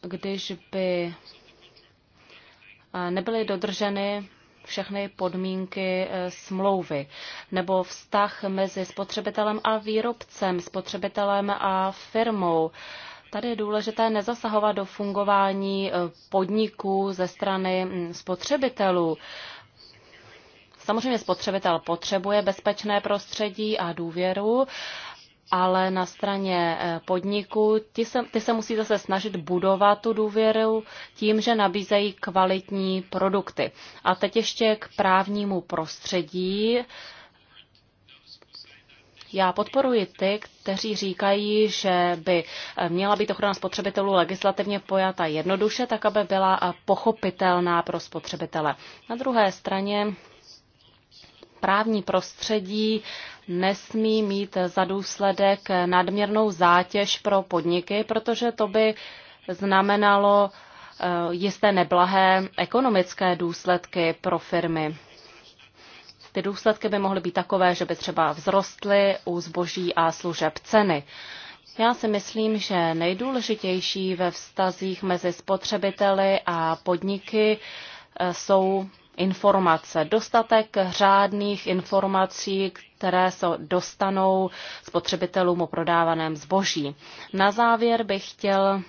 když by eh, nebyly dodrženy všechny podmínky eh, smlouvy nebo vztah mezi spotřebitelem a výrobcem, spotřebitelem a firmou. Tady je důležité nezasahovat do fungování eh, podniků ze strany hm, spotřebitelů. Samozřejmě spotřebitel potřebuje bezpečné prostředí a důvěru, ale na straně eh, podniku ty se, ty se musí zase snažit budovat tu důvěru tím, že nabízejí kvalitní produkty. A teď ještě k právnímu prostředí. Já podporuji ty, kteří říkají, že by eh, měla být ochrana spotřebitelů legislativně pojata jednoduše, tak aby byla eh, pochopitelná pro spotřebitele. Na druhé straně právní prostředí nesmí mít za důsledek nadměrnou zátěž pro podniky, protože to by znamenalo eh, jisté neblahé ekonomické důsledky pro firmy. Ty důsledky by mohly být takové, že by třeba vzrostly u zboží a služeb ceny. Já si myslím, že nejdůležitější ve vztazích mezi spotřebiteli a podniky eh, jsou informace. Dostatek řádných informací, které se dostanou spotřebitelům o prodávaném zboží. Na závěr bych chtěl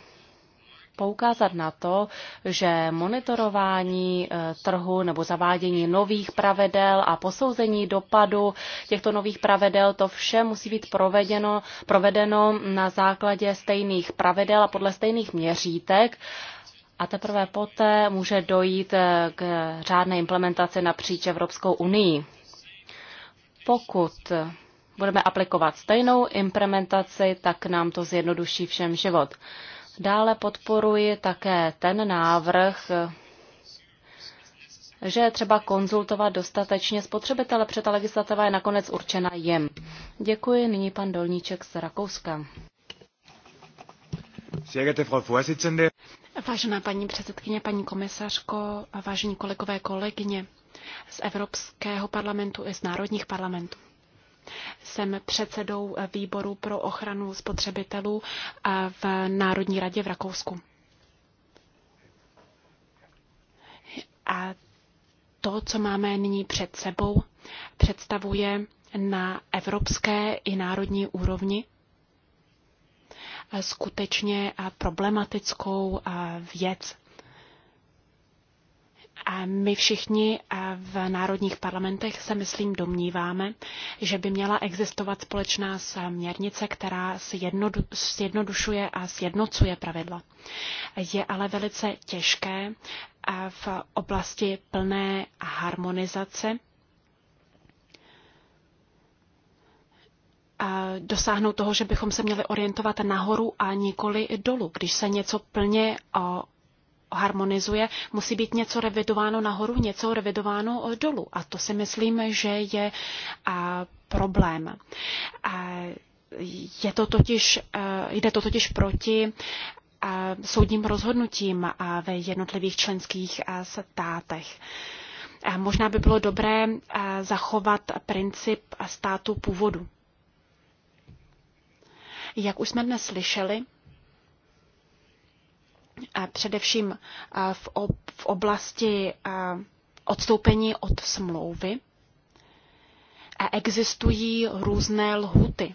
poukázat na to, že monitorování eh, trhu nebo zavádění nových pravidel a posouzení dopadu těchto nových pravidel, to vše musí být provedeno, provedeno na základě stejných pravidel a podle stejných měřítek. A teprve poté může dojít eh, k řádné implementaci napříč Evropskou unii. Pokud budeme aplikovat stejnou implementaci, tak nám to zjednoduší všem život. Dále podporuji také ten návrh, že je třeba konzultovat dostatečně spotřebitele, protože ta legislativa je nakonec určena jim. Děkuji. Nyní pan Dolníček z Rakouska. Vážená paní předsedkyně, paní komisařko, vážení kolegové, kolegyně z Evropského parlamentu i z národních parlamentů. Jsem předsedou výboru pro ochranu spotřebitelů v Národní radě v Rakousku. A to, co máme nyní před sebou, představuje na evropské i národní úrovni skutečně problematickou věc. A my všichni v národních parlamentech se, myslím, domníváme, že by měla existovat společná směrnice, která sjednodušuje a sjednocuje pravidla. Je ale velice těžké v oblasti plné harmonizace dosáhnout toho, že bychom se měli orientovat nahoru a nikoli dolů. Když se něco plně harmonizuje, musí být něco revidováno nahoru, něco revidováno eh, dolů. A to si myslím, že je a, eh, problém. A, eh, je to totiž, a, jde to totiž proti a, soudním rozhodnutím a, ve jednotlivých členských a, státech. A možná by bylo dobré a, zachovat princip státu původu. Jak už jsme dnes slyšeli, především v oblasti odstoupení od smlouvy. Existují různé lhuty.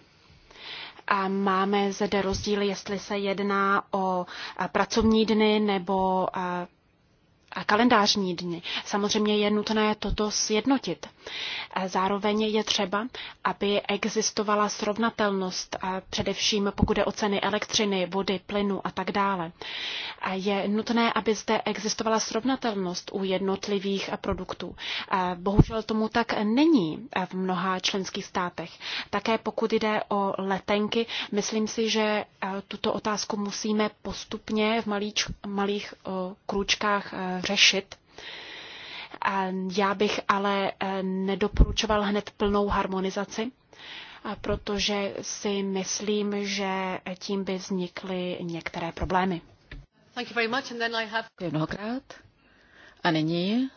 A máme zde rozdíly, jestli se jedná o pracovní dny nebo kalendářní dny. Samozřejmě je nutné toto sjednotit. Zároveň je třeba, aby existovala srovnatelnost, především pokud je o ceny elektřiny, vody, plynu a tak dále. Je nutné, aby zde existovala srovnatelnost u jednotlivých produktů. Bohužel tomu tak není v mnoha členských státech. Také pokud jde o letenky, myslím si, že tuto otázku musíme postupně v malých malých kručkách řešit. Já bych ale eh, nedoporučoval hned plnou harmonizaci, eh, protože si myslím, že tím by vznikly některé problémy. Thank you very much, and then I have... Děkuji mnohokrát. A nyní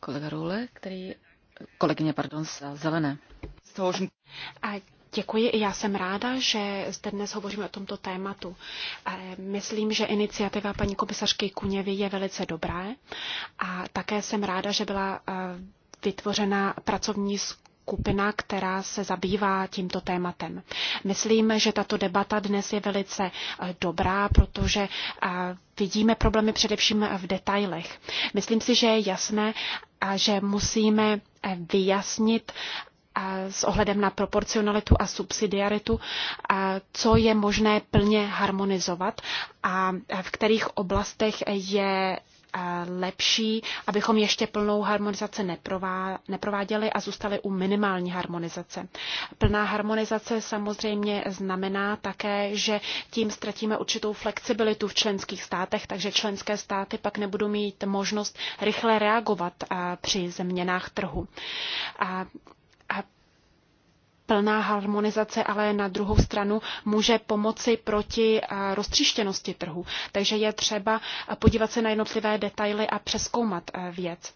kolega Růle, který, kolegyně, pardon, z zelené. A Děkuji, já jsem ráda, že zde dnes hovoříme o tomto tématu. Eh, myslím, že iniciativa paní komisařky Kuněvy je velice dobrá a také jsem ráda, že byla eh, vytvořena pracovní skupina, která se zabývá tímto tématem. Myslím, že tato debata dnes je velice eh, dobrá, protože vidíme problémy především v detailech. Myslím si, že je jasné, že musíme vyjasnit s ohledem na proporcionalitu a subsidiaritu, co je možné plně harmonizovat a v kterých oblastech je lepší, abychom ještě plnou harmonizaci neprováděli a zůstali u minimální harmonizace. Plná harmonizace samozřejmě znamená také, že tím ztratíme určitou flexibilitu v členských státech, takže členské státy pak nebudou mít možnost rychle reagovat při změnách trhu. A plná harmonizace ale na druhou stranu může pomoci proti eh, roztříštěnosti trhu. Takže je třeba podívat se na jednotlivé detaily a přeskoumat eh, věc.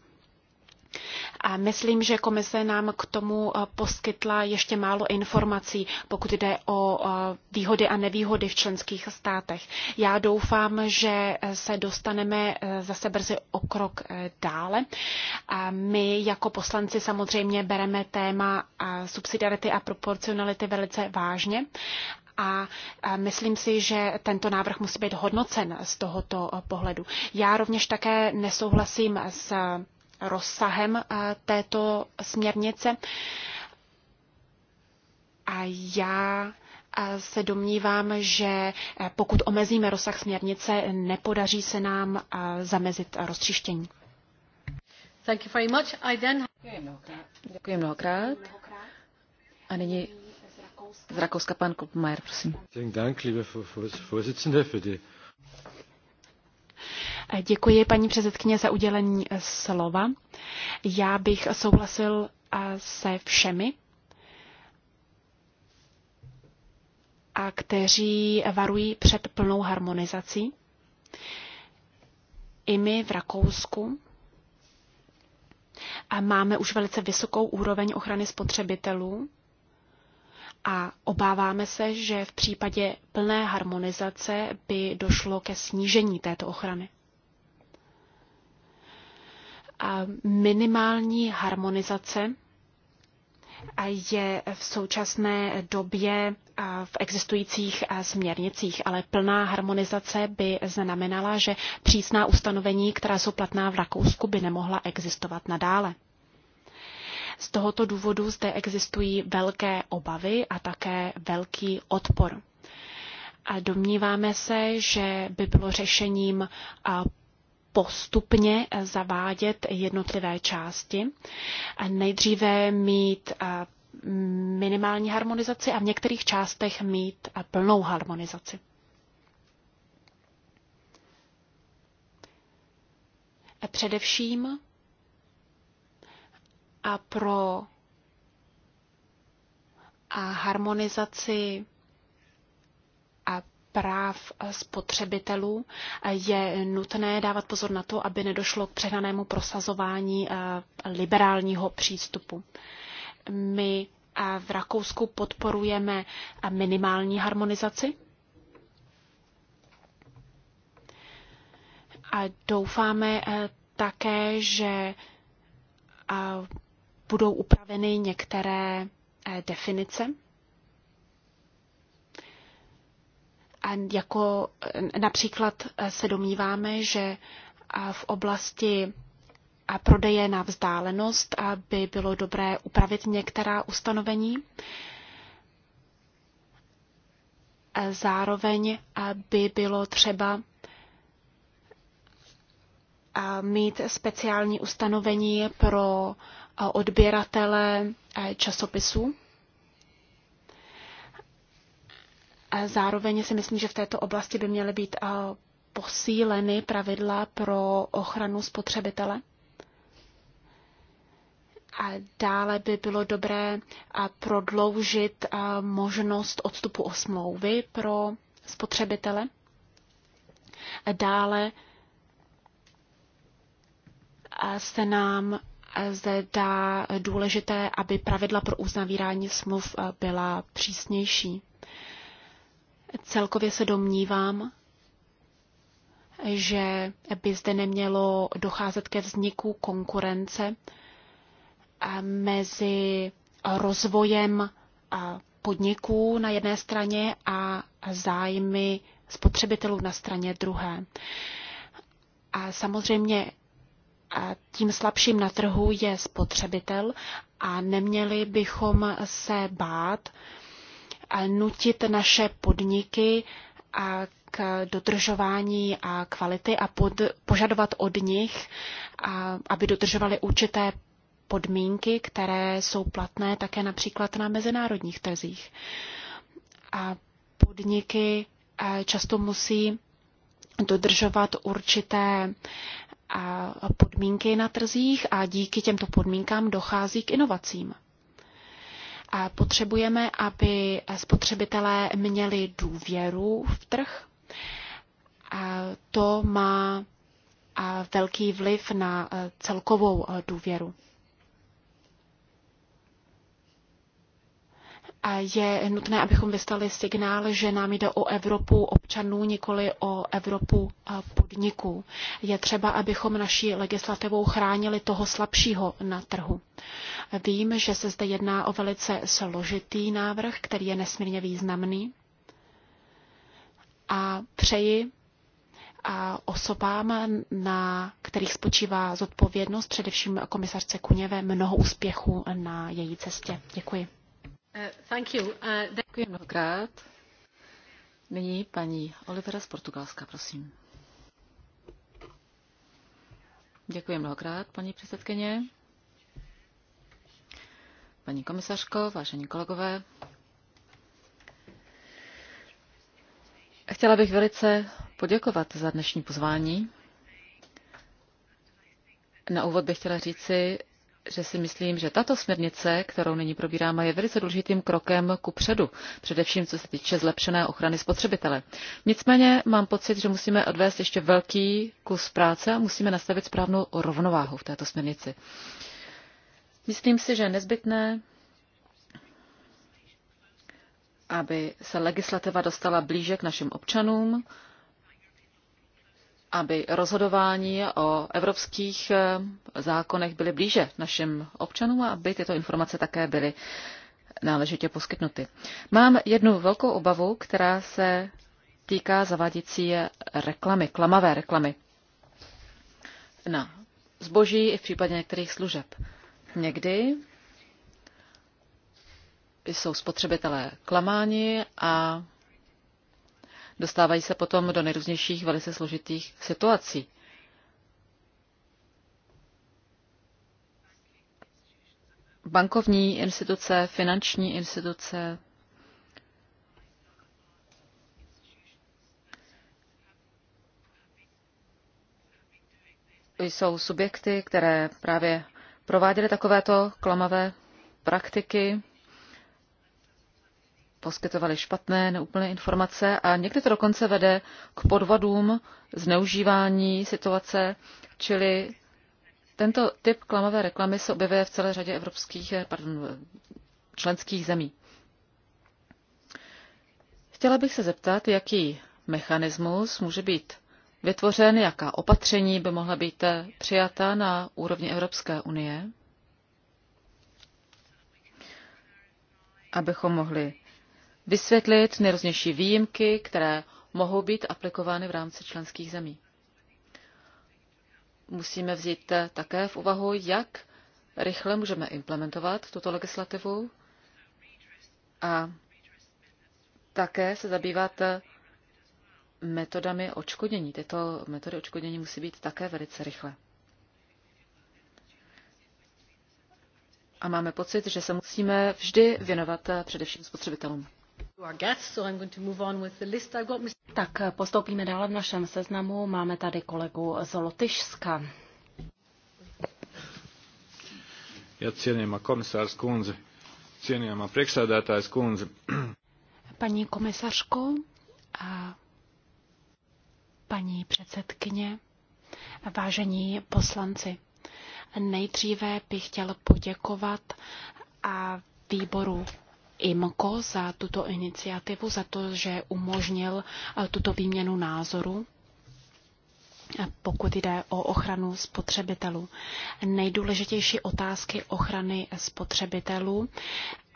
A myslím, že komise nám k tomu eh, poskytla ještě málo informací, pokud jde o eh, výhody a nevýhody v členských státech. Já doufám, že eh, se dostaneme zase brzy o krok dále. A my jako poslanci samozřejmě bereme téma subsidiarity a proporcionality velice vážně a myslím si, že tento návrh musí být hodnocen z tohoto pohledu. Já rovněž také nesouhlasím s rozsahem eh, této směrnice. A já eh, se domnívám, že eh, pokud omezíme rozsah směrnice, nepodaří se nám zamezit roztřištění. Thank you very much. I then... Děkuji mnohokrát. Děkuji mnohokrát. A nyní z Rakouska pan Kupmajer, prosím. Děkuji. Děkuji. Děkuji. Děkuji. Děkuji. Děkuji. Eh, děkuji paní předsedkyně za udělení eh, slova. Já bych souhlasil eh, se všemi, a kteří varují před plnou harmonizací. I my v Rakousku a máme už velice vysokou úroveň ochrany spotřebitelů a obáváme se, že v případě plné harmonizace by došlo ke snížení této ochrany minimální harmonizace je v současné době v existujících směrnicích, ale plná harmonizace by znamenala, že přísná ustanovení, která jsou platná v Rakousku, by nemohla existovat nadále. Z tohoto důvodu zde existují velké obavy a také velký odpor. A domníváme se, že by bylo řešením postupně eh, zavádět jednotlivé části. Nejdříve mít eh, minimální harmonizaci a v některých částech mít eh, plnou harmonizaci. Především a pro a harmonizaci práv eh, spotřebitelů eh, je nutné dávat pozor na to, aby nedošlo k přehnanému prosazování eh, liberálního přístupu. My v Rakousku podporujeme minimální harmonizaci. A doufáme také, že budou upraveny některé definice jako eh, například eh, se domníváme, že v oblasti a prodeje na vzdálenost by bylo dobré upravit některá ustanovení. Zároveň by bylo třeba mít speciální ustanovení pro odběratele časopisů. Zároveň si myslím, že v této oblasti by měly být posíleny pravidla pro ochranu spotřebitele. A dále by bylo dobré prodloužit možnost odstupu o smlouvy pro spotřebitele. A dále se nám zdá důležité, aby pravidla pro uznavírání smluv byla přísnější. Celkově se domnívám, že by zde nemělo docházet ke vzniku konkurence mezi rozvojem podniků na jedné straně a zájmy spotřebitelů na straně druhé. A samozřejmě tím slabším na trhu je spotřebitel a neměli bychom se bát nutit naše podniky a k dodržování a kvality a pod, požadovat od nich, a, aby dodržovali určité podmínky, které jsou platné také například na mezinárodních trzích. A podniky často musí dodržovat určité podmínky na trzích a díky těmto podmínkám dochází k inovacím. Potřebujeme, aby spotřebitelé měli důvěru v trh. To má velký vliv na eh, celkovou eh, důvěru. je nutné, abychom vystali signál, že nám jde o Evropu občanů, nikoli o Evropu podniků. Je třeba, abychom naší legislativou chránili toho slabšího na trhu. Vím, že se zde jedná o velice složitý návrh, který je nesmírně významný. A přeji a osobám, na kterých spočívá zodpovědnost, především komisařce Kuněve, mnoho úspěchu na její cestě. Děkuji. Eh, thank you. Eh, Děkuji mnohokrát. Nyní paní Olivera z Portugalska, prosím. Děkuji mnohokrát, paní předsedkyně. Paní komisařko, vážení kolegové, chtěla bych velice poděkovat za dnešní pozvání. Na úvod bych chtěla říci, že si myslím, že tato směrnice, kterou nyní probíráme, je velice důležitým krokem ku předu, především co se týče zlepšené ochrany spotřebitele. Nicméně mám pocit, že musíme odvést ještě velký kus práce a musíme nastavit správnou rovnováhu v této směrnici. Myslím si, že je nezbytné, aby se legislativa dostala blíže k našim občanům, aby rozhodování o evropských eh, zákonech byly blíže našim občanům a aby tyto informace také byly náležitě poskytnuty. Mám jednu velkou obavu, která se týká zaváděcí reklamy, klamavé reklamy na zboží i v případě některých služeb. Někdy jsou spotřebitelé klamáni a dostávají se potom do nejrůznějších velice složitých situací. Bankovní instituce, finanční instituce, jsou subjekty, které právě prováděly takovéto klamavé praktiky poskytovali špatné, neúplné informace a někdy to dokonce vede k podvodům, zneužívání situace, čili tento typ klamavé reklamy se objevuje v celé řadě evropských, eh, pardon, členských zemí. Chtěla bych se zeptat, jaký mechanismus může být vytvořen, jaká opatření by mohla být eh, přijata na úrovni Evropské unie, abychom mohli vysvětlit nejrůznější výjimky, které mohou být aplikovány v rámci členských zemí. Musíme vzít také v úvahu, jak rychle můžeme implementovat tuto legislativu a také se zabývat metodami očkodnění. Tyto metody očkodnění musí být také velice rychle. A máme pocit, že se musíme vždy věnovat především spotřebitelům. Tak postoupíme dále v našem seznamu. Máme tady kolegu z Lotyšska. Ja cienījamā komisārs kundze, cienījamā priekšsēdētājs Paní komisařko a paní předsedkyně, vážení poslanci, nejdříve bych chtěl poděkovat a výboru IMCO za tuto iniciativu, za to, že umožnil eh, tuto výměnu názoru eh, pokud jde o ochranu spotřebitelů. Nejdůležitější otázky ochrany spotřebitelů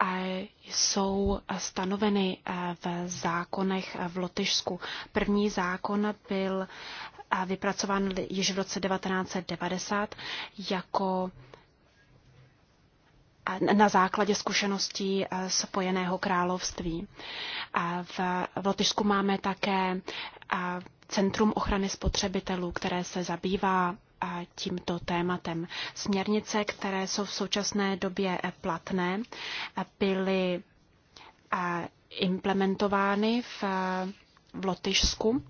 eh, jsou stanoveny v zákonech v Lotyšsku. První zákon byl vypracován již v roce 1990 jako na základě zkušeností eh, Spojeného království. V, v Lotyšsku máme také eh, Centrum ochrany spotřebitelů, které se zabývá eh, tímto tématem. Směrnice, které jsou v současné době platné, byly implementovány v, v Lotyšsku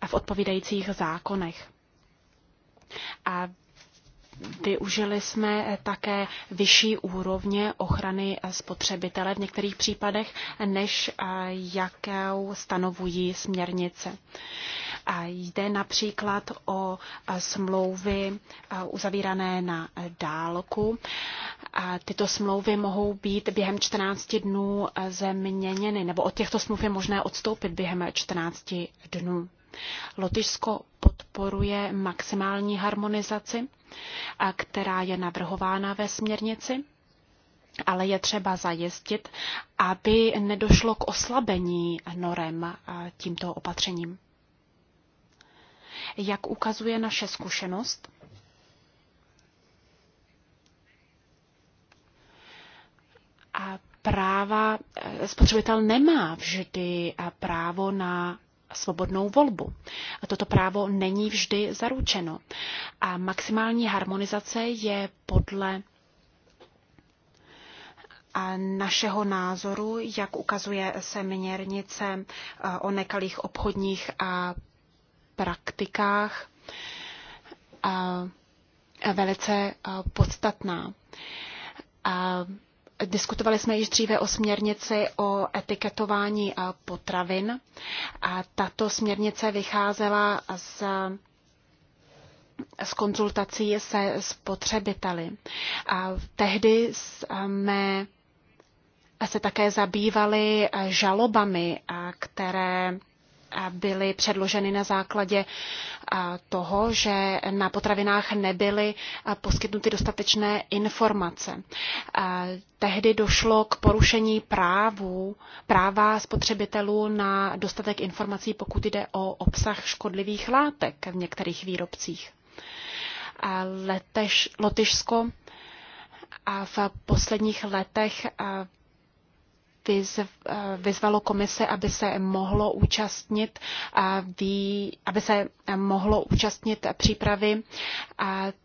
a v odpovídajících zákonech. A Využili jsme eh, také vyšší úrovně ochrany eh, spotřebitele v některých případech, než eh, jakou stanovují směrnice. Jde například o smlouvy uzavírané na dálku. Tyto smlouvy mohou být během 14 dnů změněny, nebo od těchto smluv je možné odstoupit během 14 dnů. Lotyšsko podporuje maximální harmonizaci která je navrhována ve směrnici, ale je třeba zajistit, aby nedošlo k oslabení norem tímto opatřením. Jak ukazuje naše zkušenost, a práva, e, spotřebitel nemá vždy právo na svobodnou volbu. A toto právo není vždy zaručeno. A maximální harmonizace je podle a našeho názoru, jak ukazuje směrnice e, o nekalých obchodních a praktikách, a velice e, podstatná. A Diskutovali jsme již dříve o směrnici o etiketování eh, potravin. A tato směrnice vycházela z z konzultací se spotřebiteli. A tehdy jsme se také zabývali eh, žalobami, eh, které byly předloženy na základě toho, že na potravinách nebyly poskytnuty dostatečné informace. Tehdy došlo k porušení právu, práva spotřebitelů na dostatek informací, pokud jde o obsah škodlivých látek v některých výrobcích. Letež, Lotyšsko a v posledních letech Eh, vyzvalo komise, aby se mohlo účastnit, aby se mohlo účastnit přípravy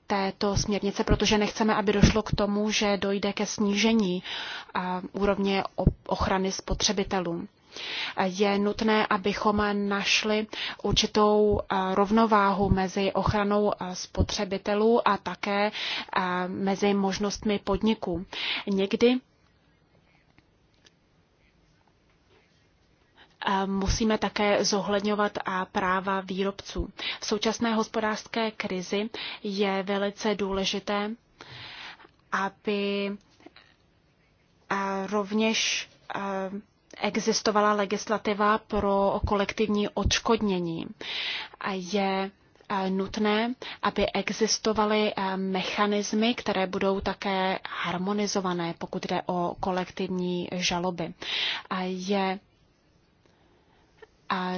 této směrnice, protože nechceme, aby došlo k tomu, že dojde ke snížení úrovně ochrany spotřebitelů. Je nutné, abychom našli určitou rovnováhu mezi ochranou spotřebitelů a také mezi možnostmi podniků. Někdy musíme také zohledňovat a práva výrobců. V současné hospodářské krizi je velice důležité, aby rovněž existovala legislativa pro kolektivní odškodnění. A je nutné, aby existovaly mechanismy, které budou také harmonizované, pokud jde o kolektivní žaloby. A je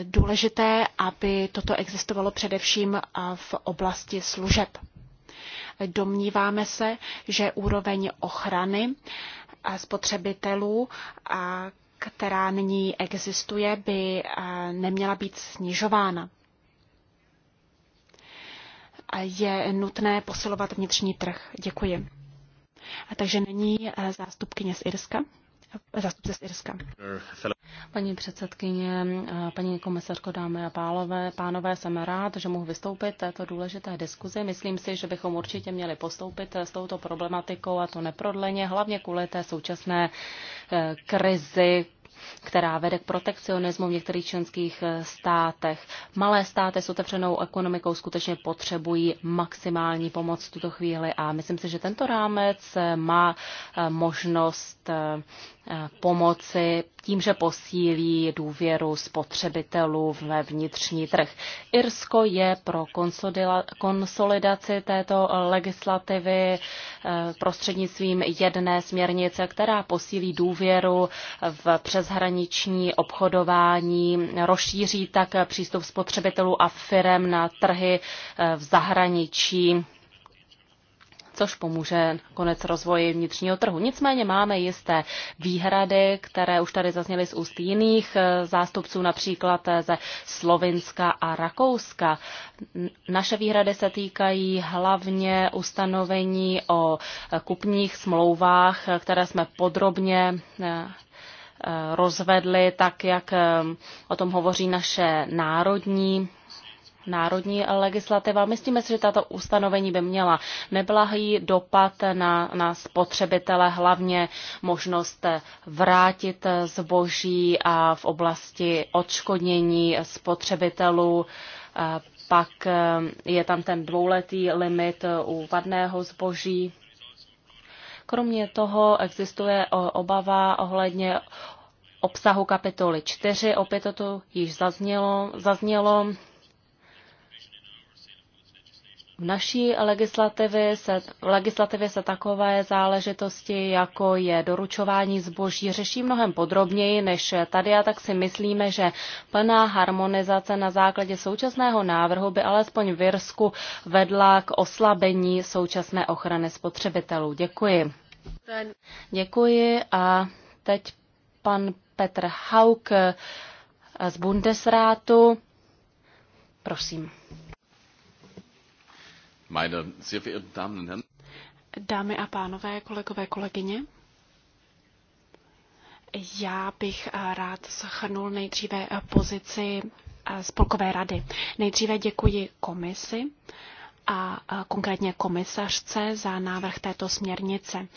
důležité, aby toto existovalo především eh, v oblasti služeb. Domníváme se, že úroveň ochrany eh, spotřebitelů, která nyní existuje, by eh, neměla být snižována. Je nutné posilovat vnitřní trh. Děkuji. A takže není zástupkyně z Irska zástupce z Irska. Paní předsedkyně, eh, paní komisařko, dámy a pálové, pánové, jsem rád, že mohu vystoupit této důležité diskuzi. Myslím si, že bychom určitě měli postoupit eh, s touto problematikou a to neprodleně, hlavně kvůli té současné eh, krizi, která vede k protekcionismu v některých členských státech. Malé státy s otevřenou ekonomikou skutečně potřebují maximální pomoc v tuto chvíli a myslím si, že tento rámec má možnost Eh, pomoci tím, že posílí důvěru spotřebitelů ve vnitřní trh. Irsko je pro konsolidaci této legislativy eh, prostřednictvím jedné směrnice, která posílí důvěru v přeshraniční obchodování, rozšíří tak přístup spotřebitelů a firem na trhy eh, v zahraničí což pomůže konec rozvoji vnitřního trhu. Nicméně máme jisté výhrady, které už tady zazněly z úst jiných eh, zástupců, například eh, ze Slovinska a Rakouska. Naše výhrady se týkají hlavně ustanovení o eh, kupních smlouvách, které jsme podrobně rozvedli, tak jak o tom hovoří naše národní národní legislativa. Myslíme si, že tato ustanovení by měla neblahý dopad na, na spotřebitele, hlavně možnost vrátit zboží a v oblasti odškodnění spotřebitelů pak e, je tam ten dvouletý limit u vadného zboží. Kromě toho existuje obava ohledně obsahu kapitoly 4. Opět to tu již zaznělo. zaznělo v naší legislativě se, legislativě se takové záležitosti, jako je doručování zboží, řeší mnohem podrobněji než tady a tak si myslíme, že plná harmonizace na základě současného návrhu by alespoň v Irsku vedla k oslabení současné ochrany spotřebitelů. Děkuji. Děkuji a teď pan Petr Hauk z Bundesrátu. Prosím. Meine sehr verehrten Damen und Herren. Dámy a pánové, kolegové, kolegyně, já bych eh, rád shrnul nejdříve eh, pozici eh, Spolkové rady. Nejdříve děkuji komisi a konkrétně komisařce za návrh této směrnice.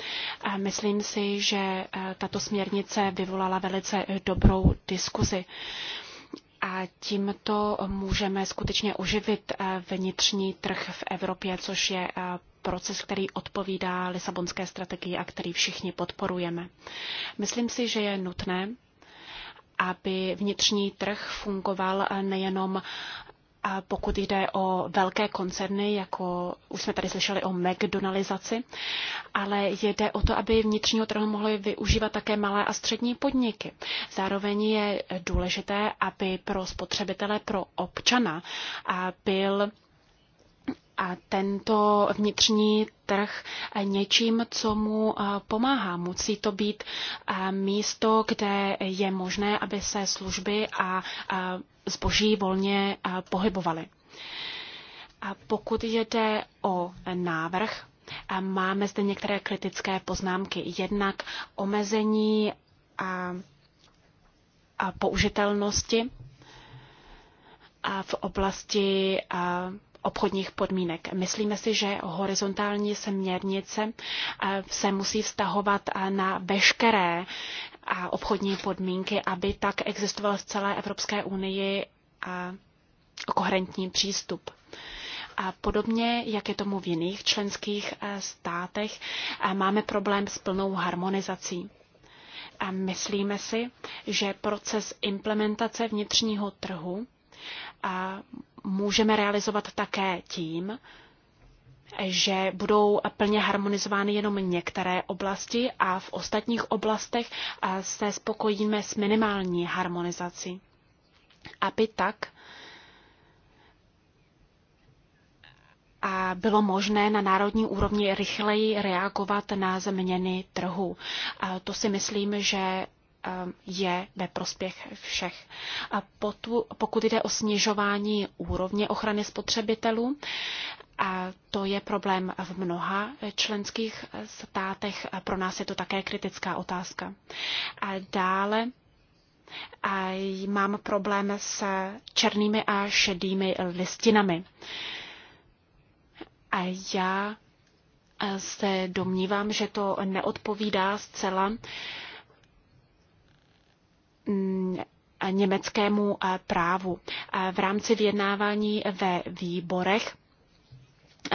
Myslím si, že tato směrnice vyvolala velice dobrou diskuzi. A tímto můžeme skutečně oživit eh, vnitřní trh v Evropě, což je eh, proces, který odpovídá Lisabonské strategii a který všichni podporujeme. Myslím si, že je nutné, aby vnitřní trh fungoval eh, nejenom a pokud jde o velké koncerny, jako už jsme tady slyšeli o McDonaldizaci, ale jde o to, aby vnitřního trhu mohly využívat také malé a střední podniky. Zároveň je důležité, aby pro spotřebitele, pro občana byl a tento vnitřní trh něčím, co mu eh, pomáhá. Musí to být eh, místo, kde je možné, aby se služby a eh, zboží volně pohybovaly. A pokud jde o návrh, máme zde některé kritické poznámky. Jednak omezení a, a použitelnosti a v oblasti a obchodních podmínek. Myslíme si, že horizontální směrnice eh, se musí vztahovat eh, na veškeré eh, obchodní podmínky, aby tak existoval v celé Evropské unii koherentní přístup. A podobně, jak je tomu v jiných členských státech, máme problém s plnou harmonizací. A myslíme si, že proces implementace vnitřního trhu můžeme realizovat také tím, že budou plně harmonizovány jenom některé oblasti a v ostatních oblastech se spokojíme s minimální harmonizací. Aby tak a bylo možné na národní úrovni rychleji reagovat na změny trhu. A to si myslím, že Um, je ve prospěch všech. A potu, pokud jde o snižování úrovně ochrany spotřebitelů, a to je problém v mnoha členských státech. A pro nás je to také kritická otázka. A dále a mám problém s černými a šedými listinami. A já se domnívám, že to neodpovídá zcela uh, Mm, německému eh, právu. V rámci vyjednávání ve výborech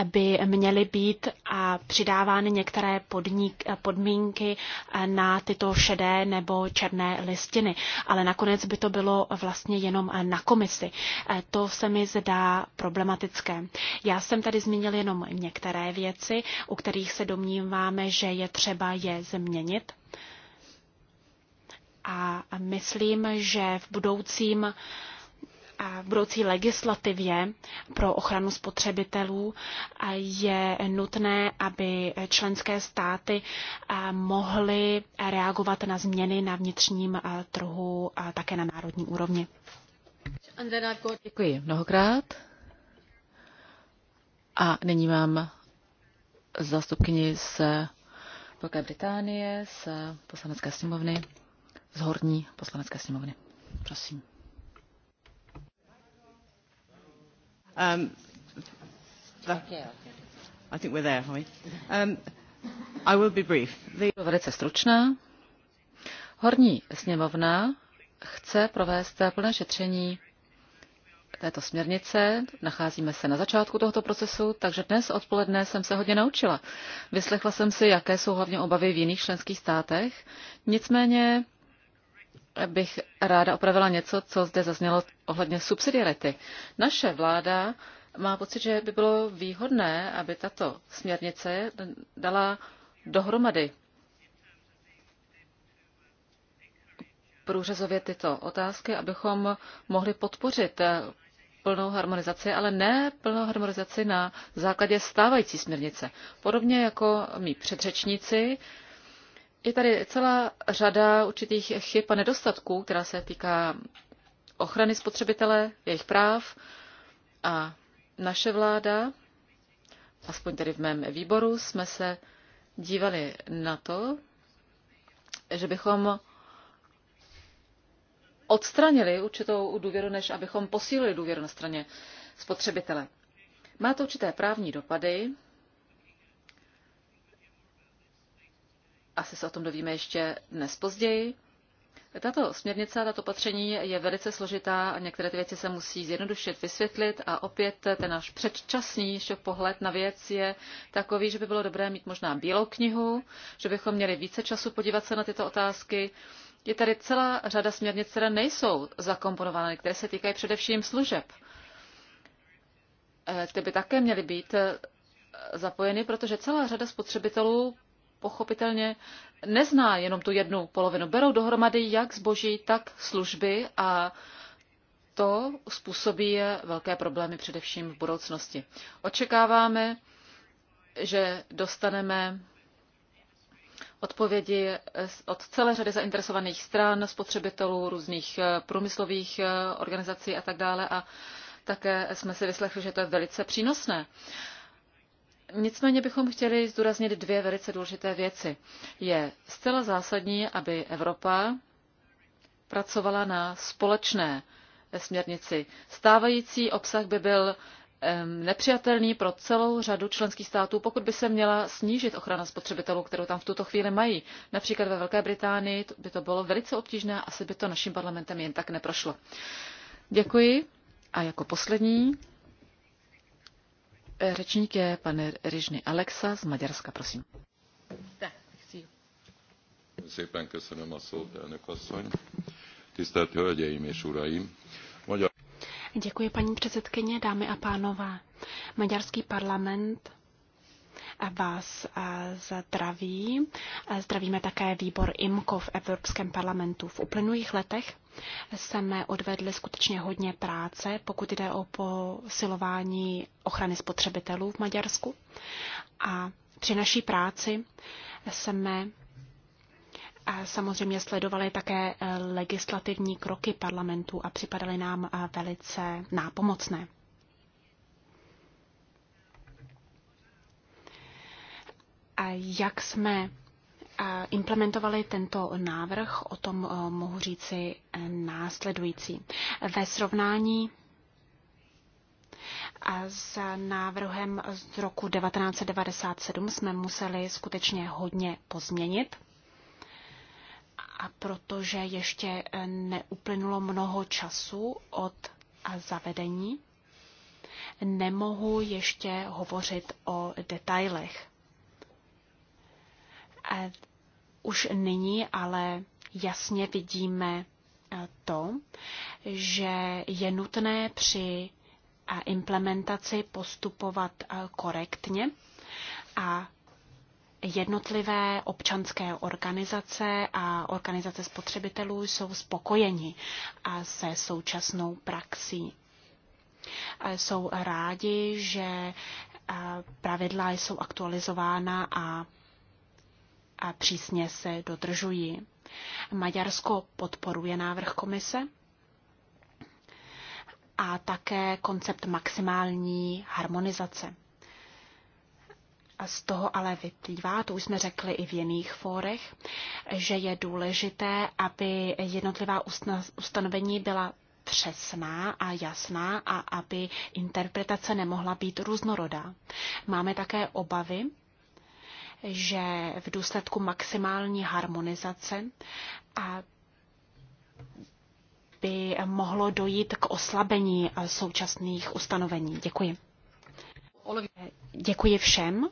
by měly být přidávány některé podnik, eh, podmínky eh, na tyto šedé nebo černé listiny. Ale nakonec by to bylo vlastně jenom na komisi. To se mi zdá problematické. Já jsem tady zmínil jenom některé věci, u kterých se domníváme, že je třeba je změnit. A myslím, že v budoucím a v budoucí legislativě pro ochranu spotřebitelů je nutné, aby členské státy mohly reagovat na změny na vnitřním trhu a také na národní úrovni. Děkuji mnohokrát. A nyní mám zástupkyni z Velké Británie, z poslanecké sněmovny z horní poslanecké sněmovny. Prosím. Um, I think we're there, are we? Um, I will be brief. The... Velice stručná. Horní sněmovna chce provést plné šetření této směrnice. Nacházíme se na začátku tohoto procesu, takže dnes odpoledne jsem se hodně naučila. Vyslechla jsem si, jaké jsou hlavně obavy v jiných členských státech. Nicméně bych ráda opravila něco, co zde zaznělo ohledně subsidiarity. Naše vláda má pocit, že by bylo výhodné, aby tato směrnice dala dohromady průřezově tyto otázky, abychom mohli podpořit plnou harmonizaci, ale ne plnou harmonizaci na základě stávající směrnice. Podobně jako mý předřečníci, je tady celá řada určitých chyb a nedostatků, která se týká ochrany spotřebitele, jejich práv a naše vláda, aspoň tedy v mém výboru, jsme se dívali na to, že bychom odstranili určitou důvěru, než abychom posílili důvěru na straně spotřebitele. Má to určité právní dopady, Asi se o tom dovíme ještě dnes později. Tato směrnice, tato opatření je velice složitá a některé ty věci se musí zjednodušit, vysvětlit a opět ten náš předčasný ještě pohled na věc je takový, že by bylo dobré mít možná bílou knihu, že bychom měli více času podívat se na tyto otázky. Je tady celá řada směrnic, které nejsou zakomponované, které se týkají především služeb. E, ty by také měly být e, zapojeny, protože celá řada spotřebitelů pochopitelně nezná jenom tu jednu polovinu. Berou dohromady jak zboží, tak služby a to způsobí velké problémy především v budoucnosti. Očekáváme, že dostaneme odpovědi od celé řady zainteresovaných stran, spotřebitelů, různých eh, průmyslových eh, organizací a tak dále. A také jsme si vyslechli, že to je velice přínosné. Nicméně bychom chtěli zdůraznit dvě velice důležité věci. Je zcela zásadní, aby Evropa pracovala na společné směrnici. Stávající obsah by byl nepřijatelný pro celou řadu členských států, pokud by se měla snížit ochrana spotřebitelů, kterou tam v tuto chvíli mají. Například ve Velké Británii by to bylo velice obtížné, asi by to naším parlamentem jen tak neprošlo. Děkuji. A jako poslední řečník je pan Ryžny Alexa z Maďarska, prosím. Tak, chci. Děkuji paní předsedkyně, dámy a pánové. Maďarský parlament vás eh, zdraví. Eh, zdravíme také výbor IMCO v Evropském parlamentu. V uplynulých letech jsme odvedli skutečně hodně práce, pokud jde o posilování ochrany spotřebitelů v Maďarsku. A při naší práci jsme eh, a samozřejmě sledovali také legislativní kroky parlamentu a připadaly nám velice nápomocné. jak jsme implementovali tento návrh, o tom mohu říci e, následující. Ve srovnání a s návrhem z roku 1997 jsme museli skutečně hodně pozměnit, a protože ještě e, neuplynulo mnoho času od zavedení, nemohu ještě hovořit o detailech. Eh, už nyní ale jasně vidíme eh, to, že je nutné při eh, implementaci postupovat korektně a jednotlivé občanské organizace a organizace spotřebitelů jsou spokojeni se současnou praxí. Jsou rádi, že pravidla jsou aktualizována a a přísně se dodržují. Maďarsko podporuje návrh komise a také koncept maximální harmonizace. A z toho ale vyplývá, to už jsme řekli i v jiných fórech, že je důležité, aby jednotlivá ustanovení byla přesná a jasná a aby interpretace nemohla být různorodá. Máme také obavy, že v důsledku maximální harmonizace a by mohlo dojít k oslabení eh, současných ustanovení. Děkuji. Děkuji všem.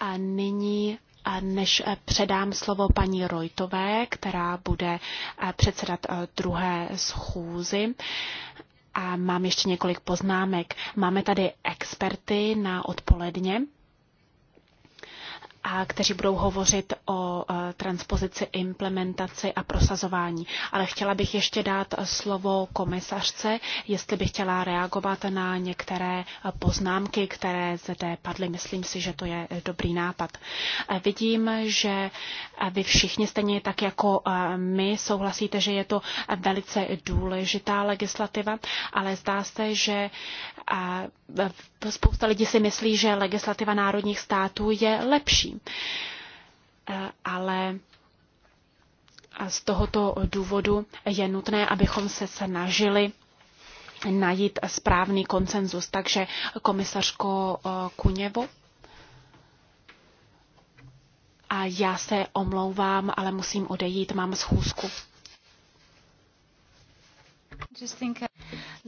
A nyní, než eh, předám slovo paní Rojtové, která bude eh, předsedat druhé schůzi, a mám ještě několik poznámek. Máme tady experty na odpoledně a kteří budou hovořit o e, transpozici, implementaci a prosazování. Ale chtěla bych ještě dát slovo komisařce, jestli by chtěla reagovat na některé e, poznámky, které zde padly. Myslím si, že to je e, dobrý nápad. Vidím, že vy všichni stejně tak jako my souhlasíte, že je to velice důležitá legislativa, ale zdá se, že spousta lidí si myslí, že legislativa národních států je lepší. E, ale z tohoto důvodu je nutné, abychom se snažili najít správný konsenzus. Takže komisařko e, Kuněvo. A já se omlouvám, ale musím odejít, mám schůzku.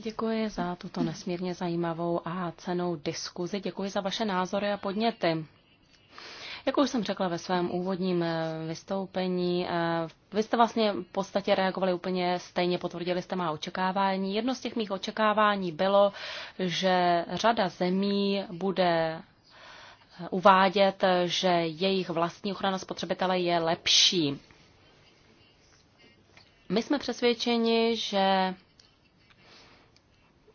Děkuji za tuto nesmírně zajímavou a cenou diskuzi. Děkuji za vaše názory a podněty. Jak už jsem řekla ve svém úvodním eh, vystoupení, eh, vy jste vlastně v podstatě reagovali úplně stejně, potvrdili jste má očekávání. Jedno z těch mých očekávání bylo, že řada zemí bude eh, uvádět, že jejich vlastní ochrana spotřebitele je lepší. My jsme přesvědčeni, že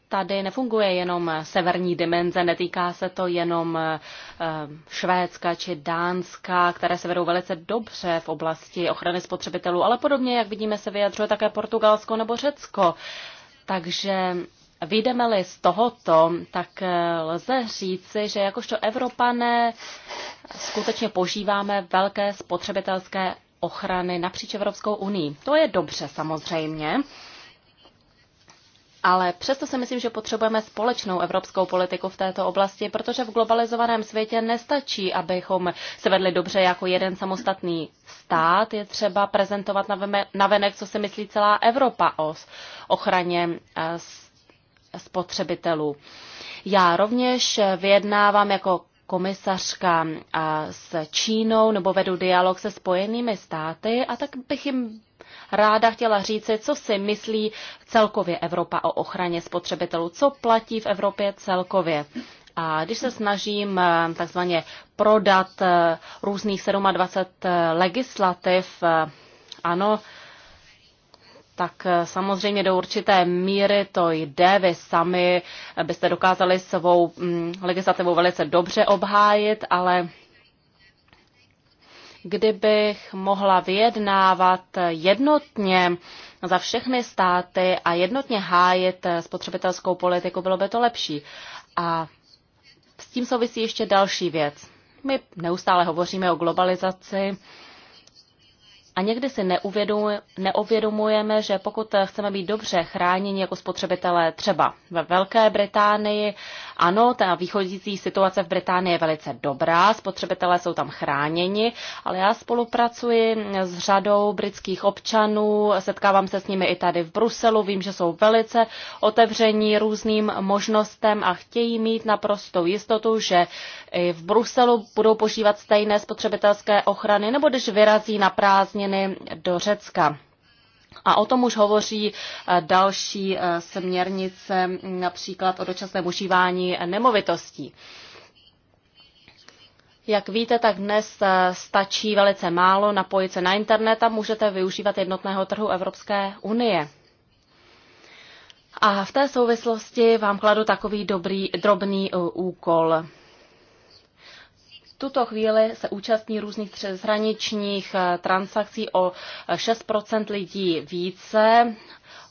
tady nefunguje jenom severní dimenze, netýká se to jenom eh, Švédska či Dánska, které se vedou velice dobře v oblasti ochrany spotřebitelů, ale podobně, jak vidíme, se vyjadřuje také Portugalsko nebo Řecko. Takže Vyjdeme-li z tohoto, tak eh, lze říci, že jakožto Evropané skutečně požíváme velké spotřebitelské ochrany napříč Evropskou unii. To je dobře samozřejmě. Ale přesto si myslím, že potřebujeme společnou evropskou politiku v této oblasti, protože v globalizovaném světě nestačí, abychom se vedli dobře jako jeden samostatný stát. Je třeba prezentovat na venek, co si myslí celá Evropa o ochraně eh, spotřebitelů. Já rovněž vyjednávám jako komisařka eh, s Čínou nebo vedu dialog se spojenými státy a tak bych jim ráda chtěla říci, co si myslí celkově Evropa o ochraně spotřebitelů, co platí v Evropě celkově. A když se snažím eh, takzvaně prodat eh, různých 27 eh, legislativ, ano, tak samozřejmě do určité míry to jde. Vy sami byste dokázali svou mm, legislativu velice dobře obhájit, ale kdybych mohla vyjednávat jednotně za všechny státy a jednotně hájit spotřebitelskou politiku, bylo by to lepší. A s tím souvisí ještě další věc. My neustále hovoříme o globalizaci, a někdy si neuvědomujeme, že pokud chceme být dobře chráněni jako spotřebitelé třeba ve Velké Británii, ano, ta východící situace v Británii je velice dobrá, spotřebitelé jsou tam chráněni, ale já spolupracuji s řadou britských občanů, setkávám se s nimi i tady v Bruselu, vím, že jsou velice otevření různým možnostem a chtějí mít naprostou jistotu, že i v Bruselu budou požívat stejné spotřebitelské ochrany, nebo když vyrazí na prázdně potraviny do Řecka. A o tom už hovoří eh, další eh, směrnice, například o dočasném užívání nemovitostí. Jak víte, tak dnes eh, stačí velice málo napojit se na internet a můžete využívat jednotného trhu Evropské unie. A v té souvislosti vám kladu takový dobrý, drobný úkol tuto chvíli se účastní různých přeshraničních eh, transakcí o 6 eh, lidí více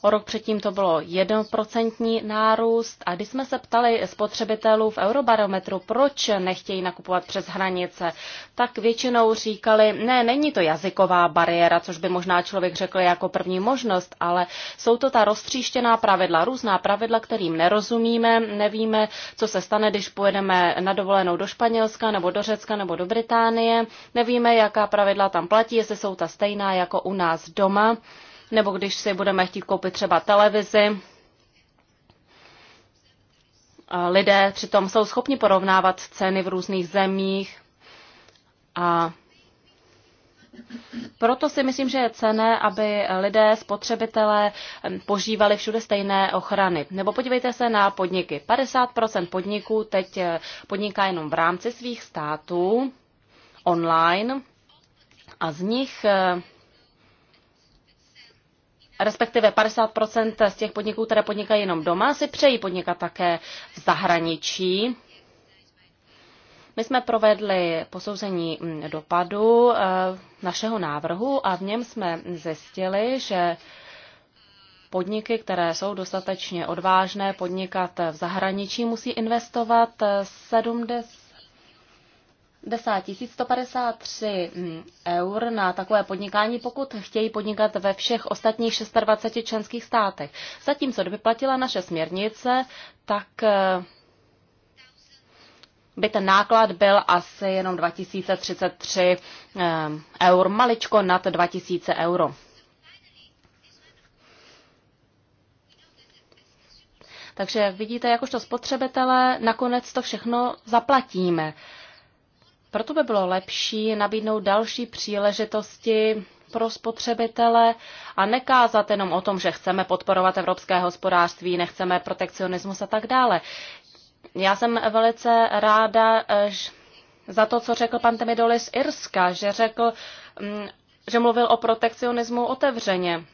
O rok předtím to bylo jednoprocentní nárůst a když jsme se ptali spotřebitelů v Eurobarometru, proč nechtějí nakupovat přes hranice, tak většinou říkali, ne, není to jazyková bariéra, což by možná člověk řekl jako první možnost, ale jsou to ta roztříštěná pravidla, různá pravidla, kterým nerozumíme, nevíme, co se stane, když pojedeme na dovolenou do Španělska nebo do Řecka nebo do Británie, nevíme, jaká pravidla tam platí, jestli jsou ta stejná jako u nás doma nebo když si budeme chtít koupit třeba televizi. Lidé přitom jsou schopni porovnávat ceny v různých zemích a proto si myslím, že je cené, aby lidé, spotřebitelé požívali všude stejné ochrany. Nebo podívejte se na podniky. 50% podniků teď eh, podniká jenom v rámci svých států online a z nich eh, respektive 50% z těch podniků, které podnikají jenom doma, si přejí podnikat také v zahraničí. My jsme provedli posouzení mm, dopadu eh, našeho návrhu a v něm jsme zjistili, že podniky, které jsou dostatečně odvážné podnikat v zahraničí, musí investovat 70 eh, 10 153 mm, eur na takové podnikání, pokud chtějí podnikat ve všech ostatních 26 členských státech. Zatímco kdyby platila naše směrnice, tak eh, by ten náklad byl asi jenom 2033 eh, eur, maličko nad 2000 euro. Takže jak vidíte, jakožto spotřebitelé, nakonec to všechno zaplatíme. Proto by bylo lepší nabídnout další příležitosti pro spotřebitele a nekázat jenom o tom, že chceme podporovat evropské hospodářství, nechceme protekcionismus a tak dále. Já jsem velice ráda eh, za to, co řekl pan Temidolis Irska, že řekl, mm, že mluvil o protekcionismu otevřeně.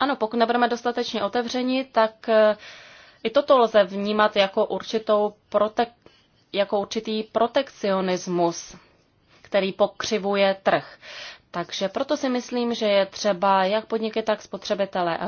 Ano, pokud nebudeme dostatečně otevřeni, tak eh, i toto lze vnímat jako určitou protek- jako určitý protekcionismus, který pokřivuje trh. Takže proto si myslím, že je třeba jak podniky, tak spotřebitele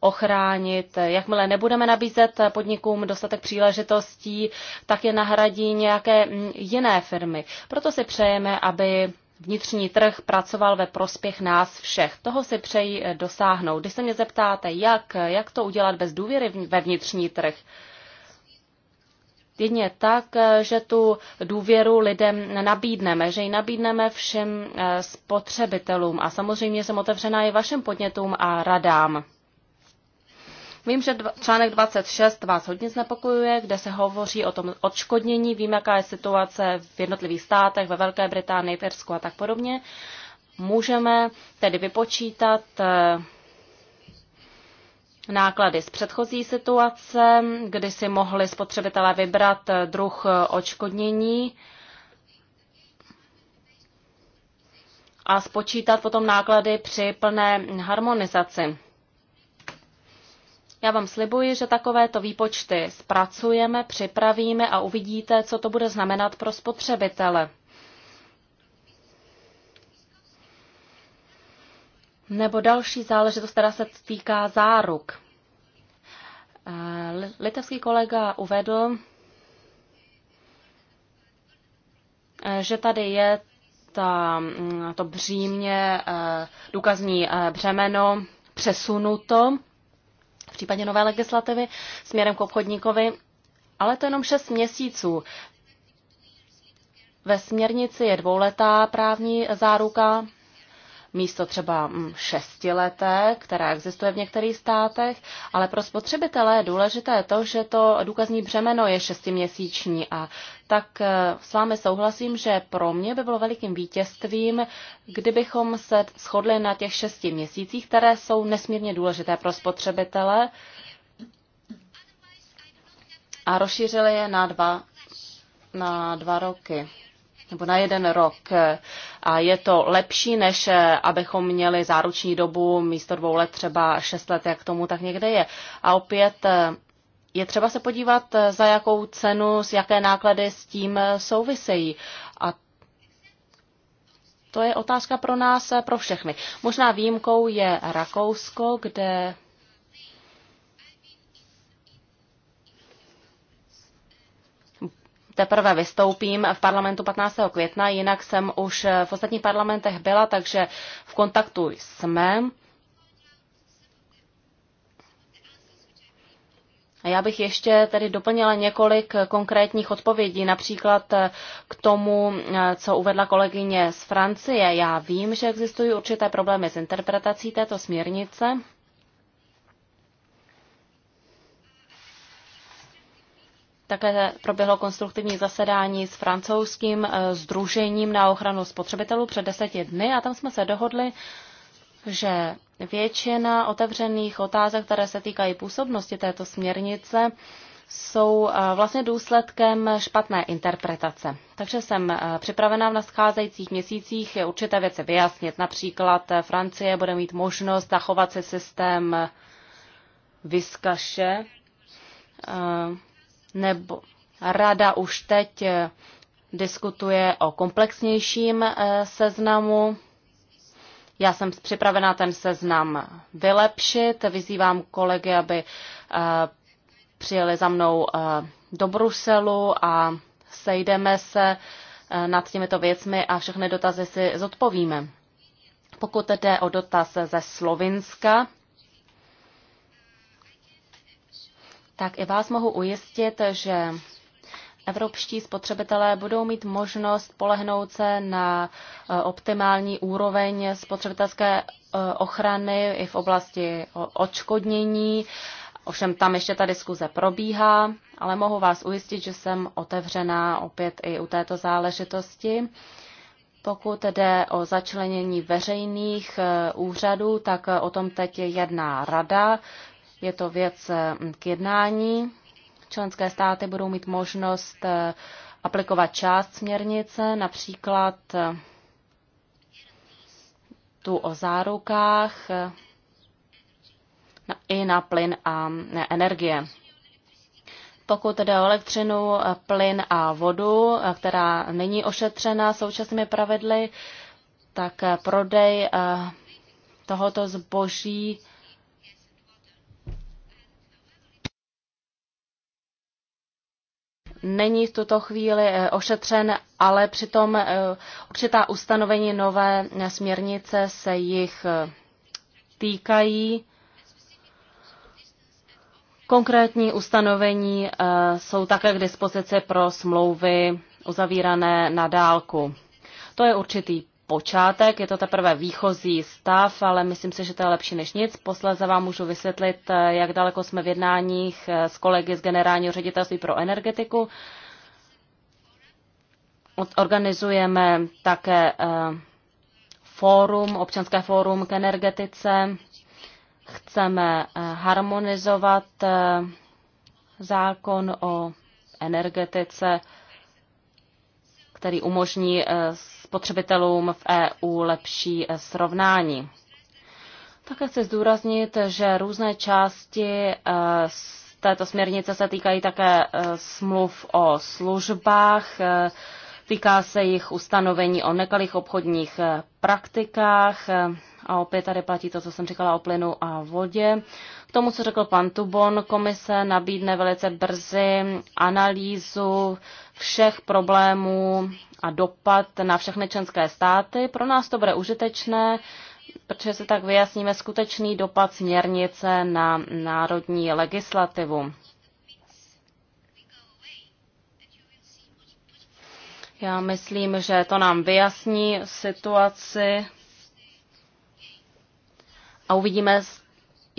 ochránit. Jakmile nebudeme nabízet podnikům dostatek příležitostí, tak je nahradí nějaké mm, jiné firmy. Proto si přejeme, aby vnitřní trh pracoval ve prospěch nás všech. Toho si přeji dosáhnout. Když se mě zeptáte, jak, jak to udělat bez důvěry ve vnitřní trh, jedině tak, eh, že tu důvěru lidem nabídneme, že ji nabídneme všem eh, spotřebitelům. A samozřejmě jsem otevřená i vašim podnětům a radám. Vím, že článek 26 vás hodně znepokojuje, kde se hovoří o tom odškodnění. Vím, jaká je situace v jednotlivých státech, ve Velké Británii, v Irsku a tak podobně. Můžeme tedy vypočítat eh, náklady z předchozí situace, kdy si mohli spotřebitelé vybrat druh očkodnění a spočítat potom náklady při plné harmonizaci. Já vám slibuji, že takovéto výpočty zpracujeme, připravíme a uvidíte, co to bude znamenat pro spotřebitele. Nebo další záležitost, která se týká záruk. Eh, litevský kolega uvedl, eh, že tady je ta, mm, to břímě, eh, důkazní břemeno přesunuto v případě nové legislativy směrem k obchodníkovi, ale to jenom 6 měsíců. Ve směrnici je dvouletá právní záruka, místo třeba mm, šestileté, která existuje v některých státech, ale pro spotřebitele je důležité to, že to důkazní břemeno je šestiměsíční a tak eh, s vámi souhlasím, že pro mě by bylo velikým vítězstvím, kdybychom se shodli na těch šesti měsících, které jsou nesmírně důležité pro spotřebitele a rozšířili je na dva, na dva roky nebo na jeden rok. A je to lepší, než eh, abychom měli záruční dobu místo dvou let, třeba šest let, jak tomu tak někde je. A opět eh, je třeba se podívat, eh, za jakou cenu, s jaké náklady s tím souvisejí. A to je otázka pro nás, pro všechny. Možná výjimkou je Rakousko, kde teprve vystoupím v parlamentu 15. května, jinak jsem už v ostatních parlamentech byla, takže v kontaktu jsme. A já bych ještě tedy doplnila několik konkrétních odpovědí, například k tomu, co uvedla kolegyně z Francie. Já vím, že existují určité problémy s interpretací této směrnice. Také proběhlo konstruktivní zasedání s francouzským združením eh, na ochranu spotřebitelů před deseti dny a tam jsme se dohodli, že většina otevřených otázek, které se týkají působnosti této směrnice, jsou eh, vlastně důsledkem špatné interpretace. Takže jsem eh, připravená v nascházejících měsících určité věci vyjasnit. Například Francie bude mít možnost zachovat si systém Vyskaše, nebo rada už teď eh, diskutuje o komplexnějším eh, seznamu. Já jsem připravena ten seznam vylepšit. Vyzývám kolegy, aby eh, přijeli za mnou do Bruselu a sejdeme se nad těmito věcmi a všechny dotazy si zodpovíme. Pokud jde o dotaz ze Slovinska, tak i vás mohu ujistit, že evropští spotřebitelé budou mít možnost polehnout se na eh, optimální úroveň spotřebitelské eh, ochrany i v oblasti odškodnění. Ovšem tam ještě ta diskuze probíhá, ale mohu vás ujistit, že jsem otevřená opět i u této záležitosti. Pokud jde o začlenění veřejných eh, úřadů, tak o tom teď jedná rada. Je to věc mm, k jednání. Členské státy budou mít možnost eh, aplikovat část směrnice, například eh, tu o zárukách eh, i na plyn a energie. Pokud jde o elektřinu, plyn a vodu, která není ošetřena současnými pravidly, tak prodej tohoto zboží není v tuto chvíli eh, ošetřen, ale přitom eh, určitá ustanovení nové eh, směrnice se jich týkají. Konkrétní ustanovení jsou také k dispozici pro smlouvy uzavírané na dálku. To je určitý počátek, je to teprve výchozí stav, ale myslím si, že to je lepší než nic. Posledně vám můžu vysvětlit, jak daleko jsme v jednáních s kolegy z Generálního ředitelství pro energetiku. Organizujeme také eh, fórum, občanské fórum k energetice. Chceme eh, harmonizovat eh, zákon o energetice, který umožní spotřebitelům v EU lepší eh, srovnání. Také chci zdůraznit, že různé části z eh, této směrnice se týkají také eh, smluv o službách, týká se jich ustanovení o nekalých obchodních praktikách a opět tady platí to, co jsem říkala o plynu a vodě. K tomu, co řekl pan Tubon, komise nabídne velice brzy analýzu všech problémů a dopad na všechny členské státy. Pro nás to bude užitečné, protože se tak vyjasníme skutečný dopad směrnice na národní legislativu. Já myslím, že to nám vyjasní situaci a uvidíme,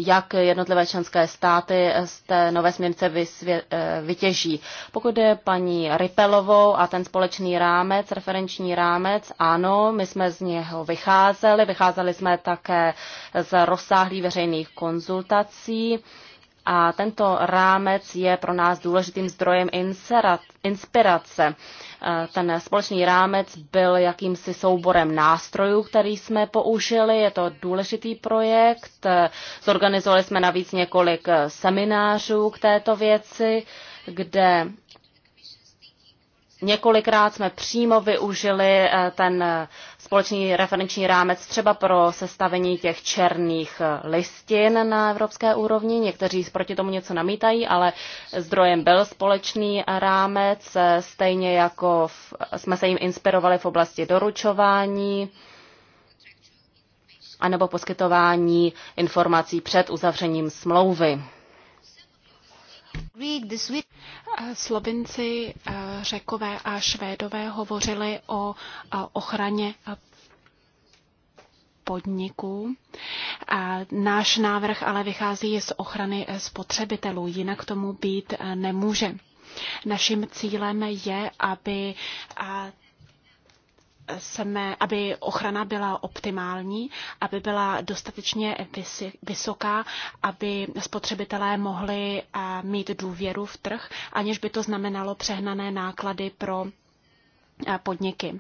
jak jednotlivé členské státy z té nové směrnice eh, vytěží. Pokud je paní Ripelovou a ten společný rámec, referenční rámec, ano, my jsme z něho vycházeli, vycházeli jsme také z rozsáhlých veřejných konzultací a tento rámec je pro nás důležitým zdrojem inspirace. E, ten společný rámec byl jakýmsi souborem nástrojů, který jsme použili. Je to důležitý projekt. E, zorganizovali jsme navíc několik e, seminářů k této věci, kde Několikrát jsme přímo využili ten společný referenční rámec třeba pro sestavení těch černých listin na evropské úrovni. Někteří proti tomu něco namítají, ale zdrojem byl společný rámec, stejně jako v, jsme se jim inspirovali v oblasti doručování anebo poskytování informací před uzavřením smlouvy. Slovinci, Řekové a Švédové hovořili o ochraně podniků. Náš návrh ale vychází z ochrany spotřebitelů, jinak tomu být nemůže. Naším cílem je, aby jsme, aby ochrana byla optimální, aby byla dostatečně vysoká, aby spotřebitelé mohli eh, mít důvěru v trh, aniž by to znamenalo přehnané náklady pro eh, podniky.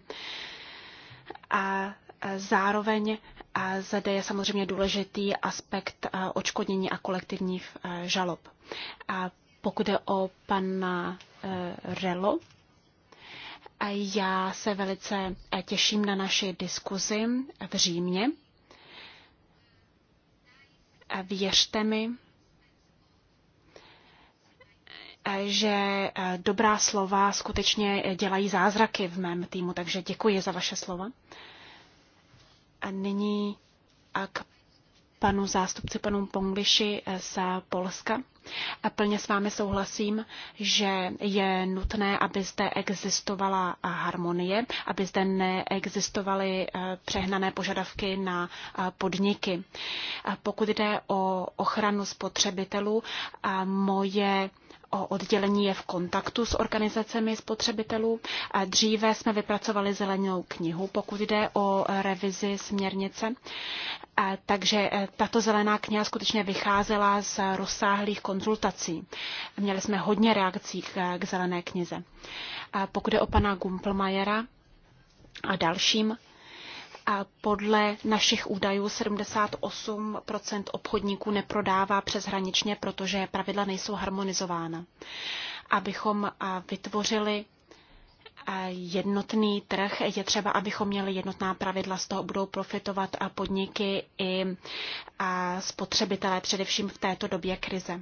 A zároveň a zde je samozřejmě důležitý aspekt eh, očkodnění a kolektivních žalob. A pokud je o pana Relo, já se velice eh, těším na naši diskuzi eh, v Římě. Eh, věřte mi, že dobrá slova skutečně dělají zázraky v mém týmu, takže děkuji za vaše slova. A nyní a k panu zástupci, panu Pongliši eh, z Polska. A plně s vámi souhlasím, že je nutné, aby zde existovala eh, harmonie, aby zde neexistovaly eh, přehnané požadavky na podniky. Pokud jde o ochranu spotřebitelů, moje O oddělení je v kontaktu s organizacemi spotřebitelů. Dříve jsme vypracovali zelenou knihu, pokud jde o revizi směrnice. Takže e, tato zelená kniha skutečně vycházela z rozsáhlých konzultací. Měli jsme hodně reakcí k zelené knize. Pokud jde o pana Gumplmajera a dalším, a podle našich údajů 78 obchodníků neprodává přeshraničně, protože pravidla nejsou harmonizována. Abychom vytvořili jednotný trh, je třeba, abychom měli jednotná pravidla, z toho budou profitovat podniky i spotřebitelé, především v této době krize.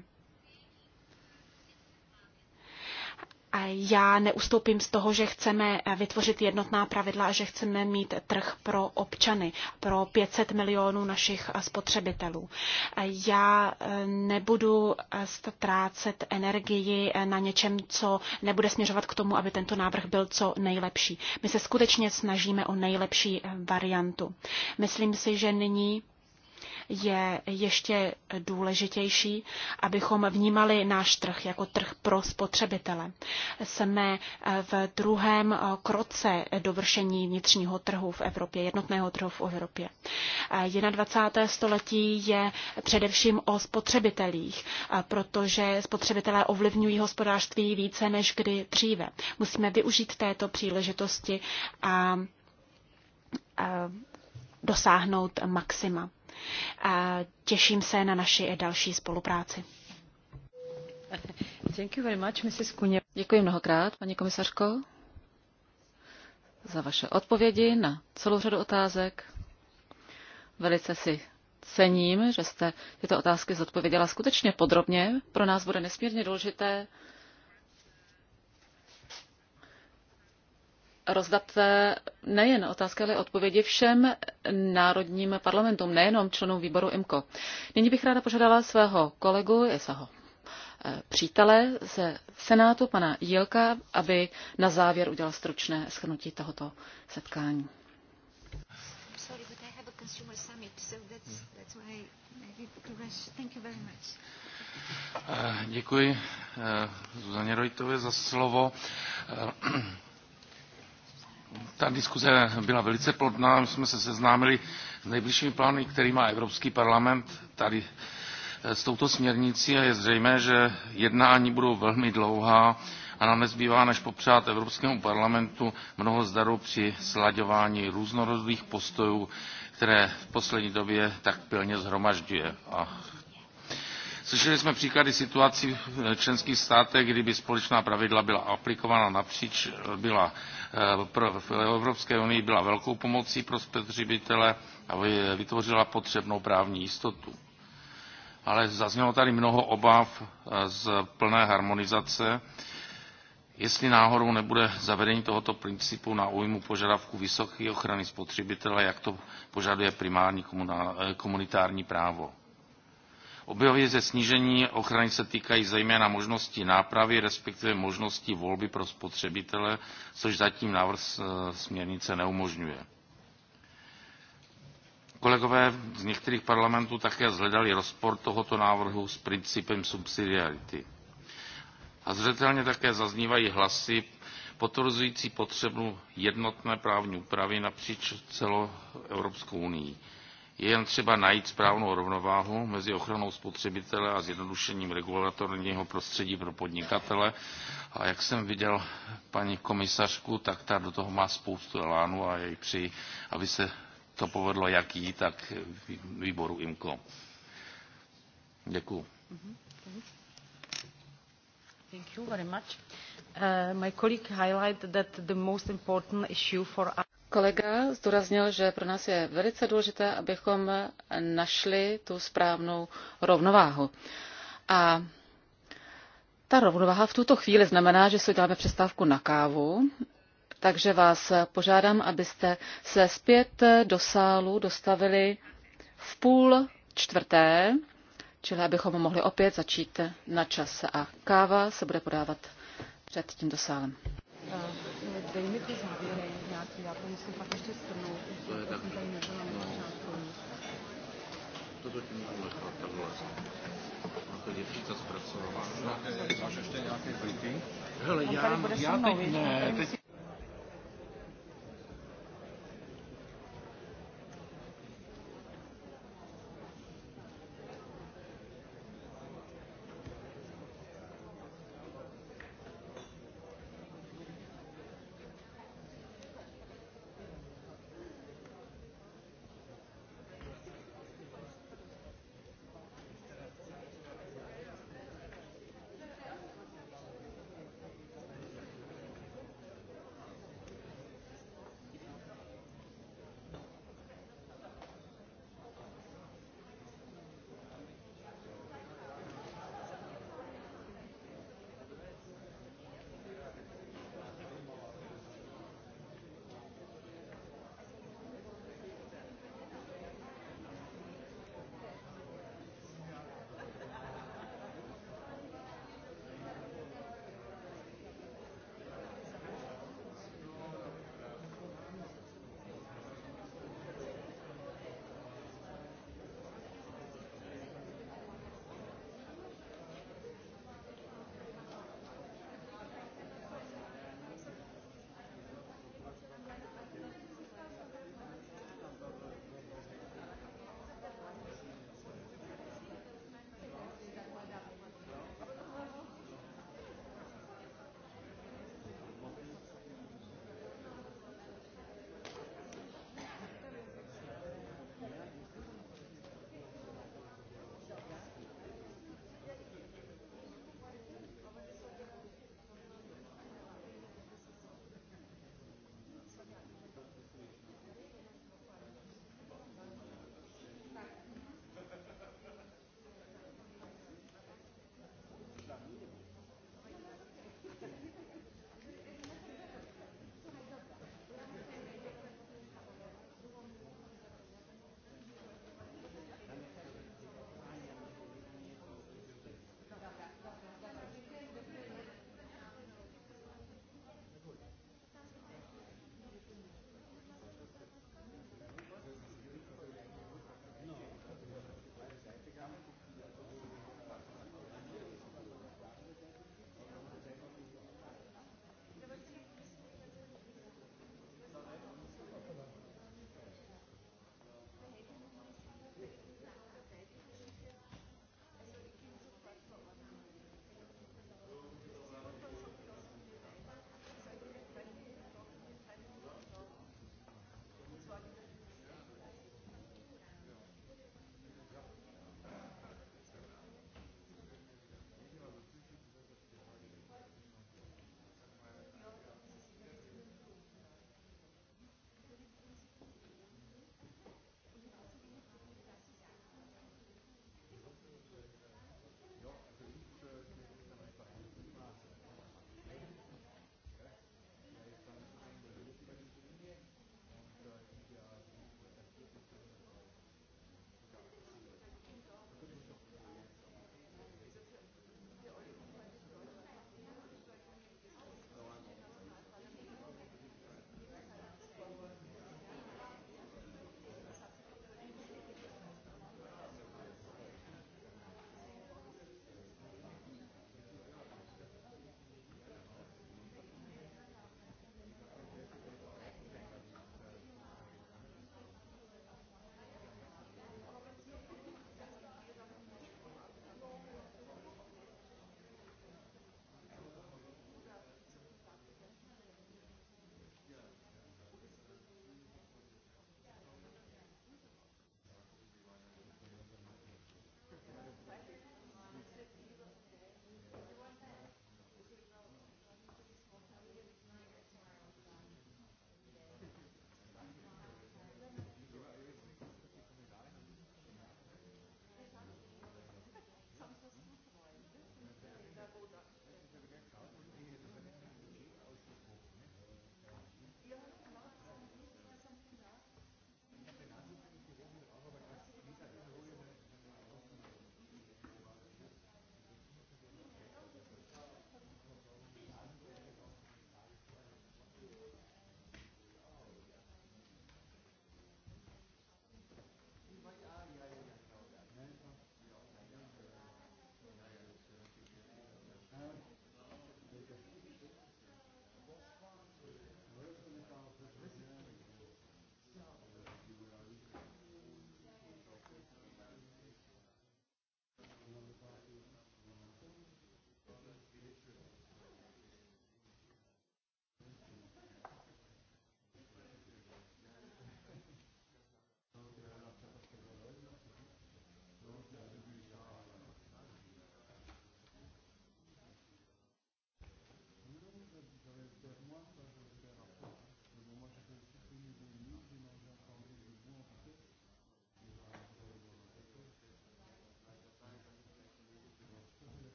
já neustoupím z toho, že chceme eh, vytvořit jednotná pravidla a že chceme mít trh pro občany, pro 500 milionů našich eh, spotřebitelů. Eh, já nebudu ztrácet energii na něčem, co nebude směřovat k tomu, aby tento návrh byl co nejlepší. My se skutečně snažíme o nejlepší variantu. Myslím si, že nyní je ještě důležitější, abychom vnímali náš trh jako trh pro spotřebitele. Jsme eh, v druhém eh, kroce dovršení vnitřního trhu v Evropě, jednotného trhu v Evropě. 21. Eh, století je především o spotřebitelích, protože spotřebitelé ovlivňují hospodářství více než kdy dříve. Musíme využít této příležitosti a, a dosáhnout maxima. Těším se na naši další spolupráci. Thank you very much, Mrs. Děkuji mnohokrát, paní komisařko, za vaše odpovědi na celou řadu otázek. Velice si cením, že jste tyto otázky zodpověděla skutečně podrobně. Pro nás bude nesmírně důležité rozdat nejen otázky, ale odpovědi všem národním parlamentům, nejenom členům výboru IMCO. Nyní bych ráda požádala svého kolegu, je svého eh, přítele ze Senátu, pana Jilka, aby na závěr udělal stručné shrnutí tohoto setkání. Eh, děkuji eh, Zuzaně Rojtové za slovo ta diskuze byla velice plodná. My jsme se seznámili s nejbližšími plány, který má Evropský parlament tady eh, s touto směrnicí a je zřejmé, že jednání budou velmi dlouhá a nám nezbývá, než popřát Evropskému parlamentu mnoho zdaru při slaďování různorodých postojů, které v poslední době tak pilně zhromažďuje. A Slyšeli jsme příklady situací v členských státech, kdyby společná pravidla byla aplikována napříč, byla eh, pro, v Evropské unii byla velkou pomocí pro spotřebitele a vytvořila potřebnou právní jistotu. Ale zaznělo tady mnoho obav eh, z plné harmonizace, jestli náhodou nebude zavedení tohoto principu na újmu požadavku vysoké ochrany spotřebitele, jak to požaduje primární eh, komunitární právo. Objevy ze snížení ochrany se týkají zejména možnosti nápravy, respektive možnosti volby pro spotřebitele, což zatím návrh e, směrnice neumožňuje. Kolegové z některých parlamentů také zhledali rozpor tohoto návrhu s principem subsidiarity. A zřetelně také zaznívají hlasy potvrzující potřebu jednotné právní úpravy napříč celou Evropskou unii je jen třeba najít správnou rovnováhu mezi ochranou spotřebitele a zjednodušením regulatorního prostředí pro podnikatele. A jak jsem viděl paní komisařku, tak ta do toho má spoustu elánu a jej přeji, aby se to povedlo jak jí, tak výboru IMCO. Děkuji. Thank you very much. Uh, my colleague highlighted that the most important issue for us Kolega zdůraznil, že pro nás je velice důležité, abychom našli tu správnou rovnováhu. A ta rovnováha v tuto chvíli znamená, že si dáme přestávku na kávu, takže vás požádám, abyste se zpět do sálu dostavili v půl čtvrté, čili abychom mohli opět začít na čas. A káva se bude podávat před tímto sálem. Uh, já to musím pak ještě strnout, to jsem tady nebyla na no. To to ti můžu nechat takhle. A to děvčica zpracovala. Máš ještě nějaký briefing? Hele, já, já teď ne, teď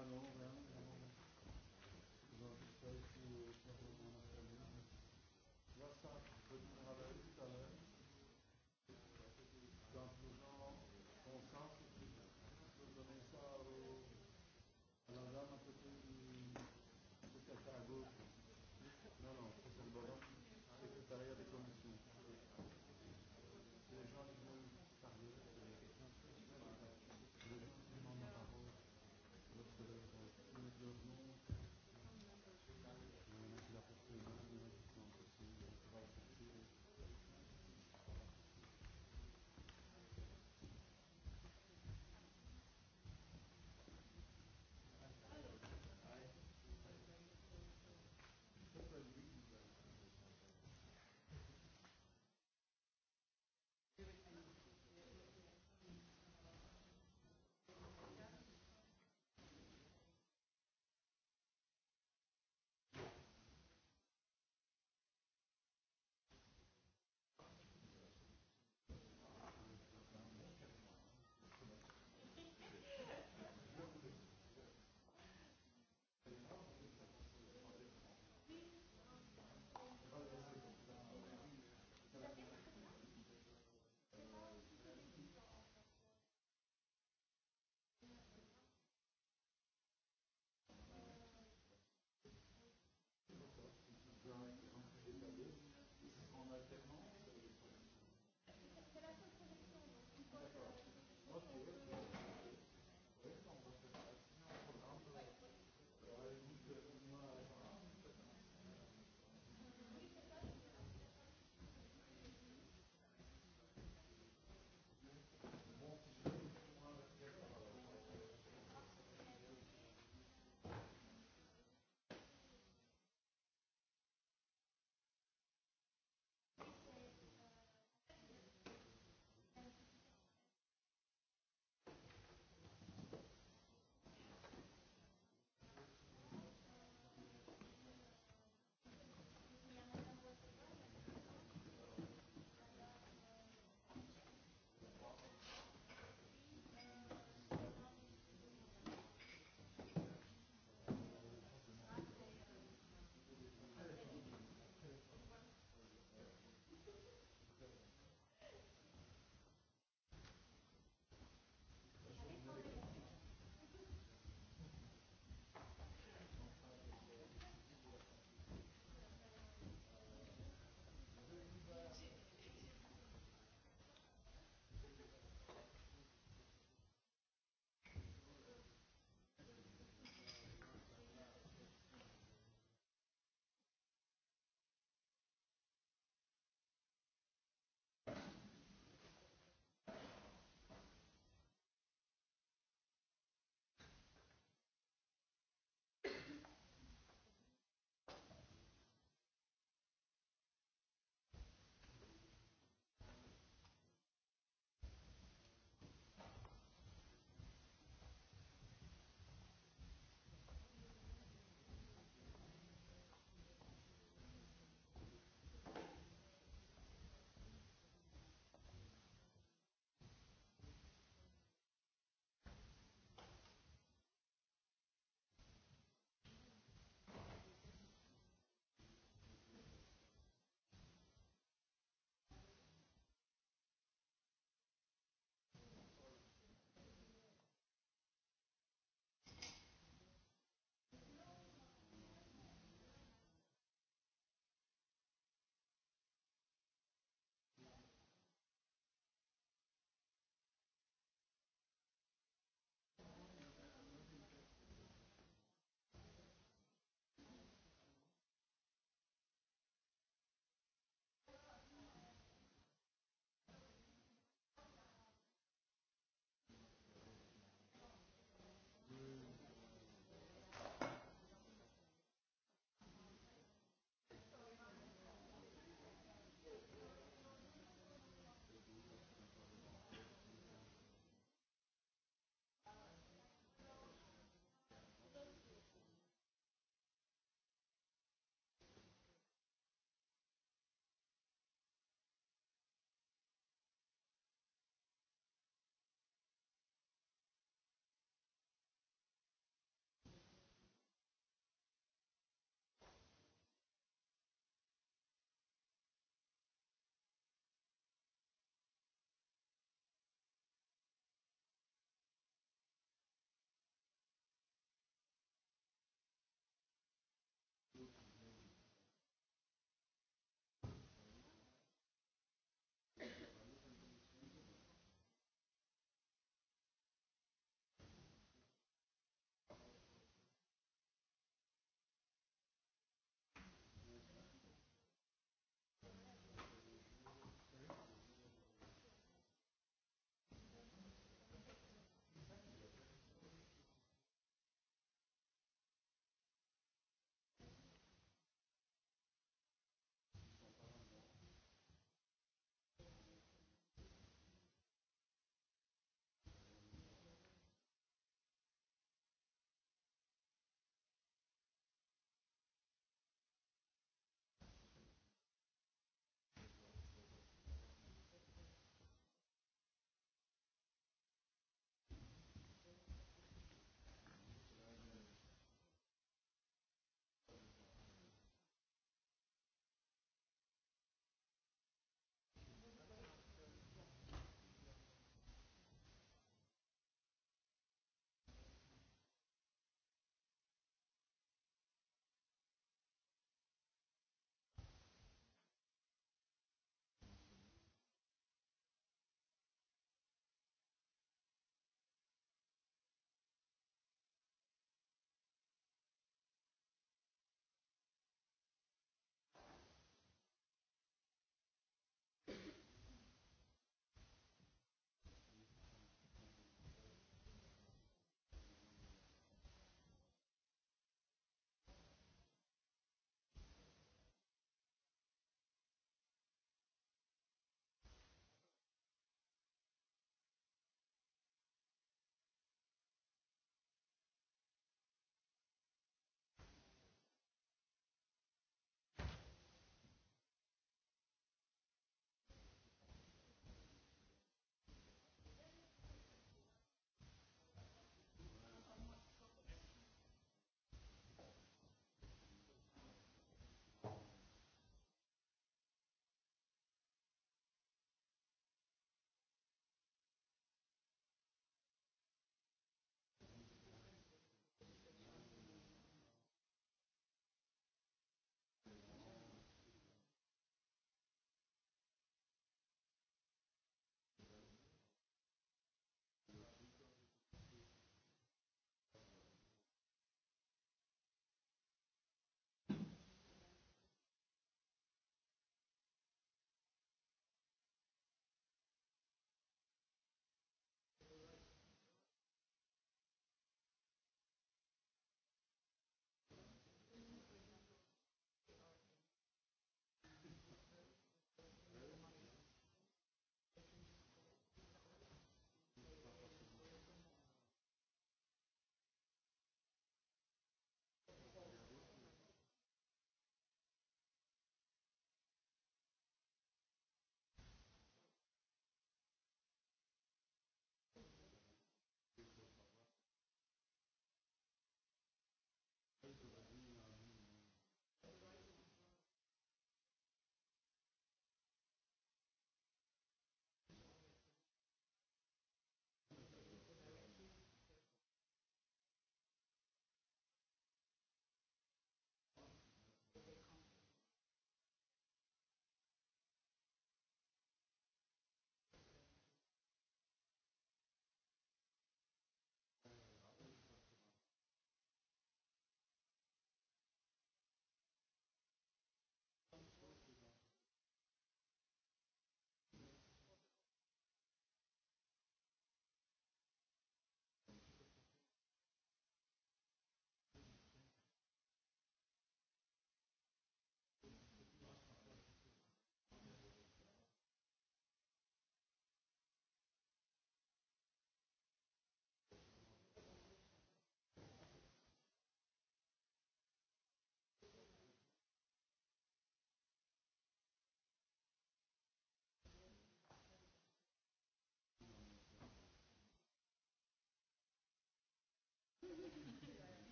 ano, firmou.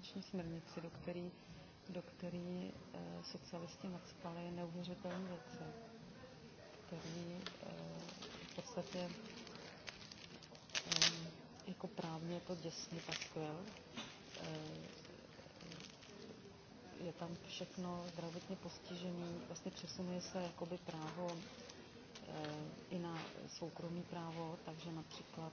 finanční směrnici, do který, do který eh, socialisti nadspali neuvěřitelné věci, který eh, v podstatě eh, jako právně je to jako děsně paskvěl. Je tam všechno zdravotně postižený, vlastně přesunuje se jakoby právo i na soukromý právo, takže například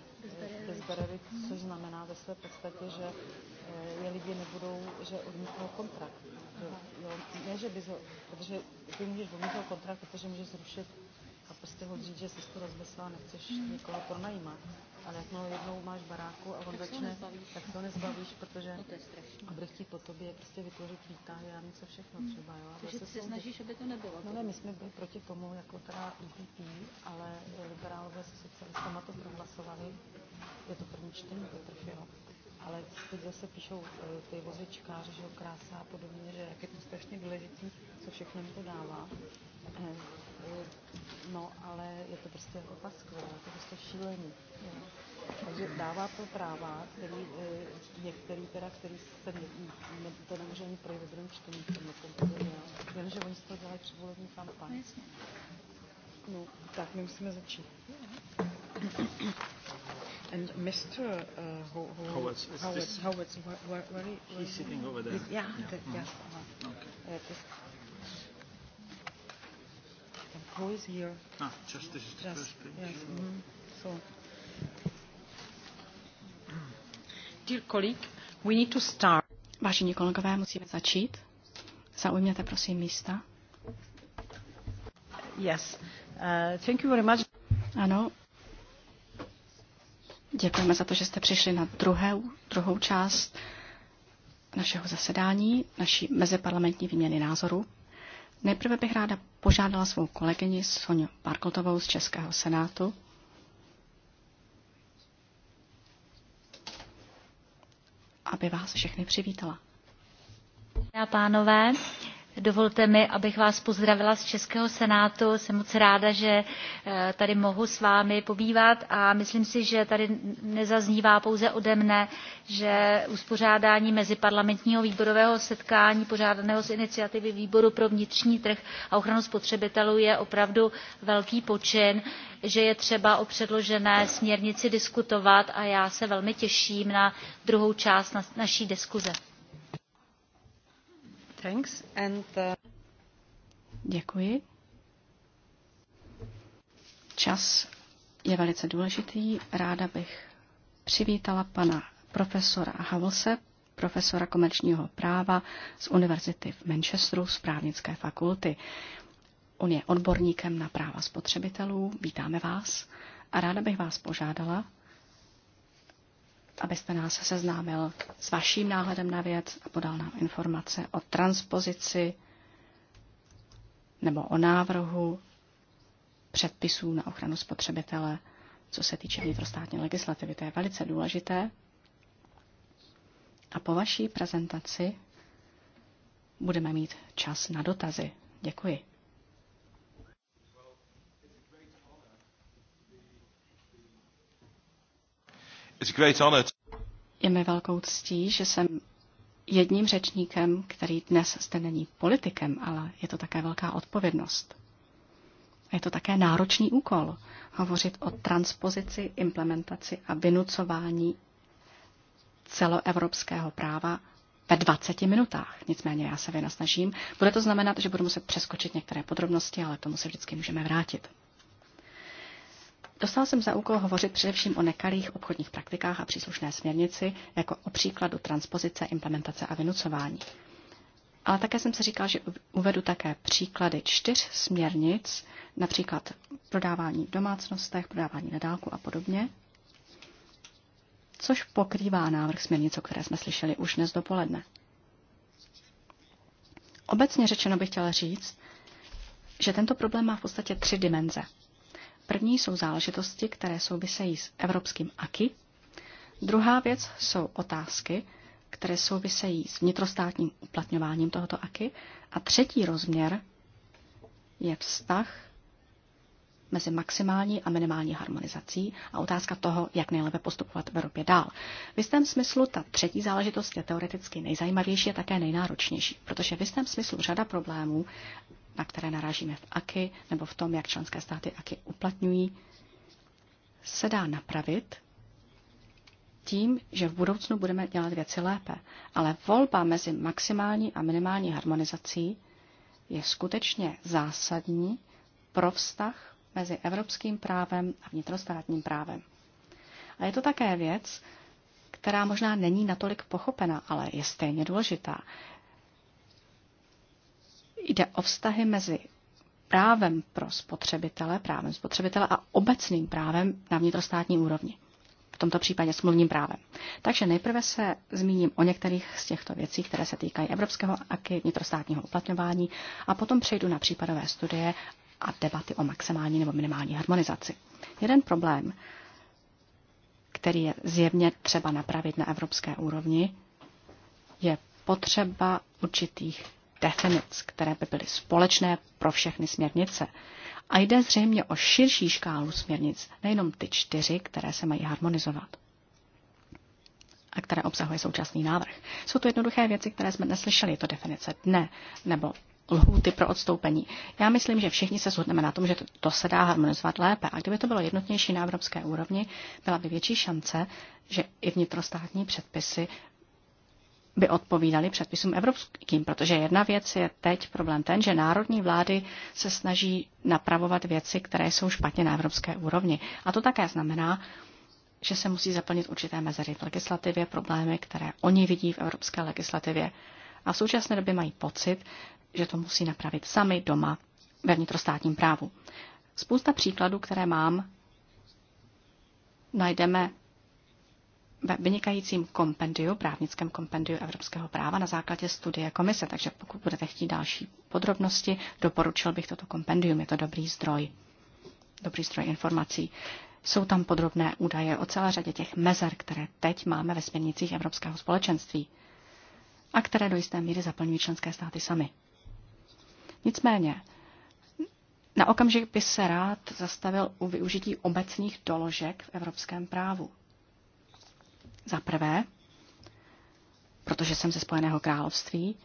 Bezberevic, což znamená ve své podstatě, že eh, je lidi nebudou, že odmítnou kontrakt. jo, ne, že bys ho, protože ty můžeš odmítnout kontrakt, protože můžeš zrušit prostě ho říct, že jsi to rozmyslela, nechceš hmm. někoho pronajímat. Ale jakmile jednou máš baráku a on tak začne, to tak to nezbavíš, protože no, to je a bude prostě chtít po tobě prostě vytvořit výtahy a něco všechno hmm. třeba. Jo? Takže se snažíš, aby to nebylo. No ne, my jsme byli proti tomu, jako teda EPP, ale liberálové se socialistama to prohlasovali. Je to první čtení, Petr Firo ale teď zase píšou e, ty vozečkáři, že jo, krása a podobně, že jak je to strašně důležitý, co všechno mi to dává. No, ale je to prostě opaskové, je to prostě šílený. Jo. Takže dává to práva, který, eh, některý teda, který se ne, ne, to nemůže ani ve druhém čtení, jenže oni z toho dělají předvolební kampaň. No, tak my musíme začít. And Mr. Uh, Ho, Ho, Howard, Howard, Howard, where, where, where, where he's sitting over there. Yeah, yeah. yeah. yeah. Mm-hmm. Uh-huh. Okay. Uh, Who is here? Ah, just this is the just, first page. Yes, mm -hmm. so. Dear colleague, we need to start. Vážení kolegové, musíme začít. Zaujměte prosím místa. Yes. Uh, thank you very much. Ano. Děkujeme za to, že jste přišli na druhou, druhou část našeho zasedání, naší meziparlamentní výměny názorů. Nejprve bych ráda požádala svou kolegyni Sonju Parkotovou z Českého senátu, aby vás všechny přivítala. Dámy a pánové, Dovolte mi, abych vás pozdravila z Českého senátu. Jsem moc ráda, že eh, tady mohu s vámi pobývat a myslím si, že tady nezaznívá pouze ode mne, že uspořádání meziparlamentního výborového setkání pořádaného z iniciativy Výboru pro vnitřní trh a ochranu spotřebitelů je opravdu velký počin, že je třeba o předložené směrnici diskutovat a já se velmi těším na druhou část naší diskuze. Thanks and, uh... Děkuji. Čas je velice důležitý. Ráda bych přivítala pana profesora Havlse, profesora komerčního práva z Univerzity v Manchesteru z právnické fakulty. On je odborníkem na práva spotřebitelů. Vítáme vás a ráda bych vás požádala, abyste nás seznámil s vaším náhledem na věc a podal nám informace o transpozici nebo o návrhu předpisů na ochranu spotřebitele, co se týče vnitrostátní legislativy. To je velice důležité. A po vaší prezentaci budeme mít čas na dotazy. Děkuji. Je mi velkou ctí, že jsem jedním řečníkem, který dnes zde není politikem, ale je to také velká odpovědnost. A je to také náročný úkol hovořit o transpozici, implementaci a vynucování celoevropského práva ve 20 minutách. Nicméně já se vynasnažím. Bude to znamenat, že budu muset přeskočit některé podrobnosti, ale k tomu se vždycky můžeme vrátit. Dostal jsem za úkol hovořit především o nekalých obchodních praktikách a příslušné směrnici jako o příkladu transpozice, implementace a vynucování. Ale také jsem se říkal, že uvedu také příklady čtyř směrnic, například prodávání v domácnostech, prodávání na dálku a podobně, což pokrývá návrh směrnic, o které jsme slyšeli už dnes dopoledne. Obecně řečeno bych chtěla říct, že tento problém má v podstatě tři dimenze. První jsou záležitosti, které souvisejí s evropským AKI. Druhá věc jsou otázky, které souvisejí s vnitrostátním uplatňováním tohoto AKI. A třetí rozměr je vztah mezi maximální a minimální harmonizací a otázka toho, jak nejlépe postupovat v Evropě dál. V jistém smyslu ta třetí záležitost je teoreticky nejzajímavější a také nejnáročnější, protože v jistém smyslu řada problémů na které narážíme v AKI nebo v tom, jak členské státy AKY uplatňují, se dá napravit tím, že v budoucnu budeme dělat věci lépe. Ale volba mezi maximální a minimální harmonizací je skutečně zásadní pro vztah mezi evropským právem a vnitrostátním právem. A je to také věc, která možná není natolik pochopena, ale je stejně důležitá. Jde o vztahy mezi právem pro spotřebitele, právem spotřebitele a obecným právem na vnitrostátní úrovni. V tomto případě smluvním právem. Takže nejprve se zmíním o některých z těchto věcí, které se týkají evropského a vnitrostátního uplatňování a potom přejdu na případové studie a debaty o maximální nebo minimální harmonizaci. Jeden problém, který je zjevně třeba napravit na evropské úrovni, je potřeba určitých definic, které by byly společné pro všechny směrnice. A jde zřejmě o širší škálu směrnic, nejenom ty čtyři, které se mají harmonizovat a které obsahuje současný návrh. Jsou to jednoduché věci, které jsme neslyšeli, je to definice dne nebo lhůty pro odstoupení. Já myslím, že všichni se shodneme na tom, že to, to se dá harmonizovat lépe. A kdyby to bylo jednotnější na evropské úrovni, byla by větší šance, že i vnitrostátní předpisy by odpovídaly předpisům evropským, protože jedna věc je teď problém ten, že národní vlády se snaží napravovat věci, které jsou špatně na evropské úrovni. A to také znamená, že se musí zaplnit určité mezery v legislativě, problémy, které oni vidí v evropské legislativě. A v současné době mají pocit, že to musí napravit sami doma ve vnitrostátním právu. Spousta příkladů, které mám, najdeme ve vynikajícím kompendiu, právnickém kompendiu evropského práva na základě studie komise, takže pokud budete chtít další podrobnosti, doporučil bych toto kompendium, je to dobrý zdroj, dobrý zdroj informací. Jsou tam podrobné údaje o celé řadě těch mezer, které teď máme ve směrnicích Evropského společenství a které do jisté míry zaplňují členské státy sami. Nicméně, na okamžik by se rád zastavil u využití obecných doložek v evropském právu. Za prvé, protože jsem ze Spojeného království,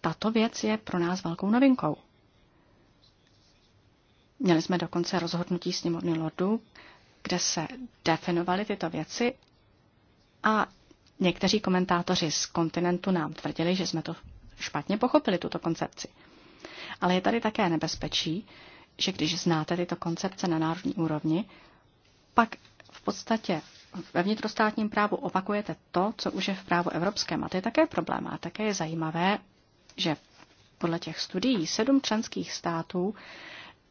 tato věc je pro nás velkou novinkou. Měli jsme dokonce rozhodnutí sněmovny lordu, kde se definovaly tyto věci a někteří komentátoři z kontinentu nám tvrdili, že jsme to špatně pochopili, tuto koncepci. Ale je tady také nebezpečí, že když znáte tyto koncepce na národní úrovni, pak v podstatě ve vnitrostátním právu opakujete to, co už je v právu evropském. A to je také problém. A také je zajímavé, že podle těch studií sedm členských států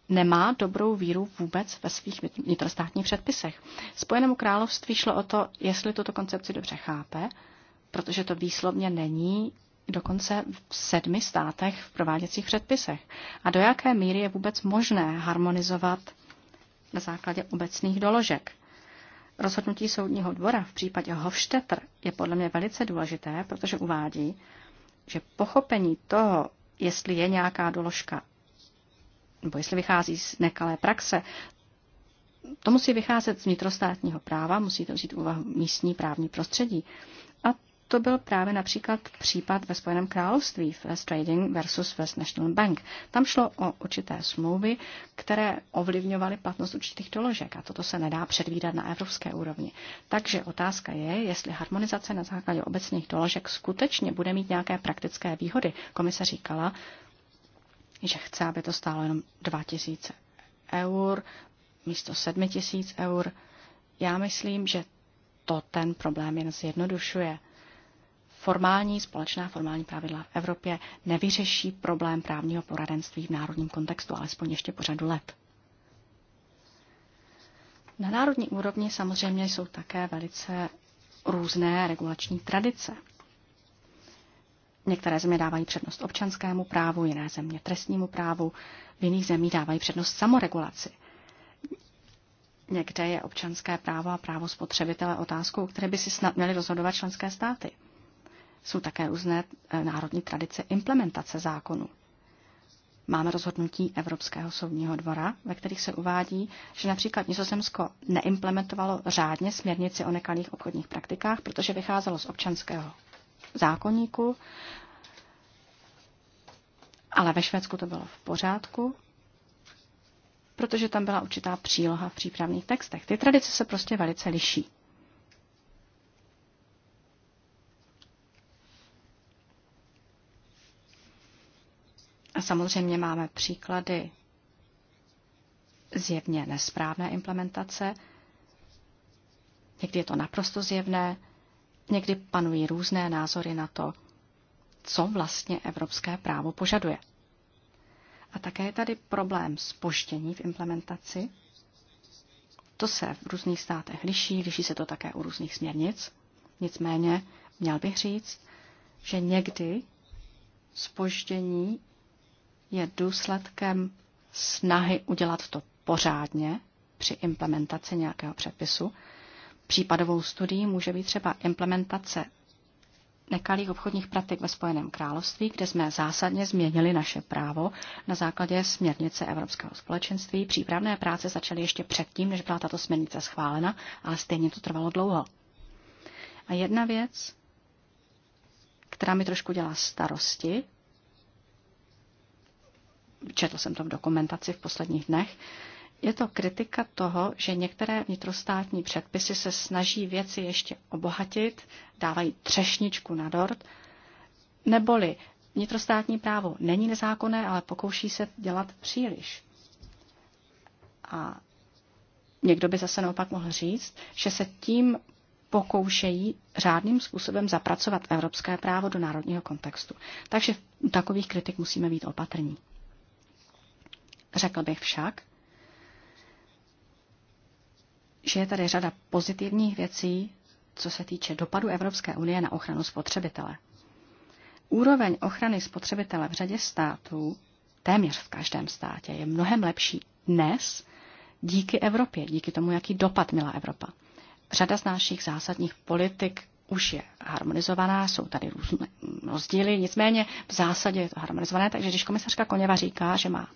nemá dobrou víru vůbec ve svých vnitrostátních předpisech. Spojenému království šlo o to, jestli tuto koncepci dobře chápe, protože to výslovně není dokonce v sedmi státech v prováděcích předpisech. A do jaké míry je vůbec možné harmonizovat na základě obecných doložek. Rozhodnutí soudního dvora v případě Hofstetter je podle mě velice důležité, protože uvádí, že pochopení toho, jestli je nějaká doložka, nebo jestli vychází z nekalé praxe, to musí vycházet z vnitrostátního práva, musí to vzít úvahu místní právní prostředí to byl právě například případ ve Spojeném království First Trading versus First National Bank. Tam šlo o určité smlouvy, které ovlivňovaly platnost určitých doložek a toto se nedá předvídat na evropské úrovni. Takže otázka je, jestli harmonizace na základě obecných doložek skutečně bude mít nějaké praktické výhody. Komise říkala, že chce, aby to stálo jenom 2000 eur místo 7000 eur. Já myslím, že to ten problém jen zjednodušuje formální, společná formální pravidla v Evropě nevyřeší problém právního poradenství v národním kontextu, alespoň ještě po řadu let. Na národní úrovni samozřejmě jsou také velice různé regulační tradice. Některé země dávají přednost občanskému právu, jiné země trestnímu právu, v jiných zemích dávají přednost samoregulaci. Někde je občanské právo a právo spotřebitele otázkou, které by si snad měly rozhodovat členské státy. Jsou také různé eh, národní tradice implementace zákonů. Máme rozhodnutí Evropského soudního dvora, ve kterých se uvádí, že například Nizozemsko neimplementovalo řádně směrnici o nekalých obchodních praktikách, protože vycházelo z občanského zákoníku, ale ve Švédsku to bylo v pořádku, protože tam byla určitá příloha v přípravných textech. Ty tradice se prostě velice liší. A samozřejmě máme příklady zjevně nesprávné implementace. Někdy je to naprosto zjevné, někdy panují různé názory na to, co vlastně evropské právo požaduje. A také je tady problém spoštění v implementaci. To se v různých státech liší, liší se to také u různých směrnic. Nicméně měl bych říct, že někdy spoždění je důsledkem snahy udělat to pořádně při implementaci nějakého předpisu. Případovou studií může být třeba implementace nekalých obchodních praktik ve Spojeném království, kde jsme zásadně změnili naše právo na základě směrnice Evropského společenství. Přípravné práce začaly ještě předtím, než byla tato směrnice schválena, ale stejně to trvalo dlouho. A jedna věc, která mi trošku dělá starosti četl jsem to v dokumentaci v posledních dnech, je to kritika toho, že některé vnitrostátní předpisy se snaží věci ještě obohatit, dávají třešničku na dort, neboli vnitrostátní právo není nezákonné, ale pokouší se dělat příliš. A někdo by zase naopak mohl říct, že se tím pokoušejí řádným způsobem zapracovat evropské právo do národního kontextu. Takže takových kritik musíme být opatrní. Řekl bych však, že je tady řada pozitivních věcí, co se týče dopadu Evropské unie na ochranu spotřebitele. Úroveň ochrany spotřebitele v řadě států, téměř v každém státě, je mnohem lepší dnes díky Evropě, díky tomu, jaký dopad měla Evropa. Řada z našich zásadních politik už je harmonizovaná, jsou tady různé rozdíly, nicméně v zásadě je to harmonizované, takže když komisařka Koněva říká, že má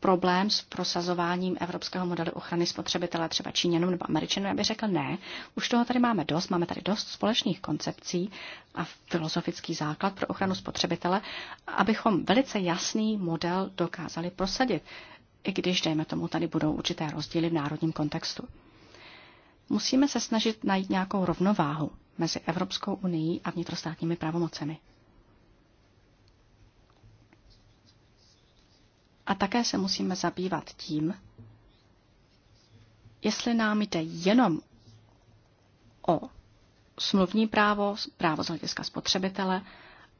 problém s prosazováním evropského modelu ochrany spotřebitele třeba Číňanům nebo Američanům, já bych řekl ne, už toho tady máme dost, máme tady dost společných koncepcí a filozofický základ pro ochranu spotřebitele, abychom velice jasný model dokázali prosadit, i když, dejme tomu, tady budou určité rozdíly v národním kontextu. Musíme se snažit najít nějakou rovnováhu mezi Evropskou unii a vnitrostátními pravomocemi. A také se musíme zabývat tím, jestli nám jde jenom o smluvní právo, právo z hlediska spotřebitele,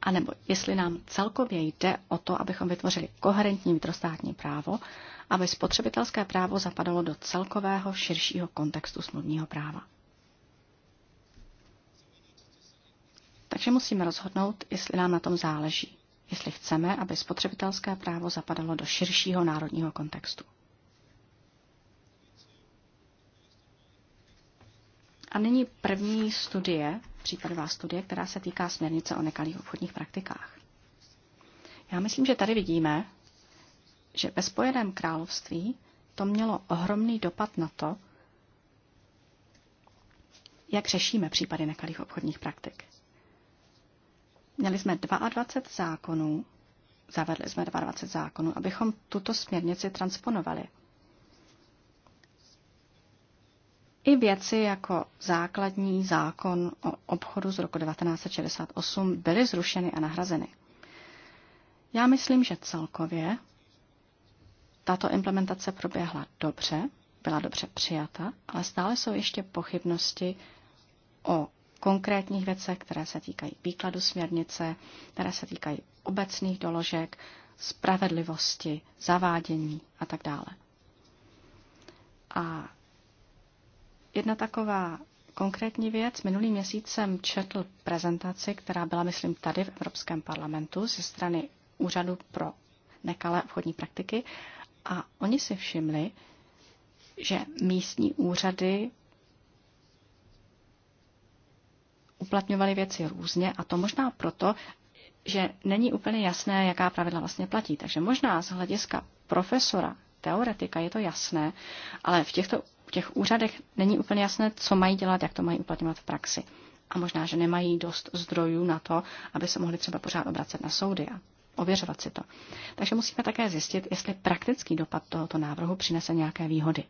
anebo jestli nám celkově jde o to, abychom vytvořili koherentní vnitrostátní právo, aby spotřebitelské právo zapadalo do celkového širšího kontextu smluvního práva. Takže musíme rozhodnout, jestli nám na tom záleží jestli chceme, aby spotřebitelské právo zapadalo do širšího národního kontextu. A nyní první studie, případová studie, která se týká směrnice o nekalých obchodních praktikách. Já myslím, že tady vidíme, že ve Spojeném království to mělo ohromný dopad na to, jak řešíme případy nekalých obchodních praktik. Měli jsme 22 zákonů, zavedli jsme 22 zákonů, abychom tuto směrnici transponovali. I věci jako základní zákon o obchodu z roku 1968 byly zrušeny a nahrazeny. Já myslím, že celkově tato implementace proběhla dobře, byla dobře přijata, ale stále jsou ještě pochybnosti o konkrétních věcech, které se týkají výkladu směrnice, které se týkají obecných doložek, spravedlivosti, zavádění a tak dále. A jedna taková konkrétní věc. Minulý měsíc jsem četl prezentaci, která byla, myslím, tady v Evropském parlamentu ze strany Úřadu pro nekalé obchodní praktiky a oni si všimli, že místní úřady uplatňovali věci různě a to možná proto, že není úplně jasné, jaká pravidla vlastně platí. Takže možná z hlediska profesora, teoretika je to jasné, ale v těchto v těch úřadech není úplně jasné, co mají dělat, jak to mají uplatňovat v praxi. A možná, že nemají dost zdrojů na to, aby se mohli třeba pořád obracet na soudy a ověřovat si to. Takže musíme také zjistit, jestli praktický dopad tohoto návrhu přinese nějaké výhody.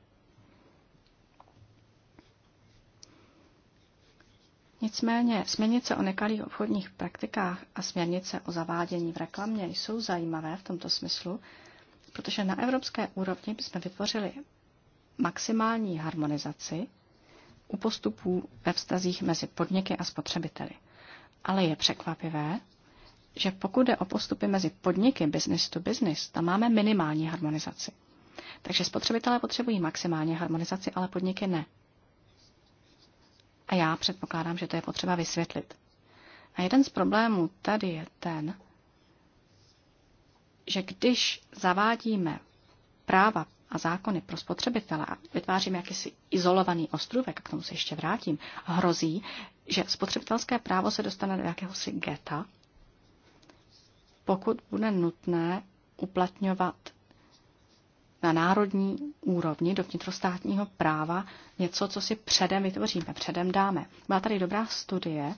Nicméně směrnice o nekalých obchodních praktikách a směrnice o zavádění v reklamě jsou zajímavé v tomto smyslu, protože na evropské úrovni jsme vytvořili maximální harmonizaci u postupů ve vztazích mezi podniky a spotřebiteli. Ale je překvapivé, že pokud jde o postupy mezi podniky business to business, tam máme minimální harmonizaci. Takže spotřebitelé potřebují maximálně harmonizaci, ale podniky ne. A já předpokládám, že to je potřeba vysvětlit. A jeden z problémů tady je ten, že když zavádíme práva a zákony pro spotřebitele a vytváříme jakýsi izolovaný ostrůvek, a k tomu se ještě vrátím, hrozí, že spotřebitelské právo se dostane do jakéhosi geta, pokud bude nutné uplatňovat na národní úrovni do vnitrostátního práva něco, co si předem vytvoříme, předem dáme. Byla tady dobrá studie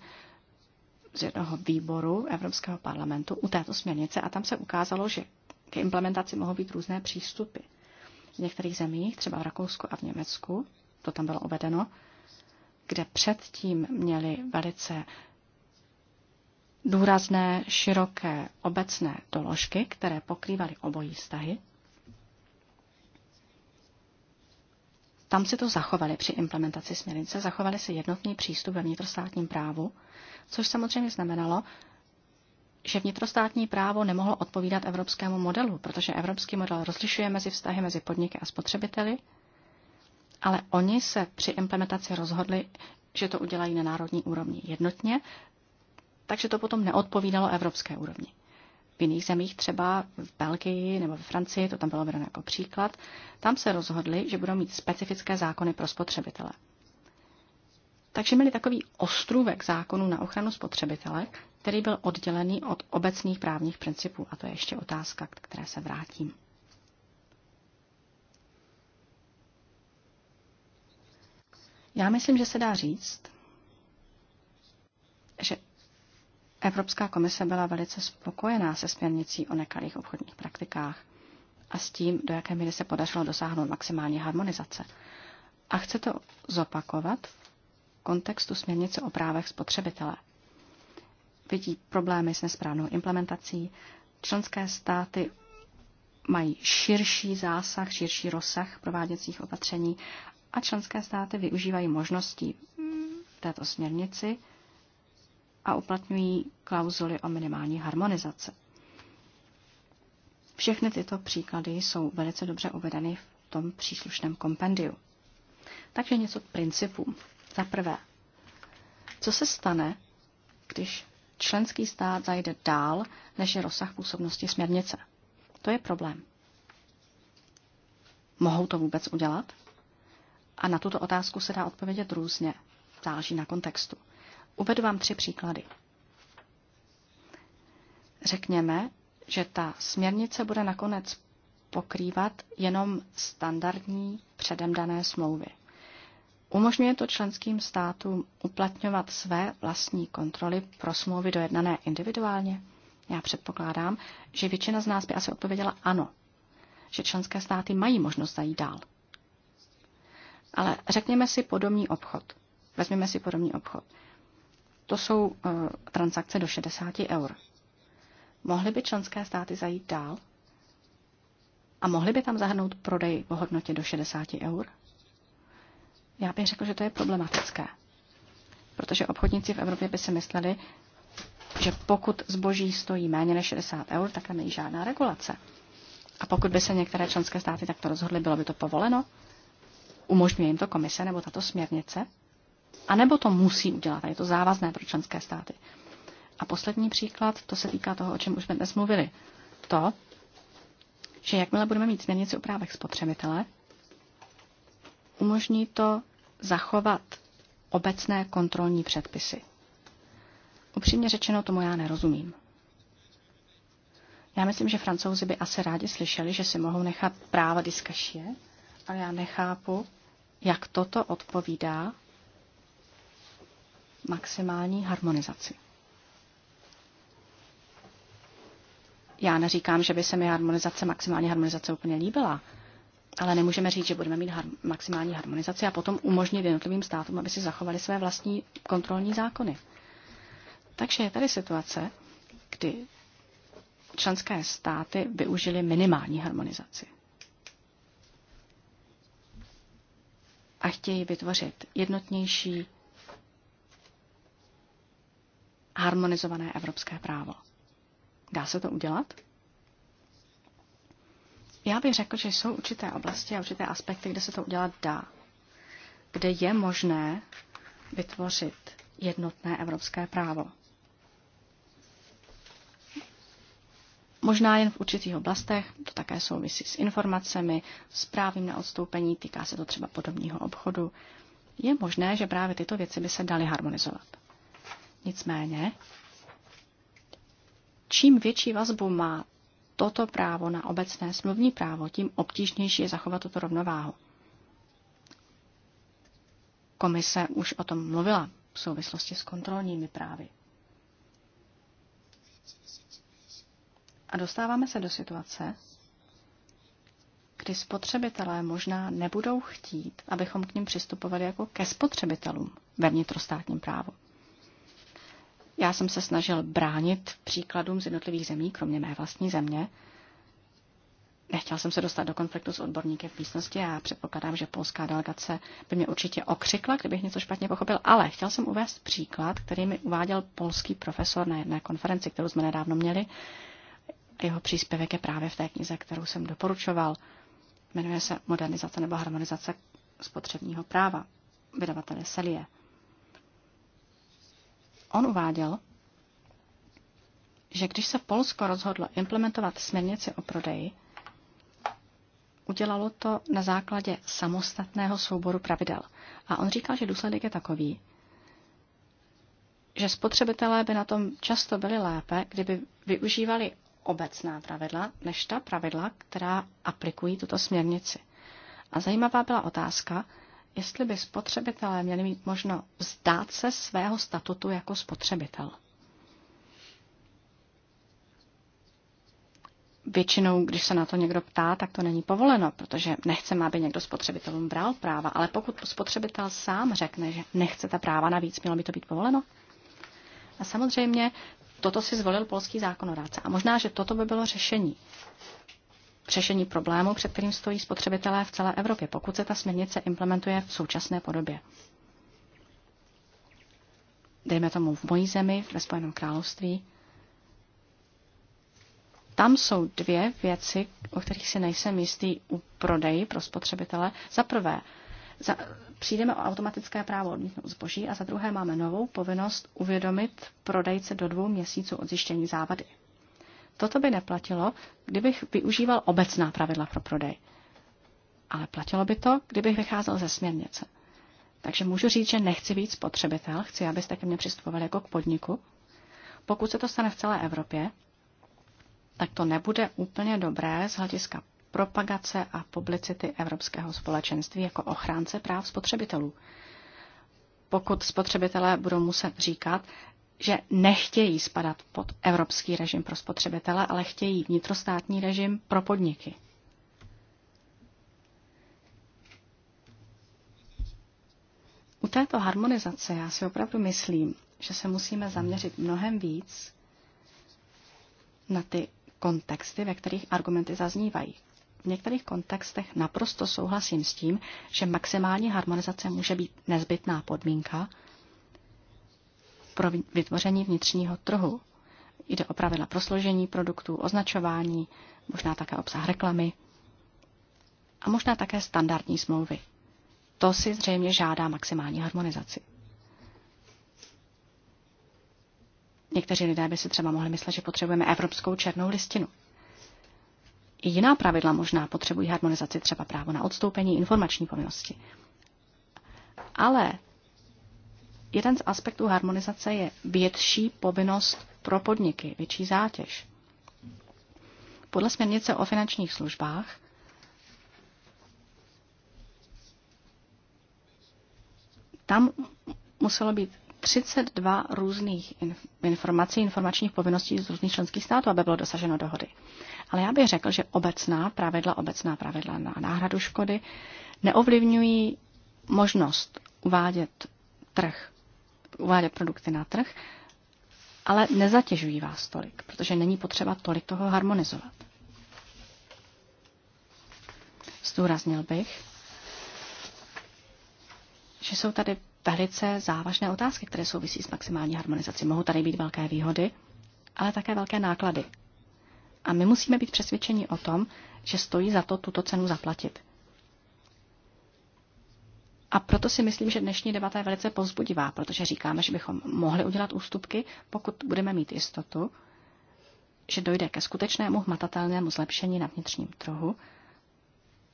z jednoho výboru Evropského parlamentu u této směrnice a tam se ukázalo, že k implementaci mohou být různé přístupy. V některých zemích, třeba v Rakousku a v Německu, to tam bylo uvedeno, kde předtím měli velice důrazné, široké obecné doložky, které pokrývaly obojí vztahy, Tam si to zachovali při implementaci směrnice, zachovali si jednotný přístup ve vnitrostátním právu, což samozřejmě znamenalo, že vnitrostátní právo nemohlo odpovídat evropskému modelu, protože evropský model rozlišuje mezi vztahy mezi podniky a spotřebiteli, ale oni se při implementaci rozhodli, že to udělají na národní úrovni jednotně, takže to potom neodpovídalo evropské úrovni. V jiných zemích, třeba v Belgii nebo ve Francii, to tam bylo vedeno jako příklad, tam se rozhodli, že budou mít specifické zákony pro spotřebitele. Takže měli takový ostrůvek zákonů na ochranu spotřebitele, který byl oddělený od obecných právních principů. A to je ještě otázka, k které se vrátím. Já myslím, že se dá říct, že Evropská komise byla velice spokojená se směrnicí o nekalých obchodních praktikách a s tím, do jaké míry se podařilo dosáhnout maximální harmonizace. A chce to zopakovat v kontextu směrnice o právech spotřebitele. Vidí problémy s nesprávnou implementací, členské státy mají širší zásah, širší rozsah prováděcích opatření a členské státy využívají možností této směrnici a uplatňují klauzuly o minimální harmonizaci. Všechny tyto příklady jsou velice dobře uvedeny v tom příslušném kompendiu. Takže něco k principům. Za prvé, co se stane, když členský stát zajde dál, než je rozsah působnosti směrnice? To je problém. Mohou to vůbec udělat? A na tuto otázku se dá odpovědět různě. Záleží na kontextu. Uvedu vám tři příklady. Řekněme, že ta směrnice bude nakonec pokrývat jenom standardní předem dané smlouvy. Umožňuje to členským státům uplatňovat své vlastní kontroly pro smlouvy dojednané individuálně? Já předpokládám, že většina z nás by asi odpověděla ano, že členské státy mají možnost zajít dál. Ale řekněme si podobný obchod. Vezměme si podobný obchod. To jsou eh, transakce do 60 eur. Mohly by členské státy zajít dál? A mohly by tam zahrnout prodej v hodnotě do 60 eur? Já bych řekl, že to je problematické. Protože obchodníci v Evropě by si mysleli, že pokud zboží stojí méně než 60 eur, tak tam není žádná regulace. A pokud by se některé členské státy takto rozhodly, bylo by to povoleno? Umožňuje jim to komise nebo tato směrnice? A nebo to musí udělat, a je to závazné pro členské státy. A poslední příklad, to se týká toho, o čem už jsme dnes mluvili. To, že jakmile budeme mít směrnici o právech spotřebitele, umožní to zachovat obecné kontrolní předpisy. Upřímně řečeno tomu já nerozumím. Já myslím, že francouzi by asi rádi slyšeli, že si mohou nechat práva diskašie, ale já nechápu, jak toto odpovídá maximální harmonizaci. Já neříkám, že by se mi harmonizace, maximální harmonizace úplně líbila, ale nemůžeme říct, že budeme mít har- maximální harmonizaci a potom umožnit jednotlivým státům, aby si zachovali své vlastní kontrolní zákony. Takže je tady situace, kdy členské státy využily minimální harmonizaci. A chtějí vytvořit jednotnější harmonizované evropské právo. Dá se to udělat? Já bych řekl, že jsou určité oblasti a určité aspekty, kde se to udělat dá. Kde je možné vytvořit jednotné evropské právo. Možná jen v určitých oblastech, to také souvisí s informacemi, s právím na odstoupení, týká se to třeba podobního obchodu. Je možné, že právě tyto věci by se daly harmonizovat. Nicméně, čím větší vazbu má toto právo na obecné smluvní právo, tím obtížnější je zachovat tuto rovnováhu. Komise už o tom mluvila v souvislosti s kontrolními právy. A dostáváme se do situace, kdy spotřebitelé možná nebudou chtít, abychom k ním přistupovali jako ke spotřebitelům ve vnitrostátním právu. Já jsem se snažil bránit příkladům z jednotlivých zemí, kromě mé vlastní země. Nechtěl jsem se dostat do konfliktu s odborníky v místnosti a předpokládám, že polská delegace by mě určitě okřikla, kdybych něco špatně pochopil, ale chtěl jsem uvést příklad, který mi uváděl polský profesor na jedné konferenci, kterou jsme nedávno měli. Jeho příspěvek je právě v té knize, kterou jsem doporučoval. Jmenuje se Modernizace nebo harmonizace spotřebního práva. Vydavatel je Selie. On uváděl, že když se Polsko rozhodlo implementovat směrnici o prodeji, udělalo to na základě samostatného souboru pravidel. A on říkal, že důsledek je takový, že spotřebitelé by na tom často byli lépe, kdyby využívali obecná pravidla, než ta pravidla, která aplikují tuto směrnici. A zajímavá byla otázka, jestli by spotřebitelé měli mít možno vzdát se svého statutu jako spotřebitel. Většinou, když se na to někdo ptá, tak to není povoleno, protože nechceme, aby někdo spotřebitelům bral práva, ale pokud spotřebitel sám řekne, že nechce ta práva navíc, mělo by to být povoleno. A samozřejmě toto si zvolil polský zákonodárce. A možná, že toto by bylo řešení řešení problému, před kterým stojí spotřebitelé v celé Evropě, pokud se ta směrnice implementuje v současné podobě. Dejme tomu v mojí zemi, ve Spojeném království. Tam jsou dvě věci, o kterých si nejsem jistý u prodeji pro spotřebitele. Za prvé, za, přijdeme o automatické právo odmítnout zboží a za druhé máme novou povinnost uvědomit prodejce do dvou měsíců od zjištění závady. Toto by neplatilo, kdybych využíval obecná pravidla pro prodej. Ale platilo by to, kdybych vycházel ze směrnice. Takže můžu říct, že nechci být spotřebitel, chci, abyste ke mně přistupovali jako k podniku. Pokud se to stane v celé Evropě, tak to nebude úplně dobré z hlediska propagace a publicity Evropského společenství jako ochránce práv spotřebitelů. Pokud spotřebitelé budou muset říkat, že nechtějí spadat pod evropský režim pro spotřebitele, ale chtějí vnitrostátní režim pro podniky. U této harmonizace já si opravdu myslím, že se musíme zaměřit mnohem víc na ty kontexty, ve kterých argumenty zaznívají. V některých kontextech naprosto souhlasím s tím, že maximální harmonizace může být nezbytná podmínka, pro vytvoření vnitřního trhu. Jde o pravidla pro složení produktů, označování, možná také obsah reklamy a možná také standardní smlouvy. To si zřejmě žádá maximální harmonizaci. Někteří lidé by si třeba mohli myslet, že potřebujeme evropskou černou listinu. I jiná pravidla možná potřebují harmonizaci, třeba právo na odstoupení informační povinnosti. Ale Jeden z aspektů harmonizace je větší povinnost pro podniky, větší zátěž. Podle směrnice o finančních službách tam muselo být 32 různých informací, informačních povinností z různých členských států, aby bylo dosaženo dohody. Ale já bych řekl, že obecná pravidla, obecná pravidla na náhradu škody neovlivňují možnost uvádět trh uvádět produkty na trh, ale nezatěžují vás tolik, protože není potřeba tolik toho harmonizovat. Zdůraznil bych, že jsou tady velice závažné otázky, které souvisí s maximální harmonizací. Mohou tady být velké výhody, ale také velké náklady. A my musíme být přesvědčeni o tom, že stojí za to tuto cenu zaplatit. A proto si myslím, že dnešní debata je velice pozbudivá, protože říkáme, že bychom mohli udělat ústupky, pokud budeme mít jistotu, že dojde ke skutečnému hmatatelnému zlepšení na vnitřním trhu,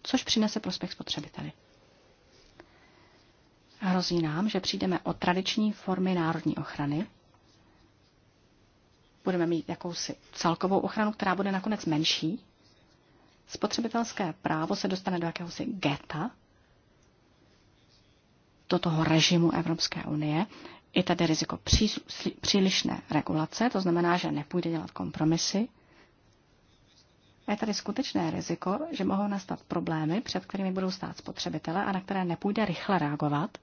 což přinese prospěch spotřebiteli. Hrozí nám, že přijdeme o tradiční formy národní ochrany, budeme mít jakousi celkovou ochranu, která bude nakonec menší, spotřebitelské právo se dostane do jakéhosi geta, do toho režimu Evropské unie. Je tady riziko pří, přílišné regulace, to znamená, že nepůjde dělat kompromisy. je tady skutečné riziko, že mohou nastat problémy, před kterými budou stát spotřebitele a na které nepůjde rychle reagovat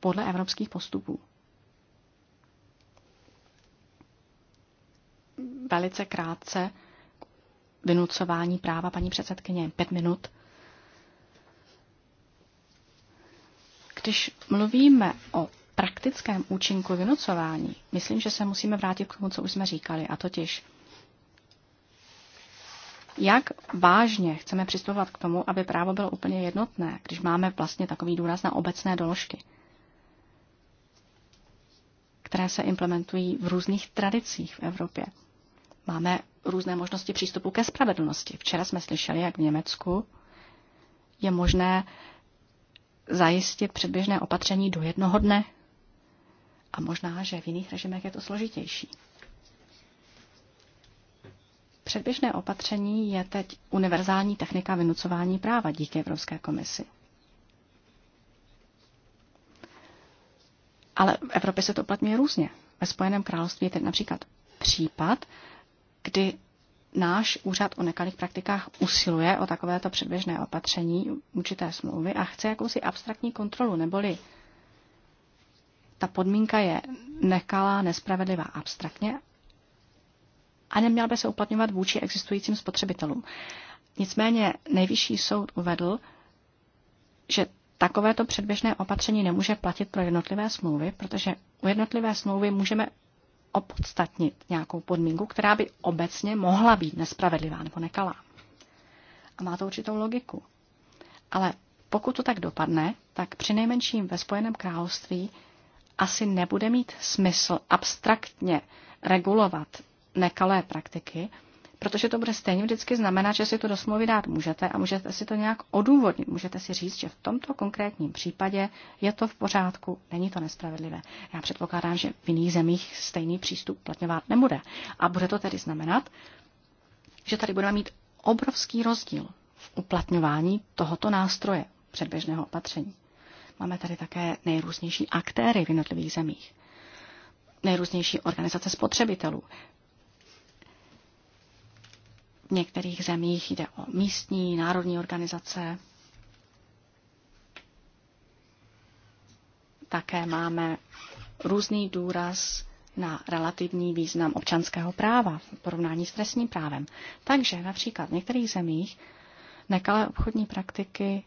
podle evropských postupů. Velice krátce vynucování práva paní předsedkyně. Pět minut. Když mluvíme o praktickém účinku vynocování, myslím, že se musíme vrátit k tomu, co už jsme říkali, a totiž jak vážně chceme přistupovat k tomu, aby právo bylo úplně jednotné, když máme vlastně takový důraz na obecné doložky, které se implementují v různých tradicích v Evropě. Máme různé možnosti přístupu ke spravedlnosti. Včera jsme slyšeli, jak v Německu je možné zajistit předběžné opatření do jednoho dne. A možná, že v jiných režimech je to složitější. Předběžné opatření je teď univerzální technika vynucování práva díky Evropské komisi. Ale v Evropě se to uplatňuje různě. Ve Spojeném království je teď například případ, kdy náš úřad o nekalých praktikách usiluje o takovéto předběžné opatření určité smlouvy a chce jakousi abstraktní kontrolu, neboli ta podmínka je nekalá, nespravedlivá abstraktně a neměla by se uplatňovat vůči existujícím spotřebitelům. Nicméně nejvyšší soud uvedl, že takovéto předběžné opatření nemůže platit pro jednotlivé smlouvy, protože u jednotlivé smlouvy můžeme opodstatnit nějakou podmínku, která by obecně mohla být nespravedlivá nebo nekalá. A má to určitou logiku. Ale pokud to tak dopadne, tak při nejmenším ve Spojeném království asi nebude mít smysl abstraktně regulovat nekalé praktiky, protože to bude stejně vždycky znamenat, že si to do smlouvy dát můžete a můžete si to nějak odůvodnit. Můžete si říct, že v tomto konkrétním případě je to v pořádku, není to nespravedlivé. Já předpokládám, že v jiných zemích stejný přístup platňovat nebude. A bude to tedy znamenat, že tady budeme mít obrovský rozdíl v uplatňování tohoto nástroje předběžného opatření. Máme tady také nejrůznější aktéry v jednotlivých zemích nejrůznější organizace spotřebitelů, v některých zemích jde o místní, národní organizace. Také máme různý důraz na relativní význam občanského práva v porovnání s trestním právem. Takže například v některých zemích nekalé obchodní praktiky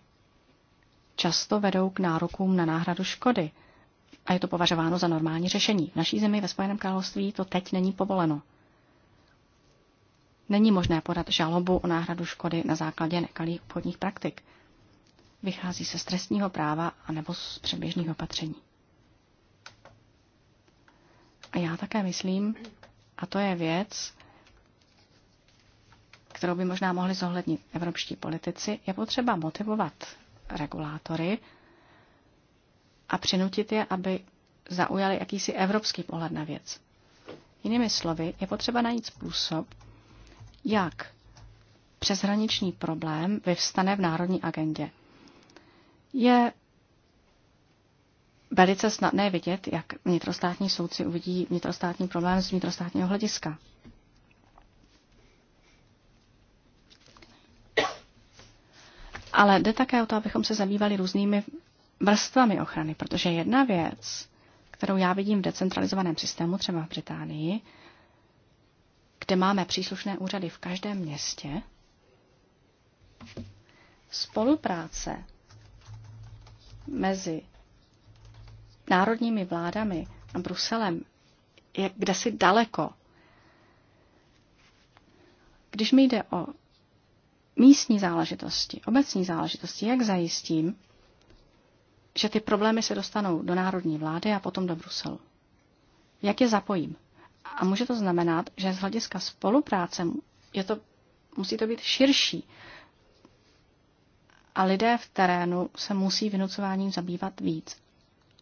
často vedou k nárokům na náhradu škody a je to považováno za normální řešení. V naší zemi ve Spojeném království to teď není povoleno není možné podat žalobu o náhradu škody na základě nekalých obchodních praktik. Vychází se z trestního práva anebo z předběžných opatření. A já také myslím, a to je věc, kterou by možná mohli zohlednit evropští politici, je potřeba motivovat regulátory a přinutit je, aby zaujali jakýsi evropský pohled na věc. Jinými slovy, je potřeba najít způsob, jak přeshraniční problém vyvstane v národní agendě. Je velice snadné vidět, jak vnitrostátní soudci uvidí vnitrostátní problém z vnitrostátního hlediska. Ale jde také o to, abychom se zabývali různými vrstvami ochrany, protože jedna věc, kterou já vidím v decentralizovaném systému, třeba v Británii, kde máme příslušné úřady v každém městě, spolupráce mezi národními vládami a Bruselem je kdesi daleko. Když mi jde o místní záležitosti, obecní záležitosti, jak zajistím, že ty problémy se dostanou do národní vlády a potom do Bruselu? Jak je zapojím? A může to znamenat, že z hlediska spolupráce je to, musí to být širší. A lidé v terénu se musí vynucováním zabývat víc.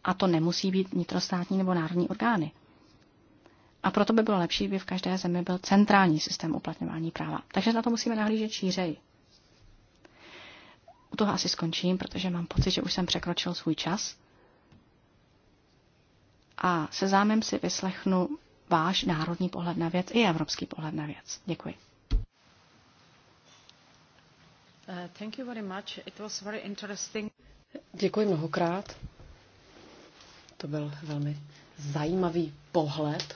A to nemusí být vnitrostátní nebo národní orgány. A proto by bylo lepší, kdyby v každé zemi byl centrální systém uplatňování práva. Takže na to musíme nahlížet šířej. U toho asi skončím, protože mám pocit, že už jsem překročil svůj čas. A se zájmem si vyslechnu váš národní pohled na věc i evropský pohled na věc. Děkuji. Uh, thank you very much. It was very interesting. Děkuji mnohokrát. To byl velmi zajímavý pohled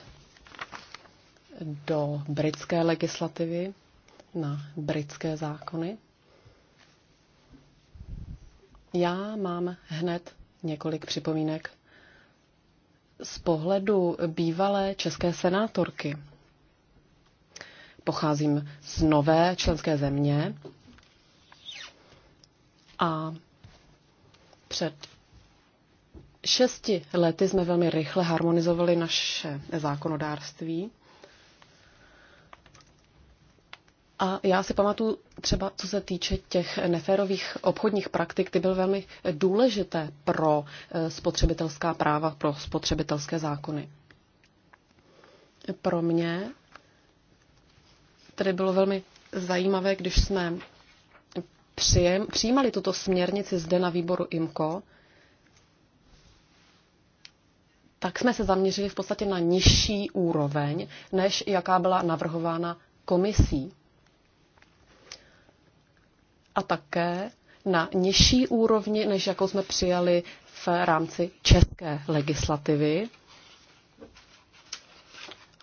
do britské legislativy na britské zákony. Já mám hned několik připomínek z pohledu bývalé české senátorky. Pocházím z nové členské země a před šesti lety jsme velmi rychle harmonizovali naše zákonodárství A já si pamatuju třeba, co se týče těch neférových obchodních praktik, ty byly velmi důležité pro eh, spotřebitelská práva, pro spotřebitelské zákony. Pro mě tedy bylo velmi zajímavé, když jsme přijem, přijímali tuto směrnici zde na výboru IMCO, tak jsme se zaměřili v podstatě na nižší úroveň, než jaká byla navrhována komisí a také na nižší úrovni, než jakou jsme přijali v rámci české legislativy.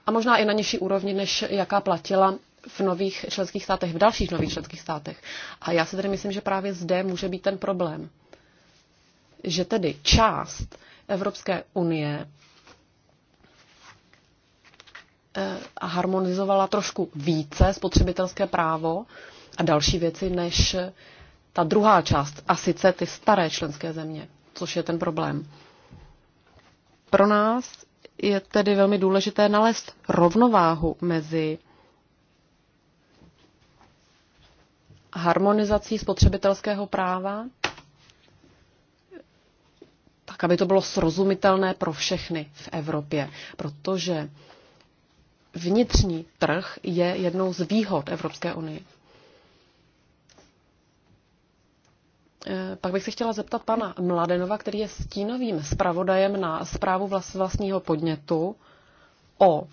A možná i na nižší úrovni, než jaká platila v nových členských státech, v dalších nových členských státech. A já si tedy myslím, že právě zde může být ten problém. Že tedy část Evropské unie eh, harmonizovala trošku více spotřebitelské právo, a další věci než ta druhá část, a sice ty staré členské země, což je ten problém. Pro nás je tedy velmi důležité nalézt rovnováhu mezi harmonizací spotřebitelského práva, tak aby to bylo srozumitelné pro všechny v Evropě, protože vnitřní trh je jednou z výhod Evropské unie. Eh, pak bych se chtěla zeptat pana Mladenova, který je stínovým zpravodajem na zprávu vlastního podnětu o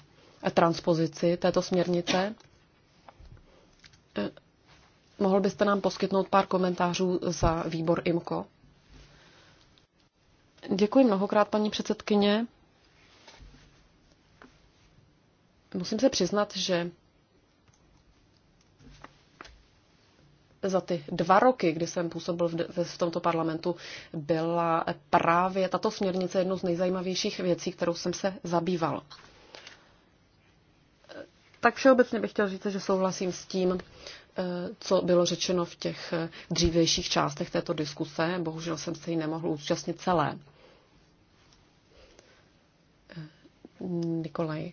transpozici této směrnice. Eh, mohl byste nám poskytnout pár komentářů za výbor IMCO? Děkuji mnohokrát, paní předsedkyně. Musím se přiznat, že za ty dva roky, kdy jsem působil v tomto parlamentu, byla právě tato směrnice jednou z nejzajímavějších věcí, kterou jsem se zabýval. Tak všeobecně bych chtěl říct, že souhlasím s tím, eh, co bylo řečeno v těch eh, dřívějších částech této diskuse. Bohužel jsem se jí nemohl účastnit celé. Eh, Nikolaj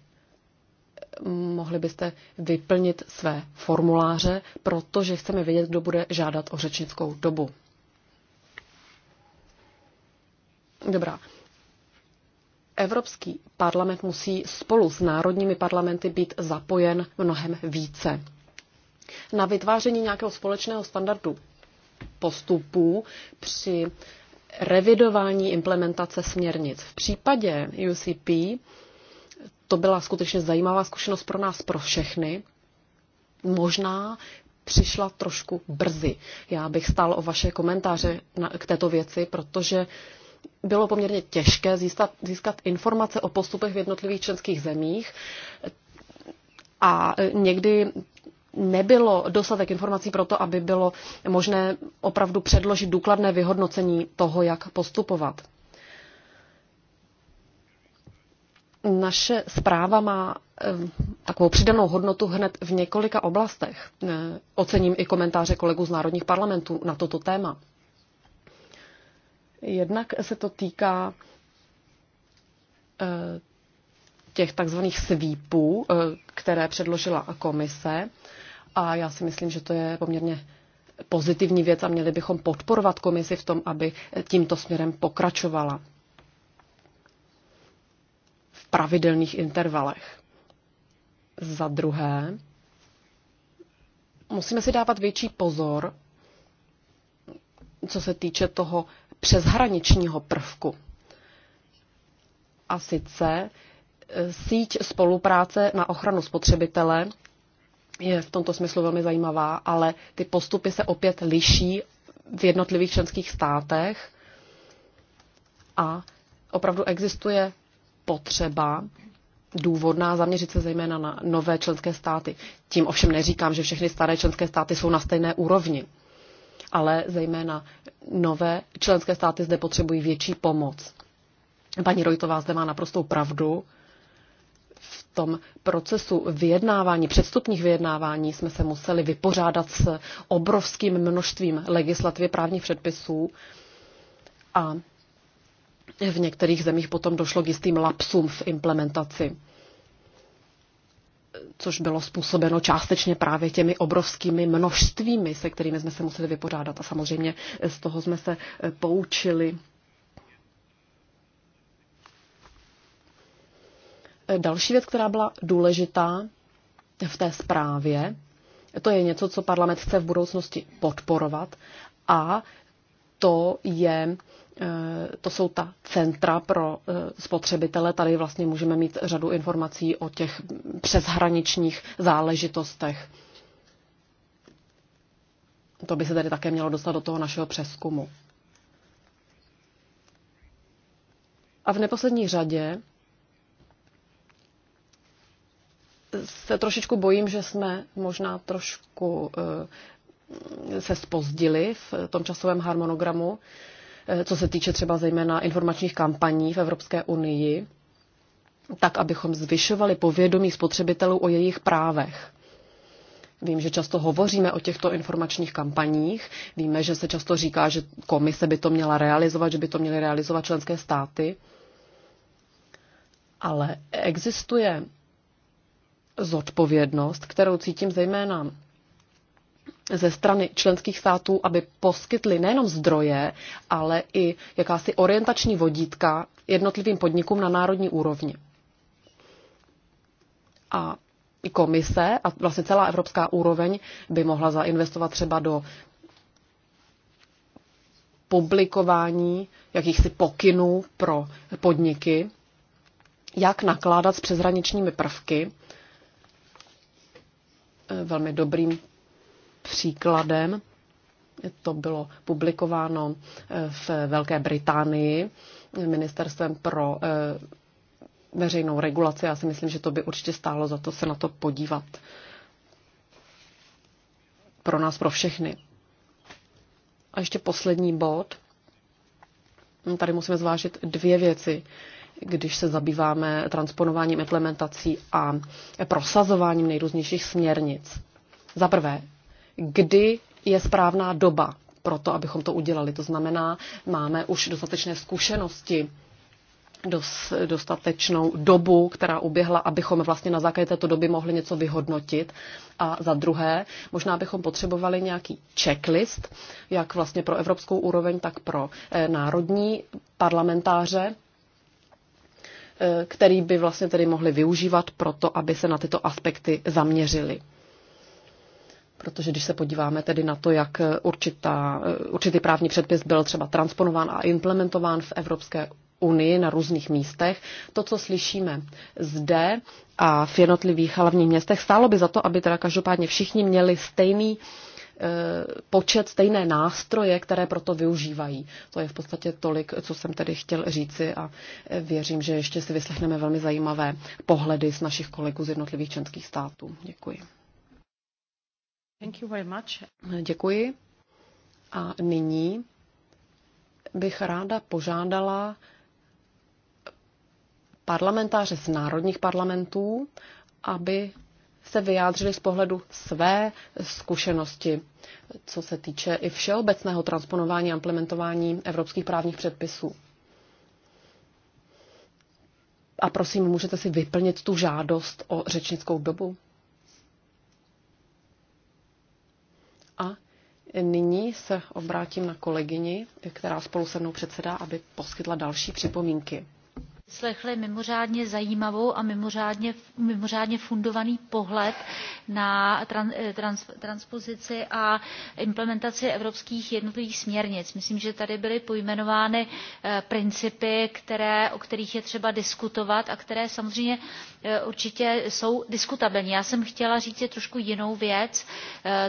mohli byste vyplnit své formuláře, protože chceme vědět, kdo bude žádat o řečnickou dobu. Dobrá. Evropský parlament musí spolu s národními parlamenty být zapojen mnohem více. Na vytváření nějakého společného standardu postupů při revidování implementace směrnic. V případě UCP to byla skutečně zajímavá zkušenost pro nás, pro všechny. Možná přišla trošku brzy. Já bych stál o vaše komentáře na, k této věci, protože bylo poměrně těžké získat, získat informace o postupech v jednotlivých členských zemích a někdy nebylo dostatek informací pro to, aby bylo možné opravdu předložit důkladné vyhodnocení toho, jak postupovat. naše zpráva má eh, takovou přidanou hodnotu hned v několika oblastech. Eh, ocením i komentáře kolegů z národních parlamentů na toto téma. Jednak se to týká eh, těch takzvaných svípů, které předložila komise. A já si myslím, že to je poměrně pozitivní věc a měli bychom podporovat komisi v tom, aby tímto směrem pokračovala pravidelných intervalech. Za druhé, musíme si dávat větší pozor, co se týče toho přeshraničního prvku. A sice eh, síť spolupráce na ochranu spotřebitele je v tomto smyslu velmi zajímavá, ale ty postupy se opět liší v jednotlivých členských státech a opravdu existuje potřeba důvodná zaměřit se zejména na nové členské státy. Tím ovšem neříkám, že všechny staré členské státy jsou na stejné úrovni, ale zejména nové členské státy zde potřebují větší pomoc. Paní Rojtová zde má naprostou pravdu. V tom procesu vyjednávání, předstupních vyjednávání, jsme se museli vypořádat s obrovským množstvím legislativy právních předpisů a v některých zemích potom došlo k jistým lapsům v implementaci, což bylo způsobeno částečně právě těmi obrovskými množstvími, se kterými jsme se museli vypořádat. A samozřejmě z toho jsme se eh, poučili. Eh, další věc, která byla důležitá v té zprávě, to je něco, co parlament chce v budoucnosti podporovat a to je eh, to jsou ta centra pro eh, spotřebitele. Tady vlastně můžeme mít řadu informací o těch přeshraničních záležitostech. To by se tady také mělo dostat do toho našeho přeskumu. A v neposlední řadě se trošičku bojím, že jsme možná trošku eh, se spozdili v tom časovém harmonogramu, eh, co se týče třeba zejména informačních kampaní v Evropské unii, tak abychom zvyšovali povědomí spotřebitelů o jejich právech. Vím, že často hovoříme o těchto informačních kampaních, víme, že se často říká, že komise by to měla realizovat, že by to měly realizovat členské státy, ale existuje zodpovědnost, kterou cítím zejména ze strany členských států, aby poskytly nejenom zdroje, ale i jakási orientační vodítka jednotlivým podnikům na národní úrovni. A komise a vlastně celá evropská úroveň by mohla zainvestovat třeba do publikování jakýchsi pokynů pro podniky, jak nakládat s přeshraničními prvky. Eh, velmi dobrým příkladem. To bylo publikováno eh, v Velké Británii ministerstvem pro eh, veřejnou regulaci. Já si myslím, že to by určitě stálo za to se na to podívat. Pro nás, pro všechny. A ještě poslední bod. Tady musíme zvážit dvě věci, když se zabýváme transponováním, implementací a prosazováním nejrůznějších směrnic. Za prvé, kdy je správná doba pro to, abychom to udělali. To znamená, máme už dostatečné zkušenosti, dostatečnou dobu, která uběhla, abychom vlastně na základě této doby mohli něco vyhodnotit. A za druhé, možná bychom potřebovali nějaký checklist, jak vlastně pro evropskou úroveň, tak pro eh, národní parlamentáře, eh, který by vlastně tedy mohli využívat pro to, aby se na tyto aspekty zaměřili protože když se podíváme tedy na to, jak eh, určitá, eh, určitý právní předpis byl třeba transponován a implementován v Evropské unii na různých místech, to, co slyšíme zde a v jednotlivých hlavních městech, stálo by za to, aby teda každopádně všichni měli stejný eh, počet stejné nástroje, které proto využívají. To je v podstatě tolik, co jsem tedy chtěl říci a věřím, že ještě si vyslechneme velmi zajímavé pohledy z našich kolegů z jednotlivých členských států. Děkuji. Thank you very much. Děkuji. A nyní bych ráda požádala parlamentáře z národních parlamentů, aby se vyjádřili z pohledu své zkušenosti, co se týče i všeobecného transponování a implementování evropských právních předpisů. A prosím, můžete si vyplnit tu žádost o řečnickou dobu? Nyní se obrátím na kolegyni, která spolu se mnou předsedá, aby poskytla další připomínky vyslechli mimořádně zajímavou a mimořádně, mimořádně fundovaný pohled na eh, trans, transpozici a implementaci evropských jednotlivých směrnic. Myslím, že tady byly pojmenovány eh, principy, které, o kterých je třeba diskutovat a které samozřejmě eh, určitě jsou diskutabilní. Já jsem chtěla říct je trošku jinou věc,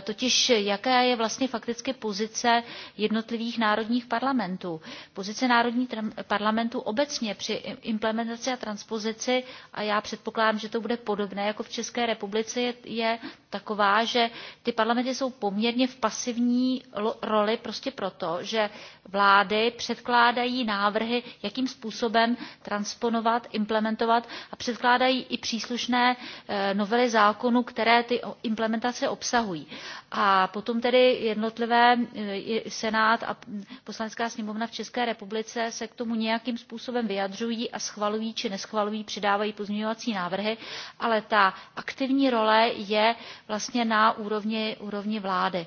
totiž jaká je vlastně fakticky pozice jednotlivých národních parlamentů. Pozice národních parlamentů obecně při implementaci a transpozici a já předpokládám, že to bude podobné jako v České republice, je, je taková, že ty parlamenty jsou poměrně v pasivní roli prostě proto, že vlády předkládají návrhy, jakým způsobem transponovat, implementovat a předkládají i příslušné eh, novely zákonů, které ty implementace obsahují. A potom tedy jednotlivé eh, Senát a poslanecká sněmovna v České republice se k tomu nějakým způsobem vyjadřují a schvalují či neschvalují, přidávají pozměňovací návrhy, ale ta aktivní role je vlastně na úrovni, úrovni vlády.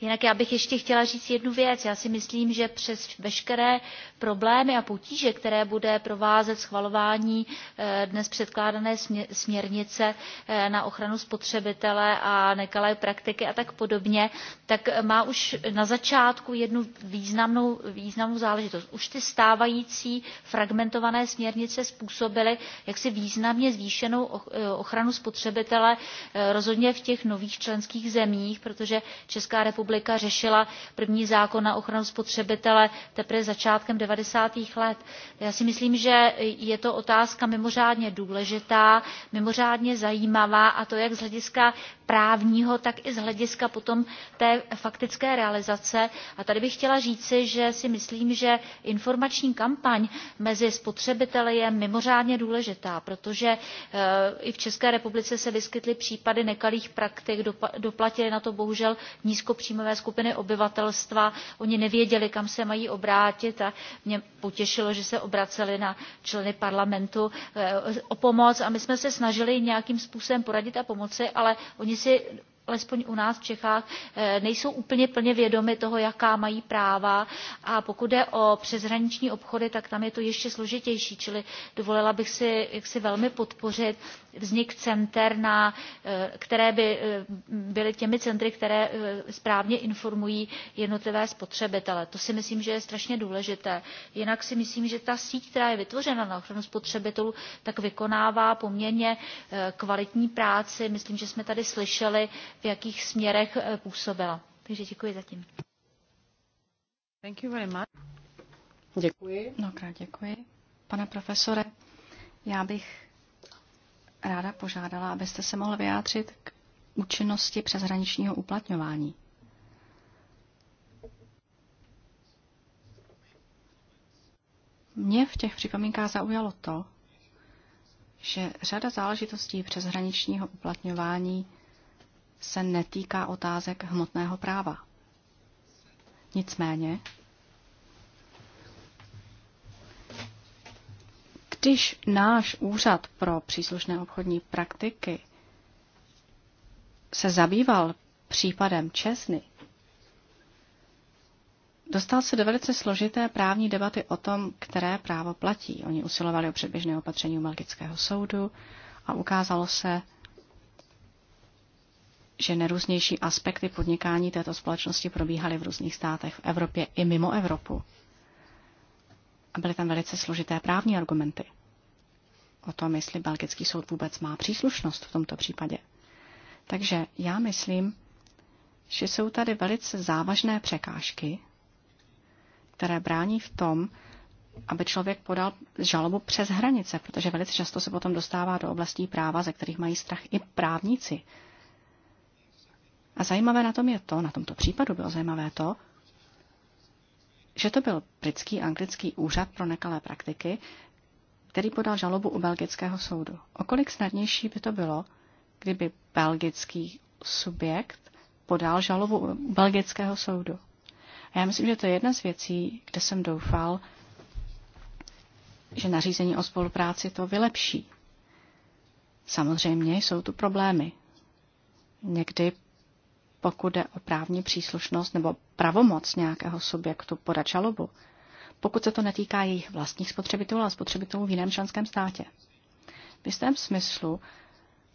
Jinak já bych ještě chtěla říct jednu věc. Já si myslím, že přes veškeré problémy a potíže, které bude provázet schvalování eh, dnes předkládané směrnice eh, na ochranu spotřebitele a nekalé praktiky a tak podobně, tak má už na začátku jednu významnou, významnou záležitost. Už ty stávající fragmentované směrnice způsobily jaksi významně zvýšenou eh, ochranu spotřebitele rozhodně v těch nových členských zemích, protože Česká republika republika řešila první zákon na ochranu spotřebitele teprve začátkem 90. let. Já si myslím, že je to otázka mimořádně důležitá, mimořádně zajímavá a to jak z hlediska právního, tak i z hlediska potom té faktické realizace. A tady bych chtěla říci, že si myslím, že informační kampaň mezi spotřebiteli je mimořádně důležitá, protože eh, i v České republice se vyskytly případy nekalých praktik, doplatili na to bohužel nízkopříjmové příjmové skupiny obyvatelstva, oni nevěděli, kam se mají obrátit a mě potěšilo, že se obraceli na členy parlamentu eh, o pomoc a my jsme se snažili nějakým způsobem poradit a pomoci, ale oni si alespoň u nás v Čechách, eh, nejsou úplně plně vědomi toho, jaká mají práva. A pokud jde o přeshraniční obchody, tak tam je to ještě složitější. Čili dovolila bych si, jak si velmi podpořit vznik center, na, eh, které by eh, byly těmi centry, které eh, správně informují jednotlivé spotřebitele. To si myslím, že je strašně důležité. Jinak si myslím, že ta síť, která je vytvořena na ochranu spotřebitelů, tak vykonává poměrně kvalitní práci. Myslím, že jsme tady slyšeli, v jakých směrech působila. Takže děkuji zatím. Thank you very much. Děkuji. Mnohokrát děkuji. Pane profesore, já bych ráda požádala, abyste se mohl vyjádřit k účinnosti přeshraničního uplatňování. Mě v těch připomínkách zaujalo to, že řada záležitostí přeshraničního uplatňování se netýká otázek hmotného práva. Nicméně, když náš úřad pro příslušné obchodní praktiky se zabýval případem Česny, dostal se do velice složité právní debaty o tom, které právo platí. Oni usilovali o předběžné opatření u Belgického soudu a ukázalo se, že nerůznější aspekty podnikání této společnosti probíhaly v různých státech v Evropě i mimo Evropu. A byly tam velice složité právní argumenty o tom, jestli belgický soud vůbec má příslušnost v tomto případě. Takže já myslím, že jsou tady velice závažné překážky, které brání v tom, aby člověk podal žalobu přes hranice, protože velice často se potom dostává do oblastí práva, ze kterých mají strach i právníci. A zajímavé na tom je to, na tomto případu bylo zajímavé to, že to byl britský anglický úřad pro nekalé praktiky, který podal žalobu u belgického soudu. Okolik snadnější by to bylo, kdyby belgický subjekt podal žalobu u belgického soudu. A já myslím, že to je jedna z věcí, kde jsem doufal, že nařízení o spolupráci to vylepší. Samozřejmě jsou tu problémy. Někdy, pokud jde o právní příslušnost nebo pravomoc nějakého subjektu podat žalobu, pokud se to netýká jejich vlastních spotřebitelů, ale spotřebitelů v jiném členském státě. V jistém smyslu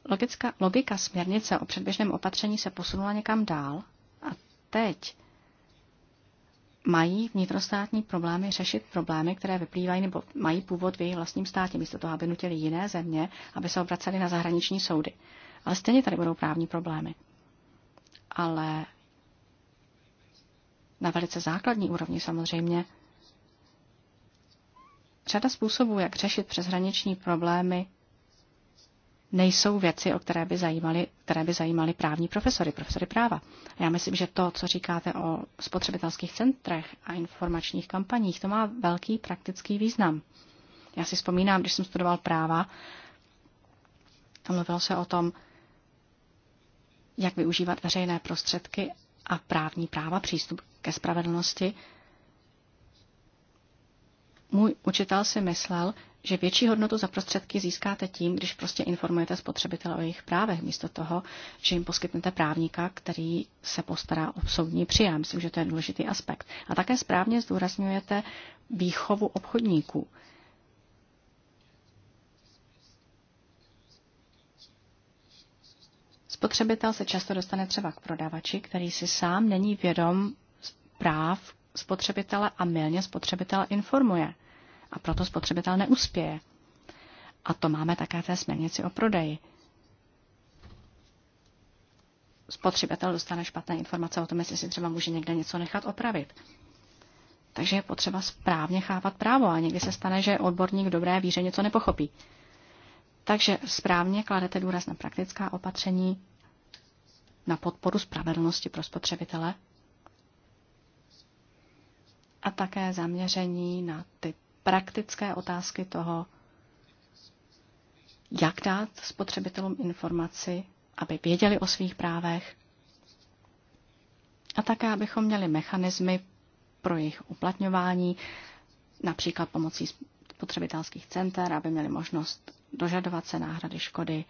logická, logika směrnice o předběžném opatření se posunula někam dál a teď mají vnitrostátní problémy řešit problémy, které vyplývají nebo mají původ v jejich vlastním státě, místo toho, aby nutili jiné země, aby se obraceli na zahraniční soudy. Ale stejně tady budou právní problémy. Ale na velice základní úrovni samozřejmě Řada způsobů, jak řešit přeshraniční problémy, nejsou věci, o které by zajímaly, které by zajímaly právní profesory, profesory práva. já myslím, že to, co říkáte o spotřebitelských centrech a informačních kampaních, to má velký praktický význam. Já si vzpomínám, když jsem studoval práva, tam mluvil se o tom, jak využívat veřejné prostředky a právní práva, přístup ke spravedlnosti můj učitel si myslel, že větší hodnotu za prostředky získáte tím, když prostě informujete spotřebitele o jejich právech, místo toho, že jim poskytnete právníka, který se postará o soudní příjem. Myslím, že to je důležitý aspekt. A také správně zdůrazňujete výchovu obchodníků. Spotřebitel se často dostane třeba k prodavači, který si sám není vědom práv spotřebitele a milně spotřebitele informuje a proto spotřebitel neuspěje. A to máme také v té směrnici o prodeji. Spotřebitel dostane špatné informace o tom, jestli si třeba může někde něco nechat opravit. Takže je potřeba správně chápat právo a někdy se stane, že odborník v dobré víře něco nepochopí. Takže správně kladete důraz na praktická opatření, na podporu spravedlnosti pro spotřebitele a také zaměření na ty praktické otázky toho, jak dát spotřebitelům informaci, aby věděli o svých právech a také, abychom měli mechanismy pro jejich uplatňování, například pomocí spotřebitelských center, aby měli možnost dožadovat se náhrady škody.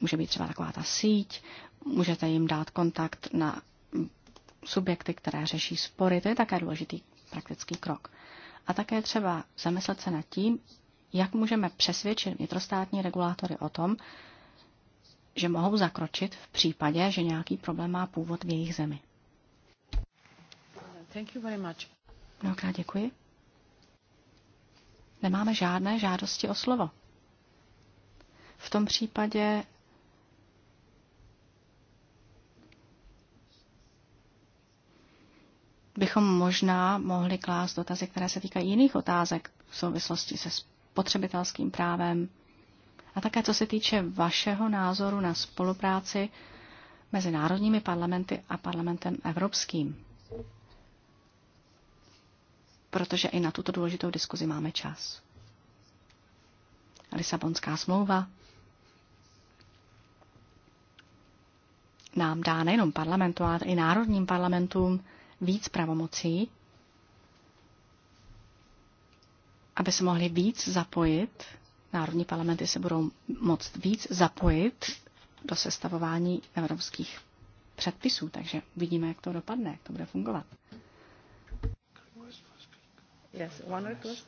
Může být třeba taková ta síť, můžete jim dát kontakt na subjekty, které řeší spory. To je také důležitý praktický krok. A také třeba zamyslet se nad tím, jak můžeme přesvědčit vnitrostátní regulátory o tom, že mohou zakročit v případě, že nějaký problém má původ v jejich zemi. Thank you very much. Mnohokrát děkuji. Nemáme žádné žádosti o slovo. V tom případě bychom možná mohli klást dotazy, které se týkají jiných otázek v souvislosti se spotřebitelským právem. A také co se týče vašeho názoru na spolupráci mezi národními parlamenty a parlamentem evropským. Protože i na tuto důležitou diskuzi máme čas. Lisabonská smlouva nám dá nejenom parlamentu, ale i národním parlamentům víc pravomocí, aby se mohli víc zapojit, národní parlamenty se budou moct víc zapojit do sestavování evropských předpisů, takže vidíme, jak to dopadne, jak to bude fungovat. Yes, one request.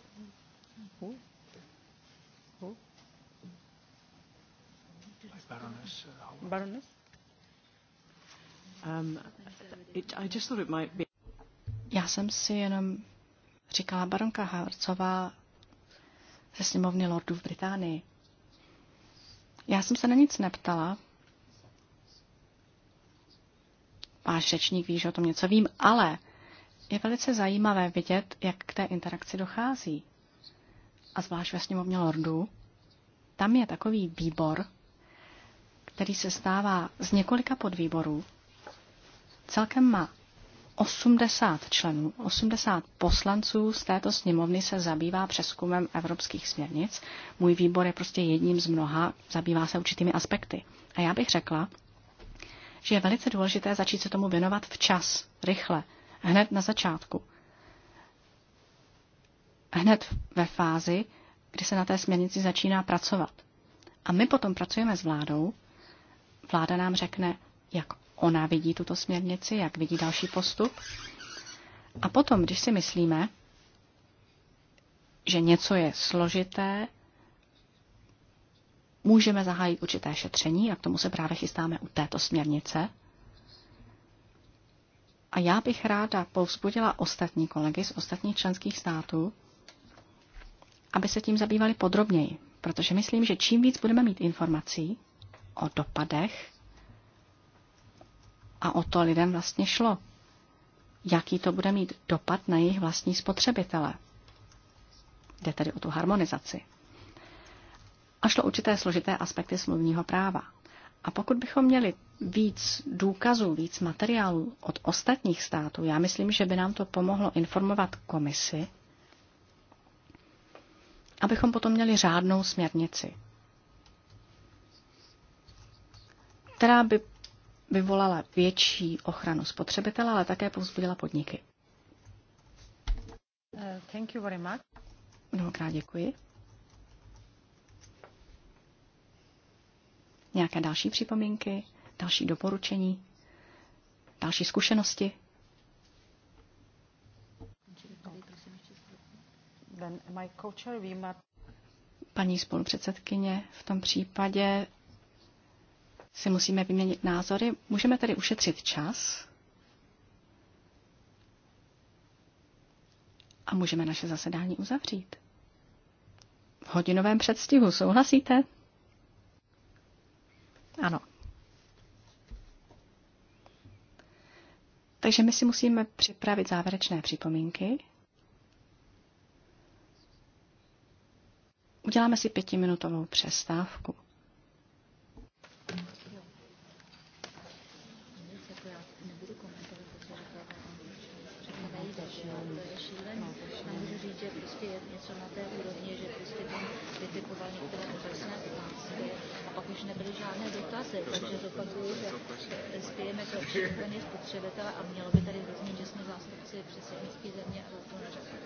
Who? Who? Baroness. Uh, Baroness? Um, já jsem si jenom říkala baronka Harcová ze sněmovny lordů v Británii. Já jsem se na nic neptala. Váš řečník ví, že o tom něco vím, ale je velice zajímavé vidět, jak k té interakci dochází. A zvlášť ve sněmovně lordů, tam je takový výbor, který se stává z několika podvýborů, Celkem má 80 členů, 80 poslanců z této sněmovny se zabývá přeskumem evropských směrnic. Můj výbor je prostě jedním z mnoha, zabývá se určitými aspekty. A já bych řekla, že je velice důležité začít se tomu věnovat včas, rychle, hned na začátku. Hned ve fázi, kdy se na té směrnici začíná pracovat. A my potom pracujeme s vládou. Vláda nám řekne, jak ona vidí tuto směrnici, jak vidí další postup. A potom, když si myslíme, že něco je složité, můžeme zahájit určité šetření a k tomu se právě chystáme u této směrnice. A já bych ráda povzbudila ostatní kolegy z ostatních členských států, aby se tím zabývali podrobněji, protože myslím, že čím víc budeme mít informací o dopadech a o to lidem vlastně šlo. Jaký to bude mít dopad na jejich vlastní spotřebitele? Jde tedy o tu harmonizaci. A šlo určité složité aspekty smluvního práva. A pokud bychom měli víc důkazů, víc materiálů od ostatních států, já myslím, že by nám to pomohlo informovat komisi, abychom potom měli řádnou směrnici, která by vyvolala větší ochranu spotřebitele, ale také povzbudila podniky. Uh, thank you very much. Mnohokrát děkuji. Nějaké další připomínky, další doporučení, další zkušenosti? Paní spolupředsedkyně, v tom případě si musíme vyměnit názory. Můžeme tedy ušetřit čas a můžeme naše zasedání uzavřít. V hodinovém předstihu souhlasíte? Ano. Takže my si musíme připravit závěrečné připomínky. Uděláme si pětiminutovou přestávku. něco na té úrovni, že prostě tam kritikoval některé obecné otázky a pak už nebyly žádné dotazy, takže zopakuju, že spějeme to všechny spotřebitele a mělo by tady hrozně že zástupci předsednické země a to neřekla.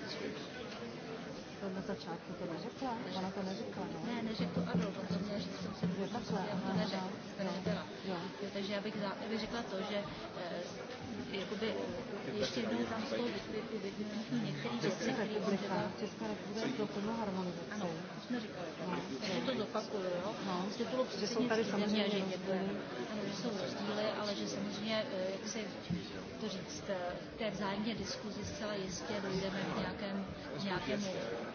To na začátku to neřekla, ona to neřekla, ne? No. Ne, neřekla, ano, on to měl, že jsem se takhle, neřekla, to neřekla, takže já bych, já bych řekla to, že eh, jakoby ještě jednou tam z toho vysvětlu některé věci, které on Česká republika je pro plnou Ano, to jsme říkali. No, takže to zopakuju, jo. No, z titulu že jsou tady samozřejmě že ano, že jsou rozdíly, ale že samozřejmě, eh, jak si to říct, eh, té vzájemně diskuzi zcela jistě dojdeme k nějakém, nějakému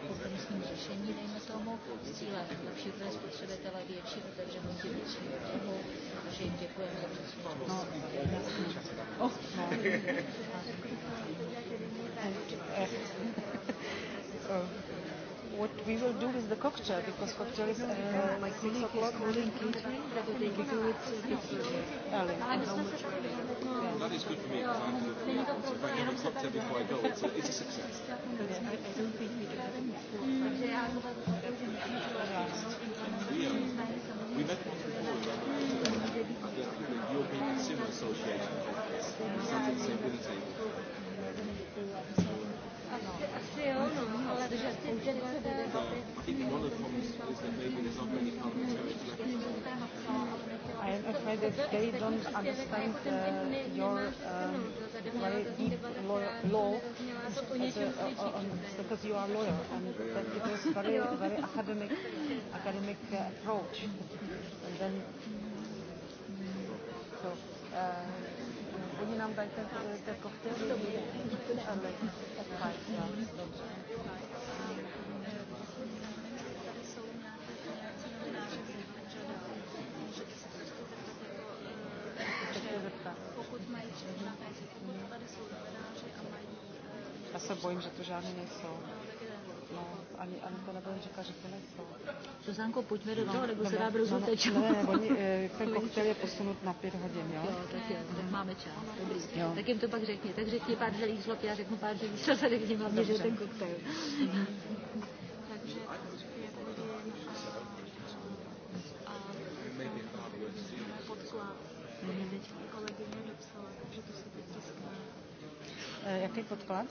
kompromisnímu řešení, dejme tomu, s cílem lepší pro spotřebitele, větší otevřenosti vnitřního trhu, takže jim děkujeme za příspěvek. No, jasně. Oh. Uh, what we will do is the cocktail because cocktail is uh, my uh, six o'clock will engagement that they can do That is good for me Yeah. I have to if I have a cocktail before I go, it's a, it's a success. Yeah. I, I don't think we can have it before. Mm. We, um, we met once before, uh, remember, at the European Civil Association. I am afraid that they don't understand uh, your uh, very deep law, law a, uh, um, because you are lawyer and that it is very very academic academic uh, approach and then so. Uh, Oni nám dají ten, eh, ten koktejl ale a Já se bojím, že to žádné nejsou. No, ani, ani to že to nejsou. Zuzanko, pojďme do toho, nebo se dá brzo teč. Ne, ne, oni, ten koktel je posunut na pět hodin, jo? Jo, tak jo, tak máme čas, dobrý. Jo. Tak jim to pak řekni, tak řekni pár želých zlob, já řeknu pár želých sazadek, jim hlavně, že ten koktel. Takže podklad. Mm-hmm. Kolegyně napsala, že to se vytiskne. Jaký podklad?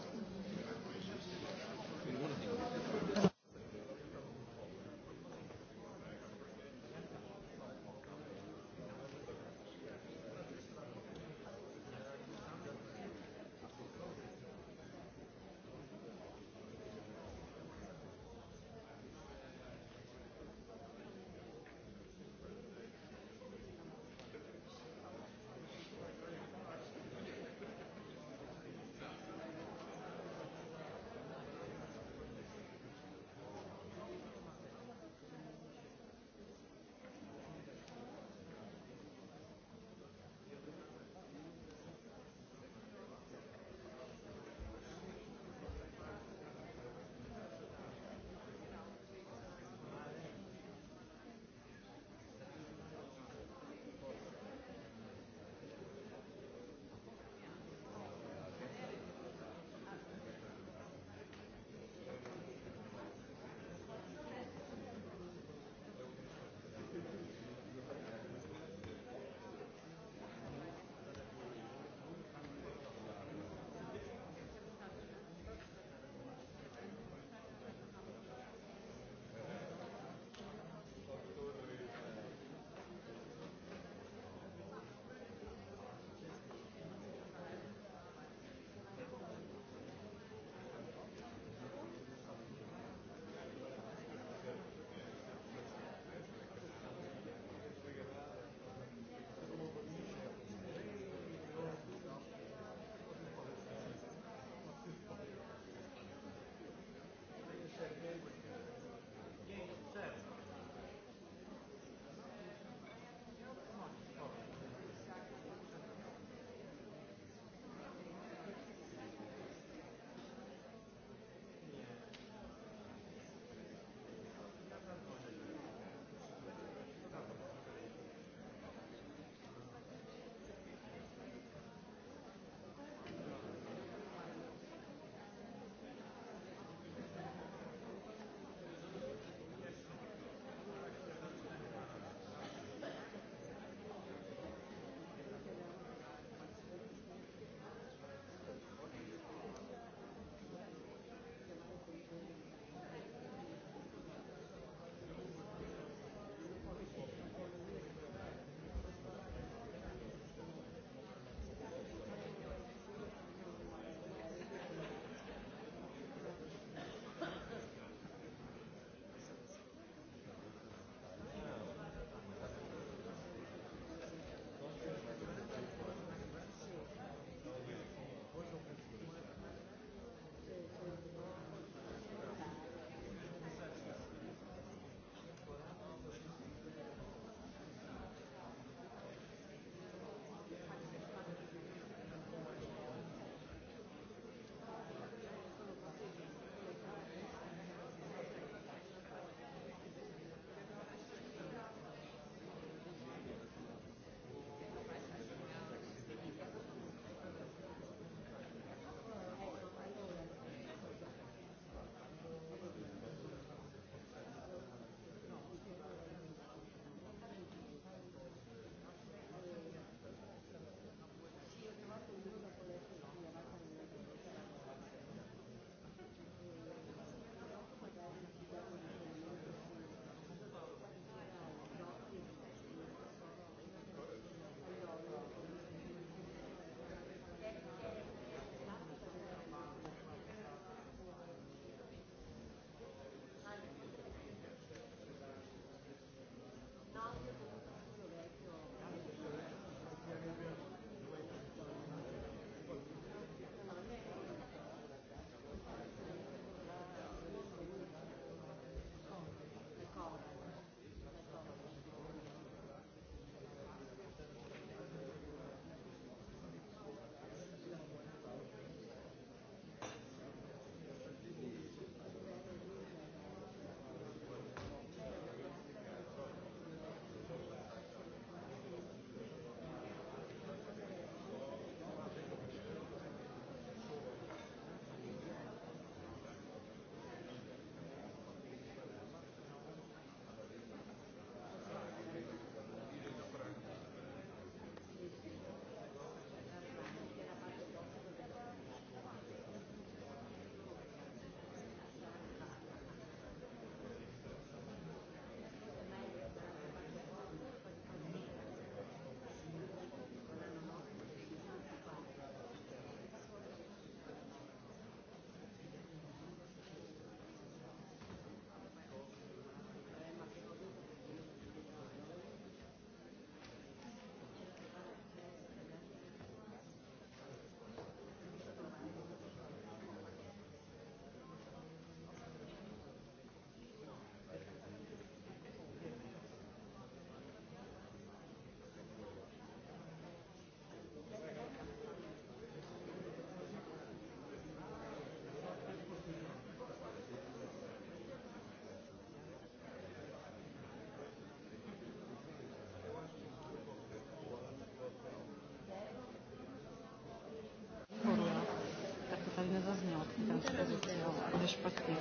špatný.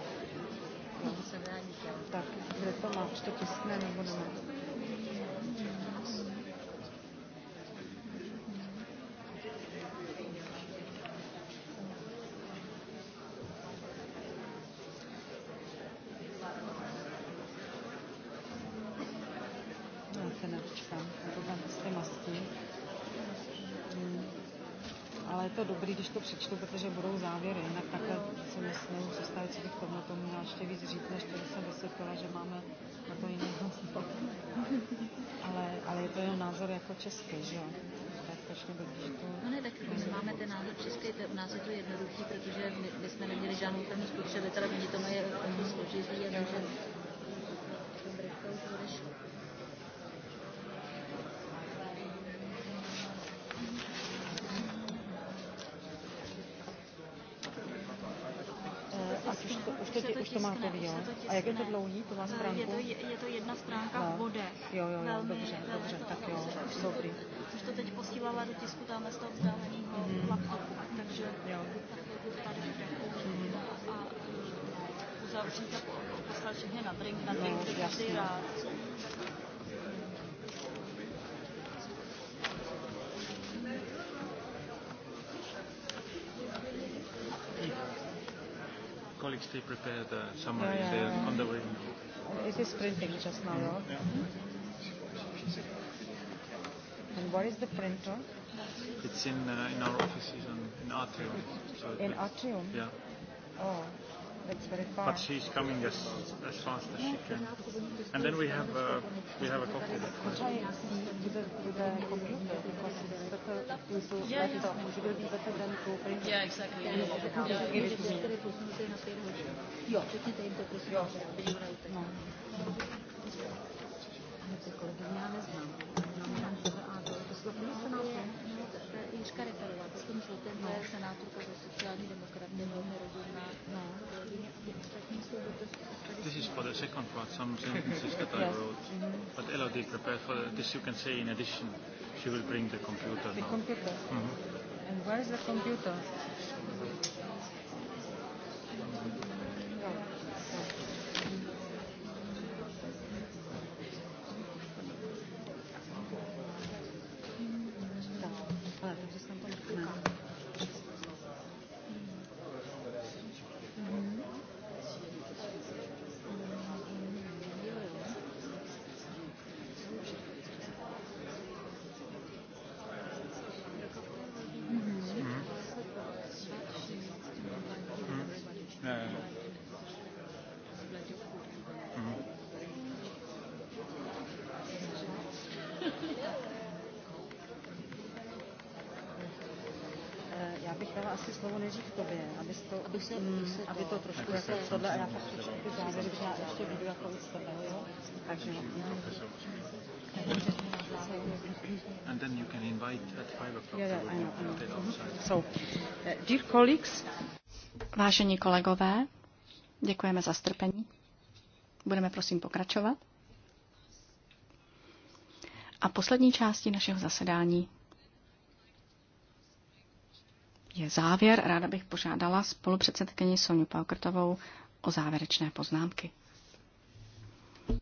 Tak, kde to má? Už to tiskne nebo nemá? Thank you je to dobrý, když to přečtu, protože budou závěry. Jinak takhle si myslím, že stále, co bych tomu tomu měla ještě víc říct, než to, jsem vysvětlila, že máme na to jiný ale, ale je to jenom názor jako český, že jo? Tak strašně dobrý, to... No ne, tak my máme ten názor český, to, u nás je to jednoduchý, protože my, my jsme neměli žádnou ochranu teda oni to mají jako složitý, takže jak je to dlouhý, to má stránku? Eh, je to, je, je to jedna stránka no. v bode. Jo, jo, jo, velmi, dobře, velmi dobře, to, tak jo, už, to, dobrý. Už to teď posílala do tisku tamhle z toho vzdáleného mm-hmm. laptopu, takže jo. tady mm-hmm. a eh, uzavřít a poslat všechny na drink, na drink, no, jasný. rád. colleagues, they prepare the summary. Yeah, yeah, They're on the way. It is printing just now, Yeah. Mm-hmm. And where is the printer? It's in uh, in our offices on, in atrium. So in atrium. Yeah. Oh. But she's coming as as fast as she can. And then we have uh, we have a coffee. That yeah, yeah. yeah, exactly. Yeah, yeah. Yeah. Yeah. Francesca Reperová, potom Žlotendé, je no. senátorka za sociální demokraty, no. velmi rozumná no. This is for the second part, some sentences that I wrote. Mm -hmm. But Elodie prepared for this, you can say in addition, she will bring the computer the now. The computer. Mm -hmm. And where is the computer? bych se, aby to trošku tohle, já fakt ještě budu jako jo? Takže And then you can invite at five o'clock. Yeah, yeah, I know, I know. So, uh, dear colleagues, Vážení kolegové, děkujeme za strpení. Budeme prosím pokračovat. A poslední části našeho zasedání je závěr. Ráda bych požádala spolupředsedkyni Soniu Paukrtovou o závěrečné poznámky.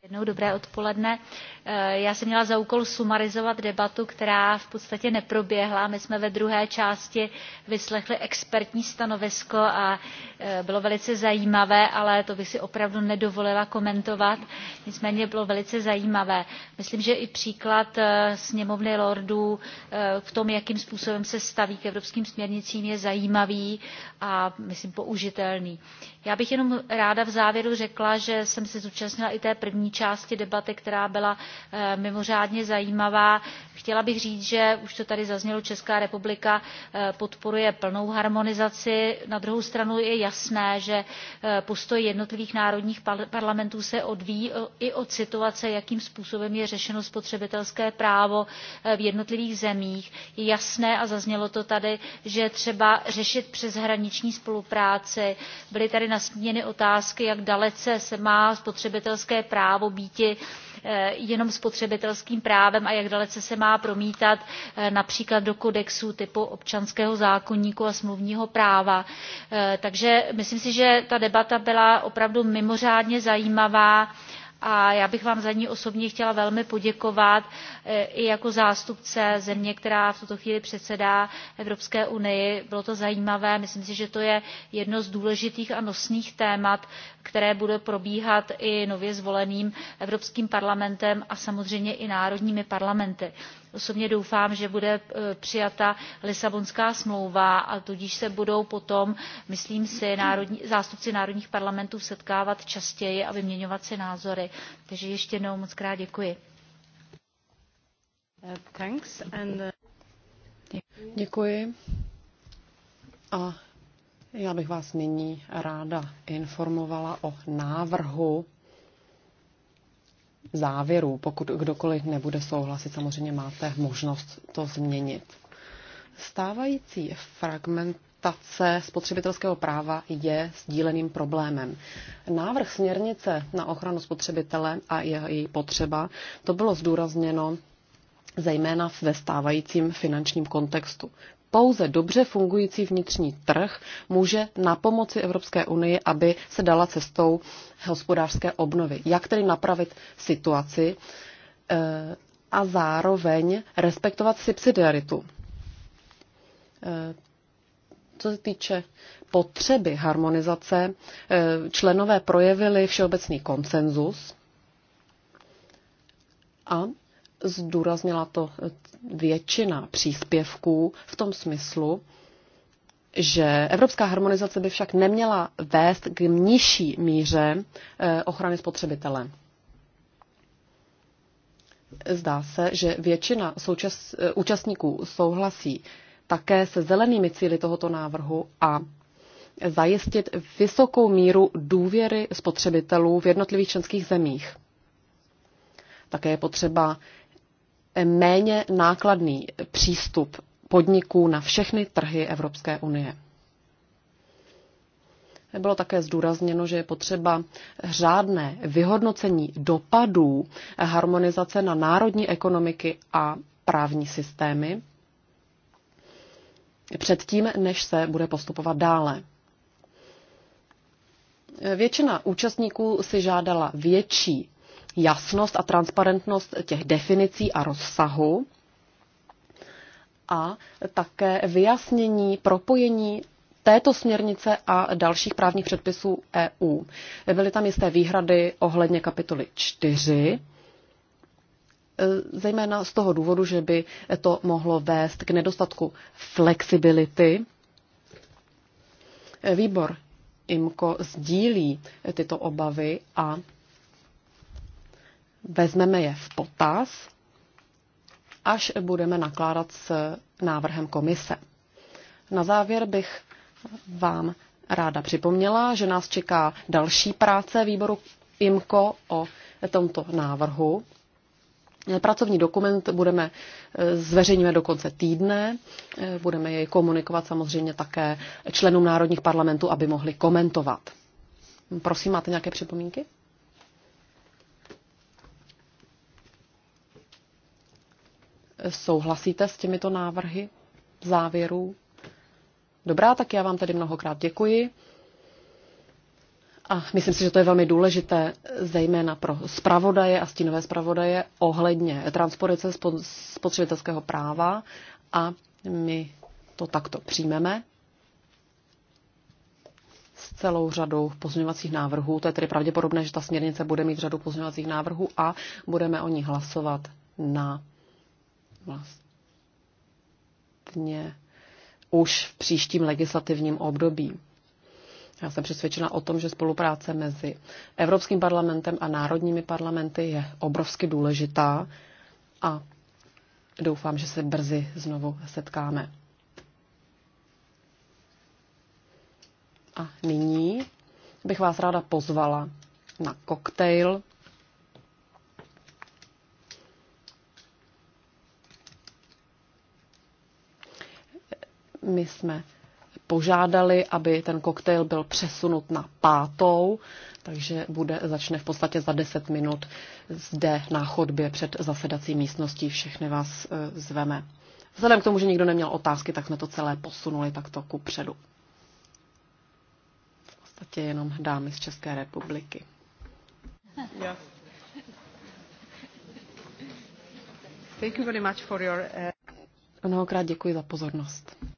Jednou dobré odpoledne. Eh, já jsem měla za úkol sumarizovat debatu, která v podstatě neproběhla. My jsme ve druhé části vyslechli expertní stanovisko a eh, bylo velice zajímavé, ale to bych si opravdu nedovolila komentovat. Nicméně bylo velice zajímavé. Myslím, že i příklad eh, sněmovny lordů v tom, jakým způsobem se staví k evropským směrnicím, je zajímavý a myslím použitelný. Já bych jenom ráda v závěru řekla, že jsem se zúčastnila i té první první části debaty, která byla eh, mimořádně zajímavá. Chtěla bych říct, že už to tady zaznělo, Česká republika eh, podporuje plnou harmonizaci. Na druhou stranu je jasné, že eh, postoj jednotlivých národních parlamentů se odvíjí i od situace, jakým způsobem je řešeno spotřebitelské právo v jednotlivých zemích. Je jasné a zaznělo to tady, že třeba řešit přeshraniční spolupráci. Byly tady nasmíněny otázky, jak dalece se má spotřebitelské právo právo býti eh, jenom spotřebitelským právem a jak dalece se má promítat eh, například do kodexu typu občanského zákoníku a smluvního práva. Eh, takže myslím si, že ta debata byla opravdu mimořádně zajímavá a já bych vám za ní osobně chtěla velmi poděkovat i jako zástupce země, která v tuto chvíli předsedá Evropské unii. Bylo to zajímavé, myslím si, že to je jedno z důležitých a nosných témat které bude probíhat i nově zvoleným Evropským parlamentem a samozřejmě i národními parlamenty. Osobně doufám, že bude e, přijata Lisabonská smlouva a tudíž se budou potom, myslím si, národní, zástupci národních parlamentů setkávat častěji a vyměňovat si názory. Takže ještě jednou moc krát děkuji. Uh, thanks and, uh, Děkuji. A já bych vás nyní ráda informovala o návrhu závěrů. Pokud kdokoliv nebude souhlasit, samozřejmě máte možnost to změnit. Stávající fragmentace spotřebitelského práva je sdíleným problémem. Návrh směrnice na ochranu spotřebitele a její potřeba, to bylo zdůrazněno zejména ve stávajícím finančním kontextu pouze dobře fungující vnitřní trh může na pomoci Evropské unii, aby se dala cestou hospodářské obnovy. Jak tedy napravit situaci eh, a zároveň respektovat subsidiaritu? Eh, co se týče potřeby harmonizace, eh, členové projevili všeobecný konsenzus a zdůraznila to eh, většina příspěvků v tom smyslu, že evropská harmonizace by však neměla vést k nižší míře eh, ochrany spotřebitele. Zdá se, že většina součas, eh, účastníků souhlasí také se zelenými cíly tohoto návrhu a zajistit vysokou míru důvěry spotřebitelů v jednotlivých členských zemích. Také je potřeba méně nákladný přístup podniků na všechny trhy Evropské unie. Bylo také zdůrazněno, že je potřeba řádné vyhodnocení dopadů harmonizace na národní ekonomiky a právní systémy předtím, než se bude postupovat dále. Většina účastníků si žádala větší jasnost a transparentnost těch definicí a rozsahu a také vyjasnění, propojení této směrnice a dalších právních předpisů EU. Byly tam jisté výhrady ohledně kapitoly 4, e, zejména z toho důvodu, že by to mohlo vést k nedostatku flexibility. Výbor IMKO sdílí tyto obavy a vezmeme je v potaz, až budeme nakládat s návrhem komise. Na závěr bych vám ráda připomněla, že nás čeká další práce výboru IMKO o tomto návrhu. Pracovní dokument budeme eh, zveřejňovat do konce týdne. Eh, budeme jej komunikovat samozřejmě také členům národních parlamentů, aby mohli komentovat. Prosím, máte nějaké připomínky? Souhlasíte s těmito návrhy závěrů? Dobrá, tak já vám tedy mnohokrát děkuji. A myslím si, že to je velmi důležité, zejména pro zpravodaje a stínové zpravodaje ohledně transporice spotřebitelského práva a my to takto přijmeme s celou řadou pozměňovacích návrhů. To je tedy pravděpodobné, že ta směrnice bude mít řadu pozměňovacích návrhů a budeme o ní hlasovat na vlastně už v příštím legislativním období. Já jsem přesvědčena o tom, že spolupráce mezi Evropským parlamentem a národními parlamenty je obrovsky důležitá a doufám, že se brzy znovu setkáme. A nyní bych vás ráda pozvala na koktejl My jsme požádali, aby ten koktejl byl přesunut na pátou, takže bude, začne v podstatě za 10 minut zde na chodbě před zasedací místností. Všechny vás e, zveme. Vzhledem k tomu, že nikdo neměl otázky, tak jsme to celé posunuli takto ku předu. V podstatě jenom dámy z České republiky. Yeah. Thank you very much for your, uh... Mnohokrát děkuji za pozornost.